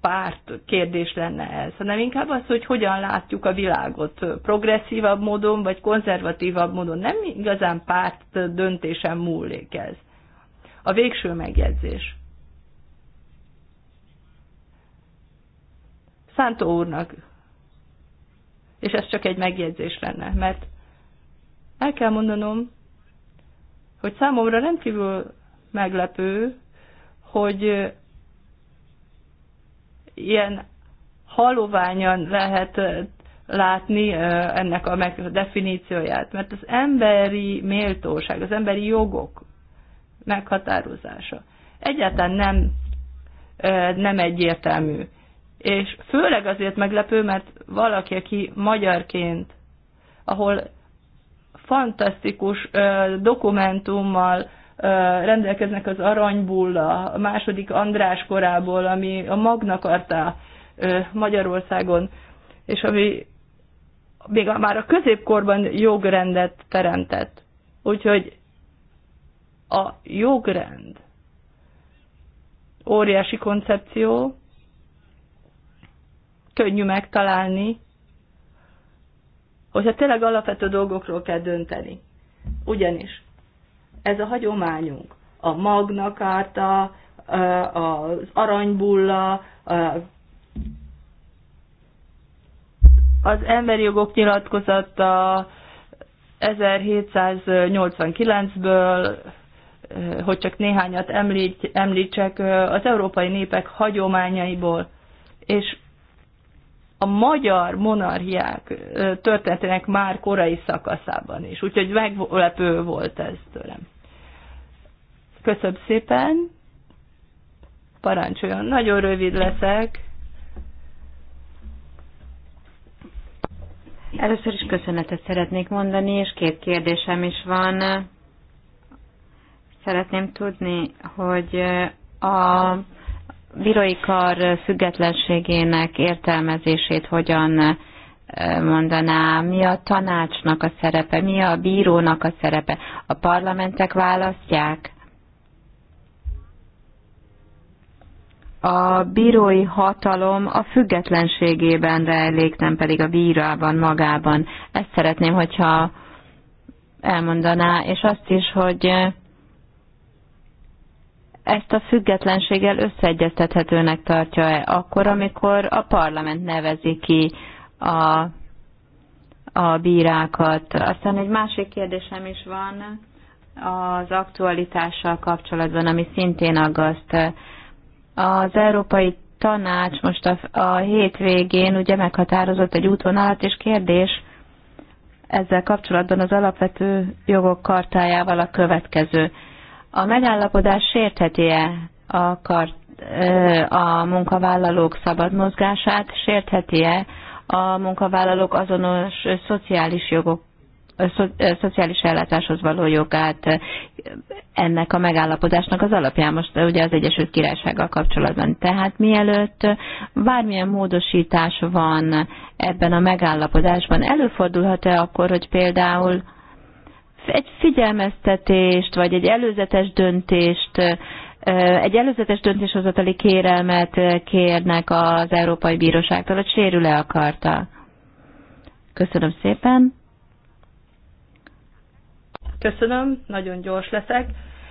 S2: párt kérdés lenne ez, hanem inkább az, hogy hogyan látjuk a világot progresszívabb módon, vagy konzervatívabb módon. Nem igazán párt döntésen múlik ez. A végső megjegyzés. Szántó úrnak, és ez csak egy megjegyzés lenne, mert el kell mondanom, hogy számomra rendkívül meglepő, hogy ilyen haloványan lehet látni ennek a definícióját, mert az emberi méltóság, az emberi jogok meghatározása egyáltalán nem, nem egyértelmű. És főleg azért meglepő, mert valaki, aki magyarként, ahol fantasztikus dokumentummal rendelkeznek az aranybulla, a második András korából, ami a magnakartá Magyarországon, és ami még már a középkorban jogrendet teremtett. Úgyhogy a jogrend óriási koncepció, könnyű megtalálni, hogyha tényleg alapvető dolgokról kell dönteni. Ugyanis ez a hagyományunk. A Magna Carta, az Aranybulla, az emberi jogok nyilatkozata 1789-ből, hogy csak néhányat említsek, az európai népek hagyományaiból. És a magyar monarchiák történetének már korai szakaszában is. Úgyhogy meglepő volt ez tőlem. Köszönöm szépen. Parancsoljon. Nagyon rövid leszek.
S3: Először is köszönetet szeretnék mondani, és két kérdésem is van. Szeretném tudni, hogy a bírói kar függetlenségének értelmezését hogyan eh, mondaná, mi a tanácsnak a szerepe, mi a bírónak a szerepe. A parlamentek választják? A bírói hatalom a függetlenségében rejlik, nem pedig a bírában magában. Ezt szeretném, hogyha elmondaná, és azt is, hogy eh, ezt a függetlenséggel összeegyeztethetőnek tartja-e akkor, amikor a parlament nevezi ki a, a bírákat. Aztán egy másik kérdésem is van az aktualitással kapcsolatban, ami szintén aggaszt. Az Európai Tanács most a, a hétvégén ugye meghatározott egy útvonalat, és kérdés ezzel kapcsolatban az alapvető jogok kartájával a következő a megállapodás sértheti-e a, kart, a munkavállalók szabad mozgását, sértheti-e a munkavállalók azonos szociális jogok szociális ellátáshoz való jogát ennek a megállapodásnak az alapján most ugye az Egyesült Királysággal kapcsolatban. Tehát mielőtt bármilyen módosítás van ebben a megállapodásban, előfordulhat-e akkor, hogy például egy figyelmeztetést, vagy egy előzetes döntést, egy előzetes döntéshozatali kérelmet kérnek az Európai Bíróságtól, hogy sérül-e akarta. Köszönöm szépen.
S2: Köszönöm, nagyon gyors leszek.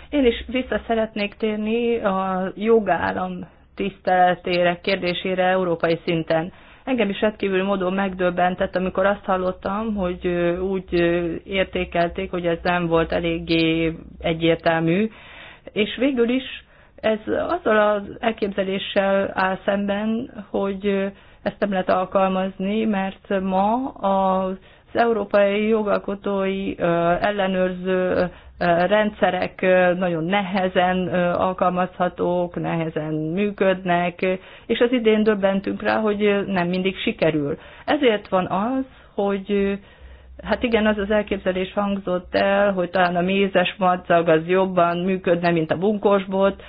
S2: Én is vissza szeretnék térni a jogállam tiszteletére, kérdésére európai szinten. Engem is rendkívül módon megdöbbentett, amikor azt hallottam, hogy úgy értékelték, hogy ez nem volt eléggé egyértelmű, és végül is ez azzal az elképzeléssel áll szemben, hogy ezt nem lehet alkalmazni, mert ma az az európai jogalkotói ellenőrző rendszerek nagyon nehezen alkalmazhatók, nehezen működnek, és az idén döbbentünk rá, hogy nem mindig sikerül. Ezért van az, hogy Hát igen, az az elképzelés hangzott el, hogy talán a mézes madzag az jobban működne, mint a bunkosbot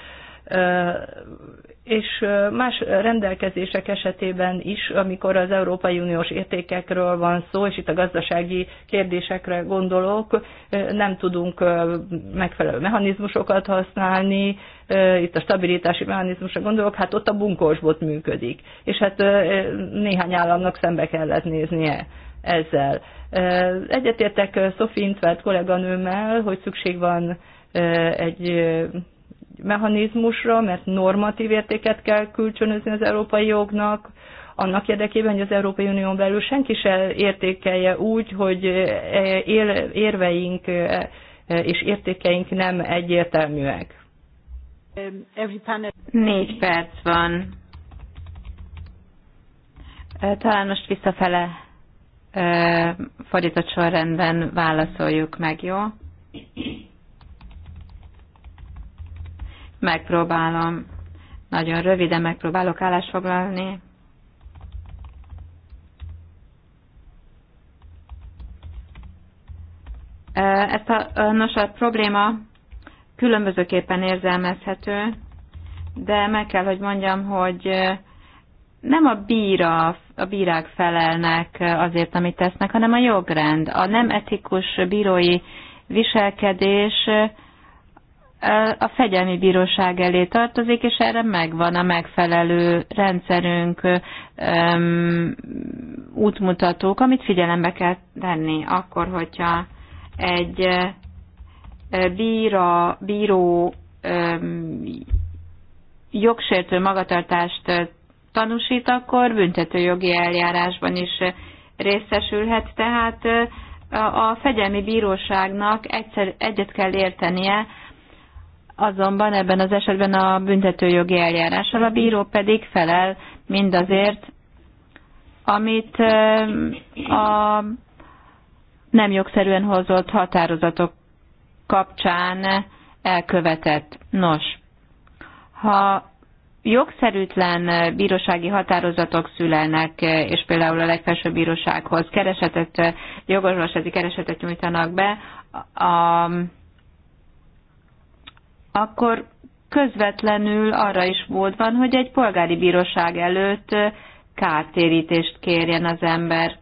S2: és más rendelkezések esetében is, amikor az Európai Uniós értékekről van szó, és itt a gazdasági kérdésekre gondolok, nem tudunk megfelelő mechanizmusokat használni, itt a stabilitási mechanizmusra gondolok, hát ott a bunkósbot működik, és hát néhány államnak szembe kellett néznie ezzel. Egyetértek Sophie Intvert kolléganőmmel, hogy szükség van egy mechanizmusra, mert normatív értéket kell kölcsönözni az európai jognak, annak érdekében, hogy az Európai Unión belül senki se értékelje úgy, hogy eh, érveink eh, és értékeink nem egyértelműek. Négy perc van.
S3: Eh, talán most visszafele fordított sorrendben válaszoljuk meg, jó? Megpróbálom, nagyon röviden megpróbálok állásfoglalni. Ezt a, nos, a probléma különbözőképpen érzelmezhető, de meg kell, hogy mondjam, hogy nem a bíra, a bírák felelnek azért, amit tesznek, hanem a jogrend. A nem etikus bírói viselkedés a fegyelmi bíróság elé tartozik, és erre megvan a megfelelő rendszerünk, öm, útmutatók, amit figyelembe kell tenni akkor, hogyha egy eh, bíra, bíró öm, jogsértő magatartást eh, tanúsít, akkor büntetőjogi eljárásban is eh, részesülhet. Tehát a fegyelmi bíróságnak egyszer, egyet kell értenie, azonban ebben az esetben a büntetőjogi eljárással a bíró pedig felel mindazért, amit a nem jogszerűen hozott határozatok kapcsán elkövetett. Nos, ha jogszerűtlen bírósági határozatok szülelnek, és például a legfelsőbb bírósághoz keresetet, jogosvasági keresetet nyújtanak be, a, akkor közvetlenül arra is volt van, hogy egy polgári bíróság előtt kártérítést kérjen az ember.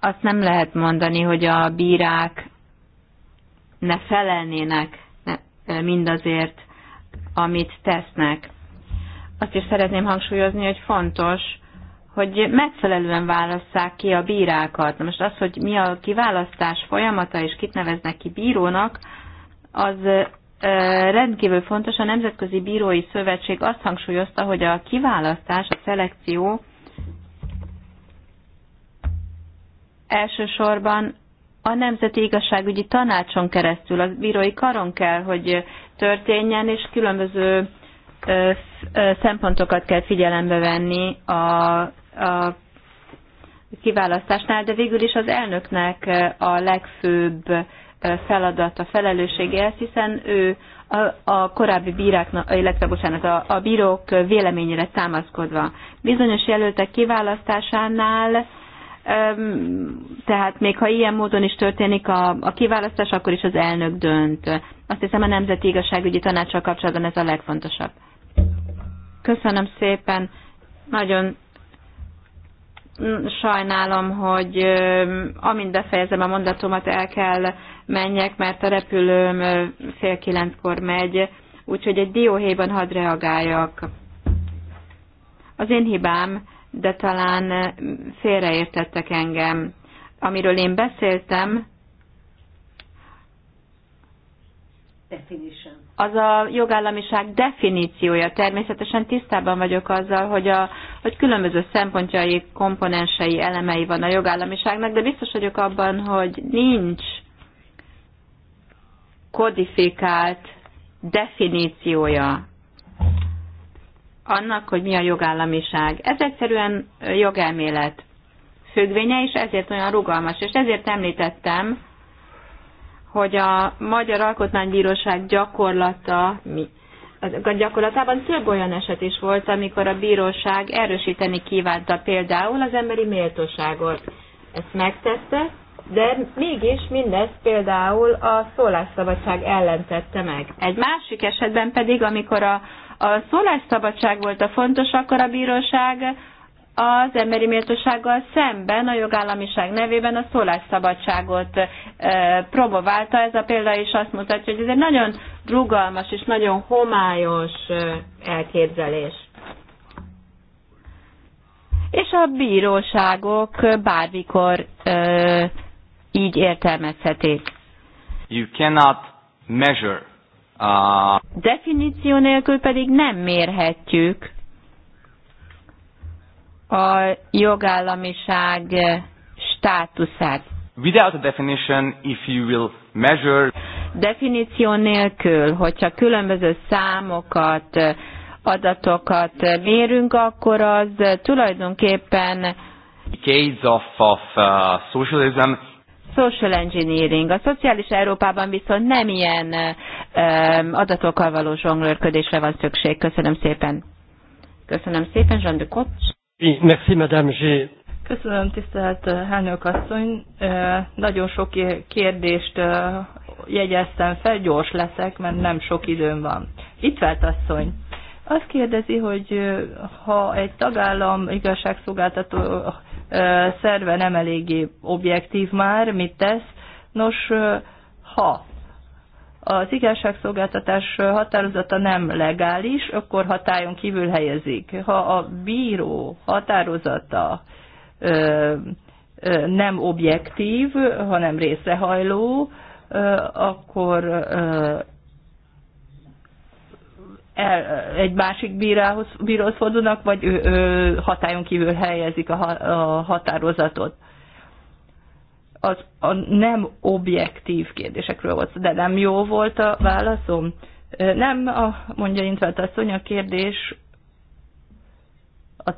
S3: Azt nem lehet mondani, hogy a bírák ne felelnének mindazért, amit tesznek. Azt is szeretném hangsúlyozni, hogy fontos, hogy megfelelően válasszák ki a bírákat. Most az, hogy mi a kiválasztás folyamata, és kit neveznek ki bírónak, az rendkívül fontos. A Nemzetközi Bírói Szövetség azt hangsúlyozta, hogy a kiválasztás, a szelekció elsősorban a Nemzeti Igazságügyi Tanácson keresztül, a bírói karon kell, hogy történjen, és különböző szempontokat kell figyelembe venni a, a kiválasztásnál, de végül is az elnöknek a legfőbb a felelőssége ez, hiszen ő a, a korábbi bíráknak, illetve bocsánat, a, a bírók véleményére támaszkodva. Bizonyos jelöltek kiválasztásánál tehát még ha ilyen módon is történik a, a kiválasztás, akkor is az elnök dönt. Azt hiszem a Nemzeti Igazságügyi Tanácssal kapcsolatban ez a legfontosabb. Köszönöm szépen, nagyon sajnálom, hogy amint befejezem a mondatomat, el kell menjek, mert a repülőm fél kilenckor megy, úgyhogy egy dióhéjban hadd reagáljak. Az én hibám, de talán félreértettek engem. Amiről én beszéltem,
S1: Definition
S3: az a jogállamiság definíciója. Természetesen tisztában vagyok azzal, hogy, a, hogy különböző szempontjai, komponensei, elemei van a jogállamiságnak, de biztos vagyok abban, hogy nincs kodifikált definíciója annak, hogy mi a jogállamiság. Ez egyszerűen jogelmélet függvénye, és ezért olyan rugalmas. És ezért említettem, hogy a Magyar Alkotmánybíróság gyakorlata mi? A gyakorlatában több olyan eset is volt, amikor a bíróság erősíteni kívánta például az emberi méltóságot. Ezt megtette, de mégis mindezt például a szólásszabadság ellen tette meg. Egy másik esetben pedig, amikor a, a szólásszabadság volt a fontos, akkor a bíróság az emberi méltósággal szemben a jogállamiság nevében a szólásszabadságot próbálta. Ez a példa is azt mutatja, hogy ez egy nagyon rugalmas és nagyon homályos elképzelés. És a bíróságok bármikor így értelmezhetik.
S1: You cannot measure. Uh...
S3: Definíció nélkül pedig nem mérhetjük a jogállamiság státuszát.
S1: Without a definition, if you will measure...
S3: Definíció nélkül, hogyha különböző számokat, adatokat mérünk, akkor az tulajdonképpen
S1: decades of, of uh, socialism.
S3: Social engineering. A szociális Európában viszont nem ilyen um, adatokkal való zsonglőrködésre van szükség. Köszönöm szépen. Köszönöm szépen, Jean de Kocs.
S1: Merci, madame.
S2: Köszönöm, tisztelt elnök asszony. Nagyon sok kérdést jegyeztem fel, gyors leszek, mert nem sok időm van. Itt vált asszony. Azt kérdezi, hogy ha egy tagállam igazságszolgáltató szerve nem eléggé objektív már, mit tesz? Nos, ha az igazságszolgáltatás határozata nem legális, akkor hatályon kívül helyezik. Ha a bíró határozata nem objektív, hanem részrehajló, akkor el, egy másik bírához, bíróhoz fordulnak, vagy ö, ö, hatályon kívül helyezik a, a határozatot az a nem objektív kérdésekről volt, de nem jó volt a válaszom. Nem, a, mondja Intvált asszony, a kérdés a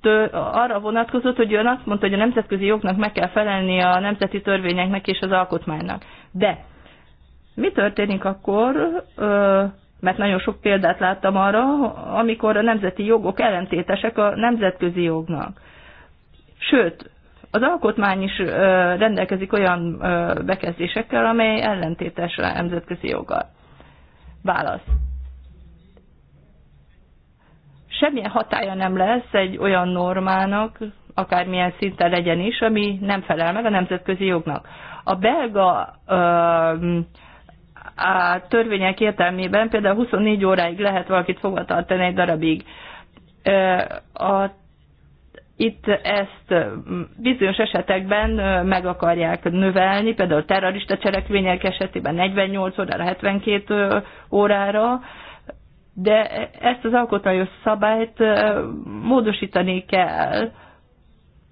S2: tő, arra vonatkozott, hogy ön azt mondta, hogy a nemzetközi jognak meg kell felelni a nemzeti törvényeknek és az alkotmánynak. De mi történik akkor, mert nagyon sok példát láttam arra, amikor a nemzeti jogok ellentétesek a nemzetközi jognak. Sőt, az alkotmány is rendelkezik olyan bekezdésekkel, amely ellentétes a nemzetközi joggal. Válasz. Semmilyen hatája nem lesz egy olyan normának, akármilyen szinten legyen is, ami nem felel meg a nemzetközi jognak. A belga ö, a törvények értelmében például 24 óráig lehet valakit tartani egy darabig. A itt ezt mm, bizonyos esetekben meg akarják növelni, például terrorista cselekvények esetében 48 órára, 72 órára, de ezt az alkotmányos szabályt módosítani kell.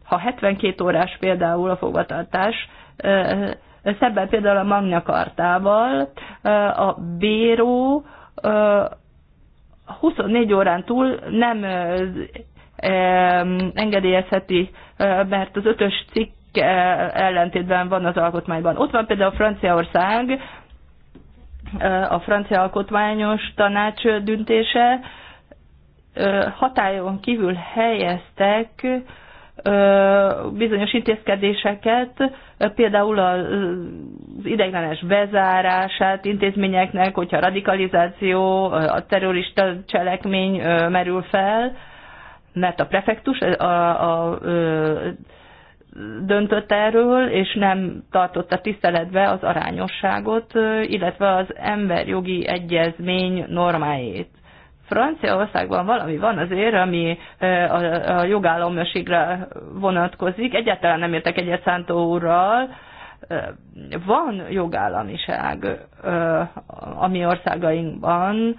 S2: Ha 72 órás például a fogvatartás, szemben például a Magna Kartával a bíró 24 órán túl nem engedélyezheti, mert az ötös cikk e, ellentétben van az alkotmányban. Ott van például Franciaország, a francia alkotmányos tanács döntése hatályon kívül helyeztek bizonyos intézkedéseket, például az ideiglenes bezárását intézményeknek, hogyha radikalizáció, a terrorista cselekmény merül fel, mert a prefektus a, a, a, döntött erről, és nem tartotta tiszteletbe az arányosságot, illetve az emberjogi egyezmény normáit. Franciaországban valami van azért, ami a, a vonatkozik. Egyáltalán nem értek egyet Szántó úrral, van jogállamiság a mi országainkban,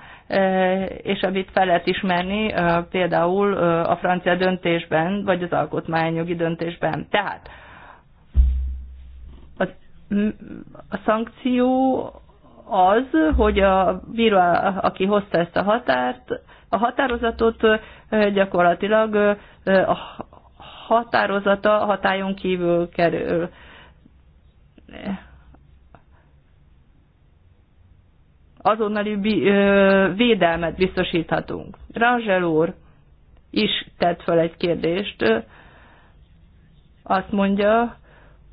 S2: és amit fel lehet ismerni például a francia döntésben, vagy az alkotmányjogi döntésben. Tehát a, a szankció az, hogy a bíró, aki hozta ezt a határt, a határozatot gyakorlatilag a határozata hatályon kívül kerül azonnali védelmet biztosíthatunk. Rangel úr is tett fel egy kérdést. Azt mondja,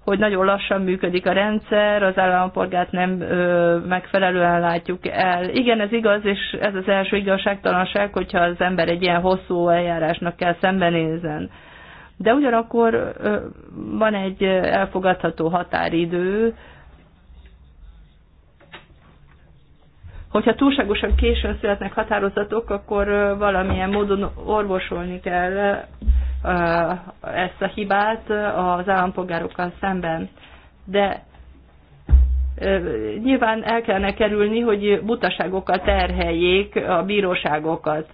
S2: hogy nagyon lassan működik a rendszer, az állampolgárt nem ö, megfelelően látjuk el. Igen, ez igaz, és ez az első igazságtalanság, hogyha az ember egy ilyen hosszú eljárásnak kell szembenézzen de ugyanakkor van egy elfogadható határidő, hogyha túlságosan későn születnek határozatok, akkor valamilyen módon orvosolni kell ezt a hibát az állampolgárokkal szemben. De nyilván el kellene kerülni, hogy butaságokkal terheljék a bíróságokat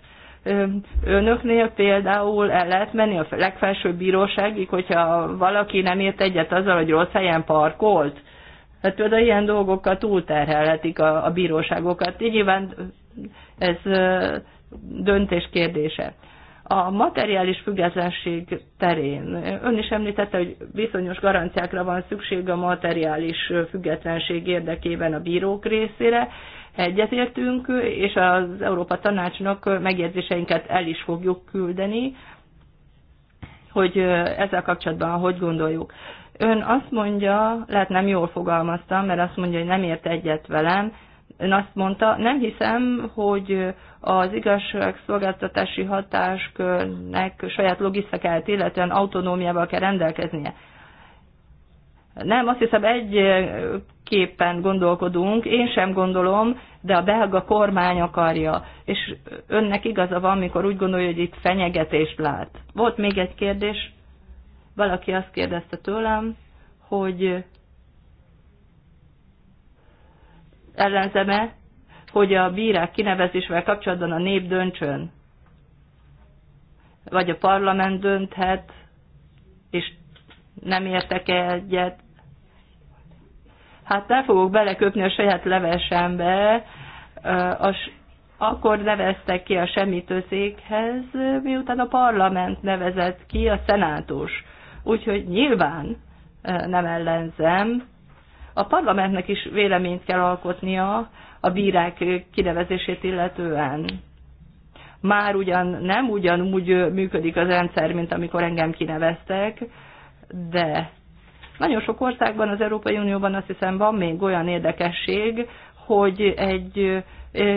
S2: önöknél például el lehet menni a legfelsőbb bíróságig, hogyha valaki nem ért egyet azzal, hogy rossz helyen parkolt? Hát például ilyen dolgokkal túlterhelhetik a, a bíróságokat. Így nyilván ez döntés kérdése. A materiális függetlenség terén ön is említette, hogy bizonyos garanciákra van szükség a materiális függetlenség érdekében a bírók részére, egyetértünk, és az Európa Tanácsnak megjegyzéseinket el is fogjuk küldeni, hogy ezzel kapcsolatban hogy gondoljuk. Ön azt mondja, lehet nem jól fogalmaztam, mert azt mondja, hogy nem ért egyet velem, ön azt mondta, nem hiszem, hogy az igazságszolgáltatási hatáskörnek saját logisztikát, illetően autonómiával kell rendelkeznie. Nem, azt hiszem egyképpen gondolkodunk, én sem gondolom, de a belga kormány akarja, és önnek igaza van, amikor úgy gondolja, hogy itt fenyegetést lát. Volt még egy kérdés, valaki azt kérdezte tőlem, hogy ellenzeme, hogy a bírák kinevezésével kapcsolatban a nép döntsön, vagy a parlament dönthet, és nem értek -e egyet hát nem fogok beleköpni a saját levesembe, a, akkor neveztek ki a semmitőszékhez, miután a parlament nevezett ki a szenátus. Úgyhogy nyilván nem ellenzem. A parlamentnek is véleményt kell alkotnia a bírák kinevezését illetően. Már ugyan nem ugyanúgy működik az rendszer, mint amikor engem kineveztek, de nagyon sok országban, az Európai Unióban azt hiszem van még olyan érdekesség, hogy egy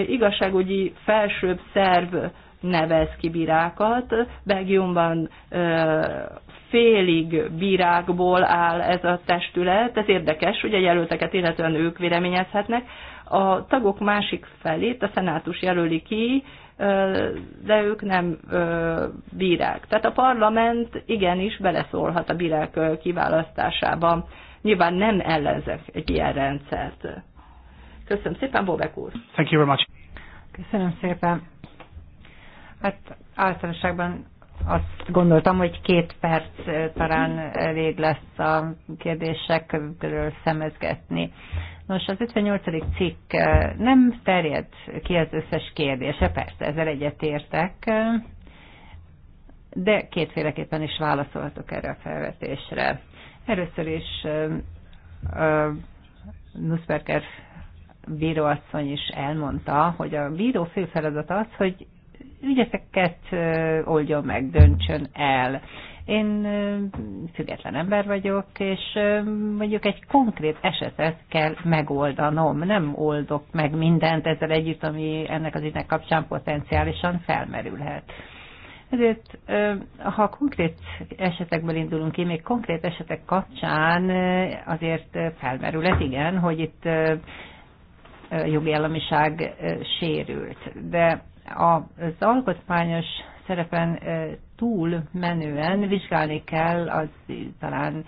S2: igazságügyi felsőbb szerv nevez ki bírákat. Belgiumban félig bírákból áll ez a testület. Ez érdekes, hogy a jelölteket illetően ők véleményezhetnek. A tagok másik felét a szenátus jelöli ki, de ők nem bírák. Tehát a parlament igenis beleszólhat a bírák kiválasztásába. Nyilván nem
S1: ellenzek egy ilyen rendszert. Köszönöm szépen, Bobek úr. Thank you very much. Köszönöm szépen. Hát általánosságban azt gondoltam, hogy két perc talán elég lesz a kérdésekről szemezgetni. Nos, az 58. cikk nem terjed ki az összes kérdése, persze, ezzel egyetértek, de kétféleképpen is válaszoltok erre a felvetésre. Először is Nussberger bíróasszony is elmondta, hogy a bíró fő feladata az, hogy ügyeteket oldjon meg, döntsön el. Én független ember vagyok, és mondjuk egy konkrét esetet kell megoldanom. Nem oldok meg mindent ezzel együtt, ami ennek az ügynek kapcsán potenciálisan felmerülhet. Ezért, ha konkrét esetekből indulunk ki, még konkrét esetek kapcsán azért felmerülhet, igen, hogy itt jogi államiság sérült. De az alkotmányos szerepen túl menően vizsgálni kell az talán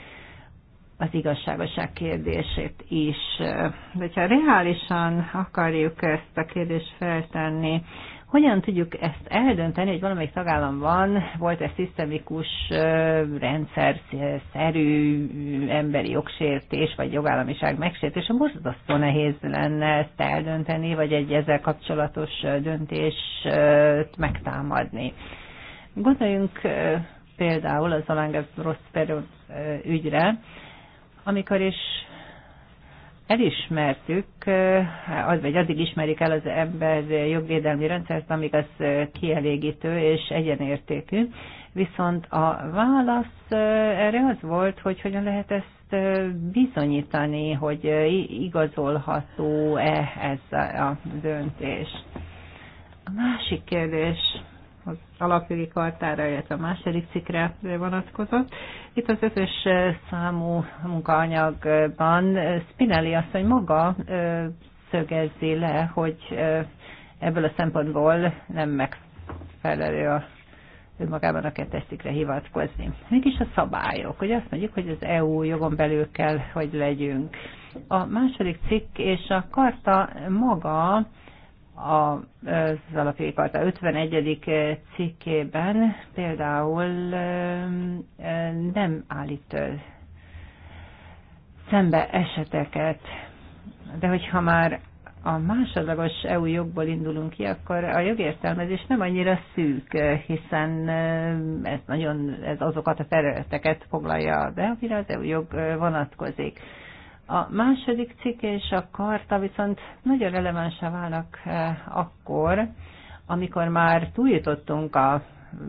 S1: az igazságosság kérdését is. De ha reálisan akarjuk ezt a kérdést feltenni, hogyan tudjuk ezt eldönteni, hogy valamelyik van volt-e szisztemikus, rendszer szerű emberi jogsértés, vagy jogállamiság megsértés? Borzasztó nehéz lenne ezt eldönteni, vagy egy ezzel kapcsolatos döntést megtámadni. Gondoljunk például az Olangas Rosperon ügyre, amikor is elismertük, az vagy addig ismerik el az ember jogvédelmi rendszert, amíg az kielégítő és egyenértékű. Viszont a válasz erre az volt, hogy hogyan lehet ezt bizonyítani, hogy igazolható-e ez a döntés. A másik kérdés, az alapjogi kartára, illetve a második cikkre vonatkozott. Itt az ötös számú munkaanyagban Spinelli hogy maga szögezzi le, hogy ebből a szempontból nem megfelelő a önmagában a kettes cikkre hivatkozni. Mégis a szabályok, hogy azt mondjuk, hogy az EU jogon belül kell, hogy legyünk. A második cikk és a karta maga a az alapjaikarta 51. cikkében például eh, eh, nem állít eh, szembe eseteket, de hogyha már a másodlagos EU jogból indulunk ki, akkor a jogértelmezés nem annyira szűk, hiszen ez nagyon ez azokat a területeket foglalja be, amire az EU jog vonatkozik. A második cikk és a karta viszont nagyon relevánsá válnak eh, akkor, amikor már túljutottunk a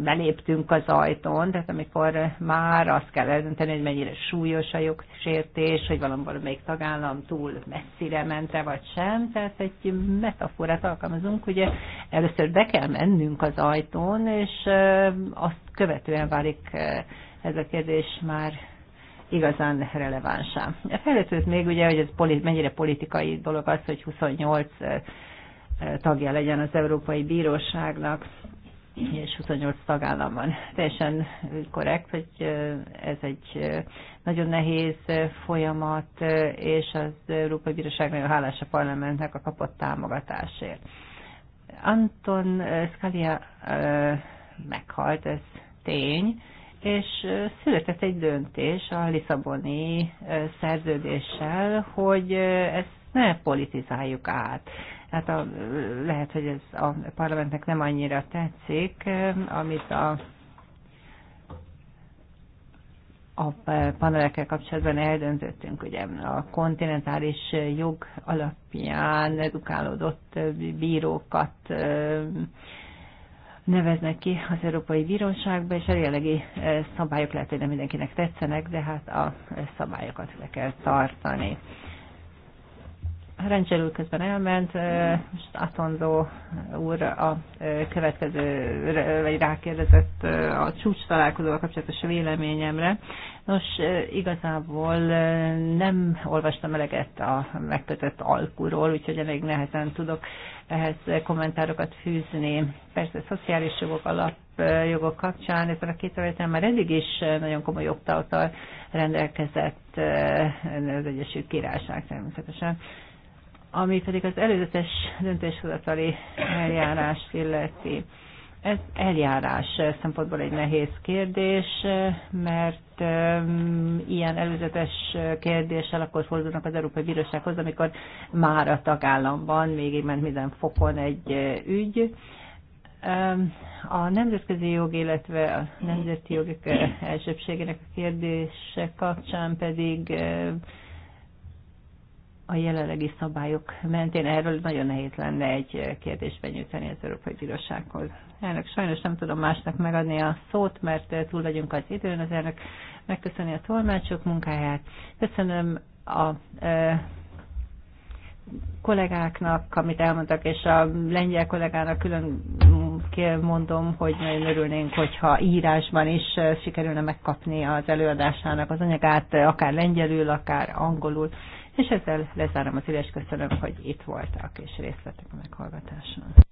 S1: beléptünk az ajtón, tehát amikor már azt kell eldönteni, hogy mennyire súlyos a jogsértés, hogy valamban még tagállam túl messzire mente, vagy sem. Tehát egy metaforát alkalmazunk, ugye először be kell mennünk az ajtón, és eh, azt követően válik eh, ez a kérdés már igazán relevánsá. Felvetődött még ugye, hogy ez politi- mennyire politikai dolog az, hogy 28 tagja legyen az Európai Bíróságnak, és 28 tagállam van. Teljesen korrekt, hogy ez egy nagyon nehéz folyamat, és az Európai Bíróság nagyon hálás a parlamentnek a kapott támogatásért. Anton Scalia meghalt, ez tény, és született egy döntés a Lisszaboni szerződéssel, hogy ezt ne politizáljuk át. Hát a, lehet, hogy ez a parlamentnek nem annyira tetszik, amit a a panelekkel kapcsolatban eldöntöttünk, ugye a kontinentális jog alapján edukálódott bírókat neveznek ki az Európai Bíróságba, és a e, szabályok lehet, hogy nem mindenkinek tetszenek, de hát a e, szabályokat le kell tartani. Rendszer úr közben elment, most Atonzó úr a következő, vagy rákérdezett a csúcs találkozóval kapcsolatos véleményemre. Nos, igazából nem olvastam eleget a megkötött alkuról, úgyhogy elég nehezen tudok ehhez kommentárokat fűzni. Persze a szociális jogok alapjogok kapcsán ezen a két területen már eddig is nagyon komoly jogtautal rendelkezett az Egyesült Királyság természetesen ami pedig az előzetes döntéshozatali eljárást illeti. Ez eljárás szempontból egy nehéz kérdés, mert ilyen előzetes kérdéssel akkor fordulnak az Európai Bírósághoz, amikor már a tagállamban még ment minden fokon egy eh, ügy. A nemzetközi jog, illetve a nemzeti jogok eh, elsőbségének a kérdése kapcsán pedig eh, a jelenlegi szabályok mentén erről nagyon nehéz lenne egy kérdést benyújtani az Európai Bírósághoz. Elnök, sajnos nem tudom másnak megadni a szót, mert túl vagyunk az időn. Az elnök megköszöni a tolmácsok munkáját. Köszönöm a e, kollégáknak, amit elmondtak, és a lengyel kollégának külön mondom, hogy nagyon örülnénk, hogyha írásban is sikerülne megkapni az előadásának az anyagát, akár lengyelül, akár angolul és ezzel lezárom az üres köszönöm, hogy itt voltak és részt vettek a meghallgatáson.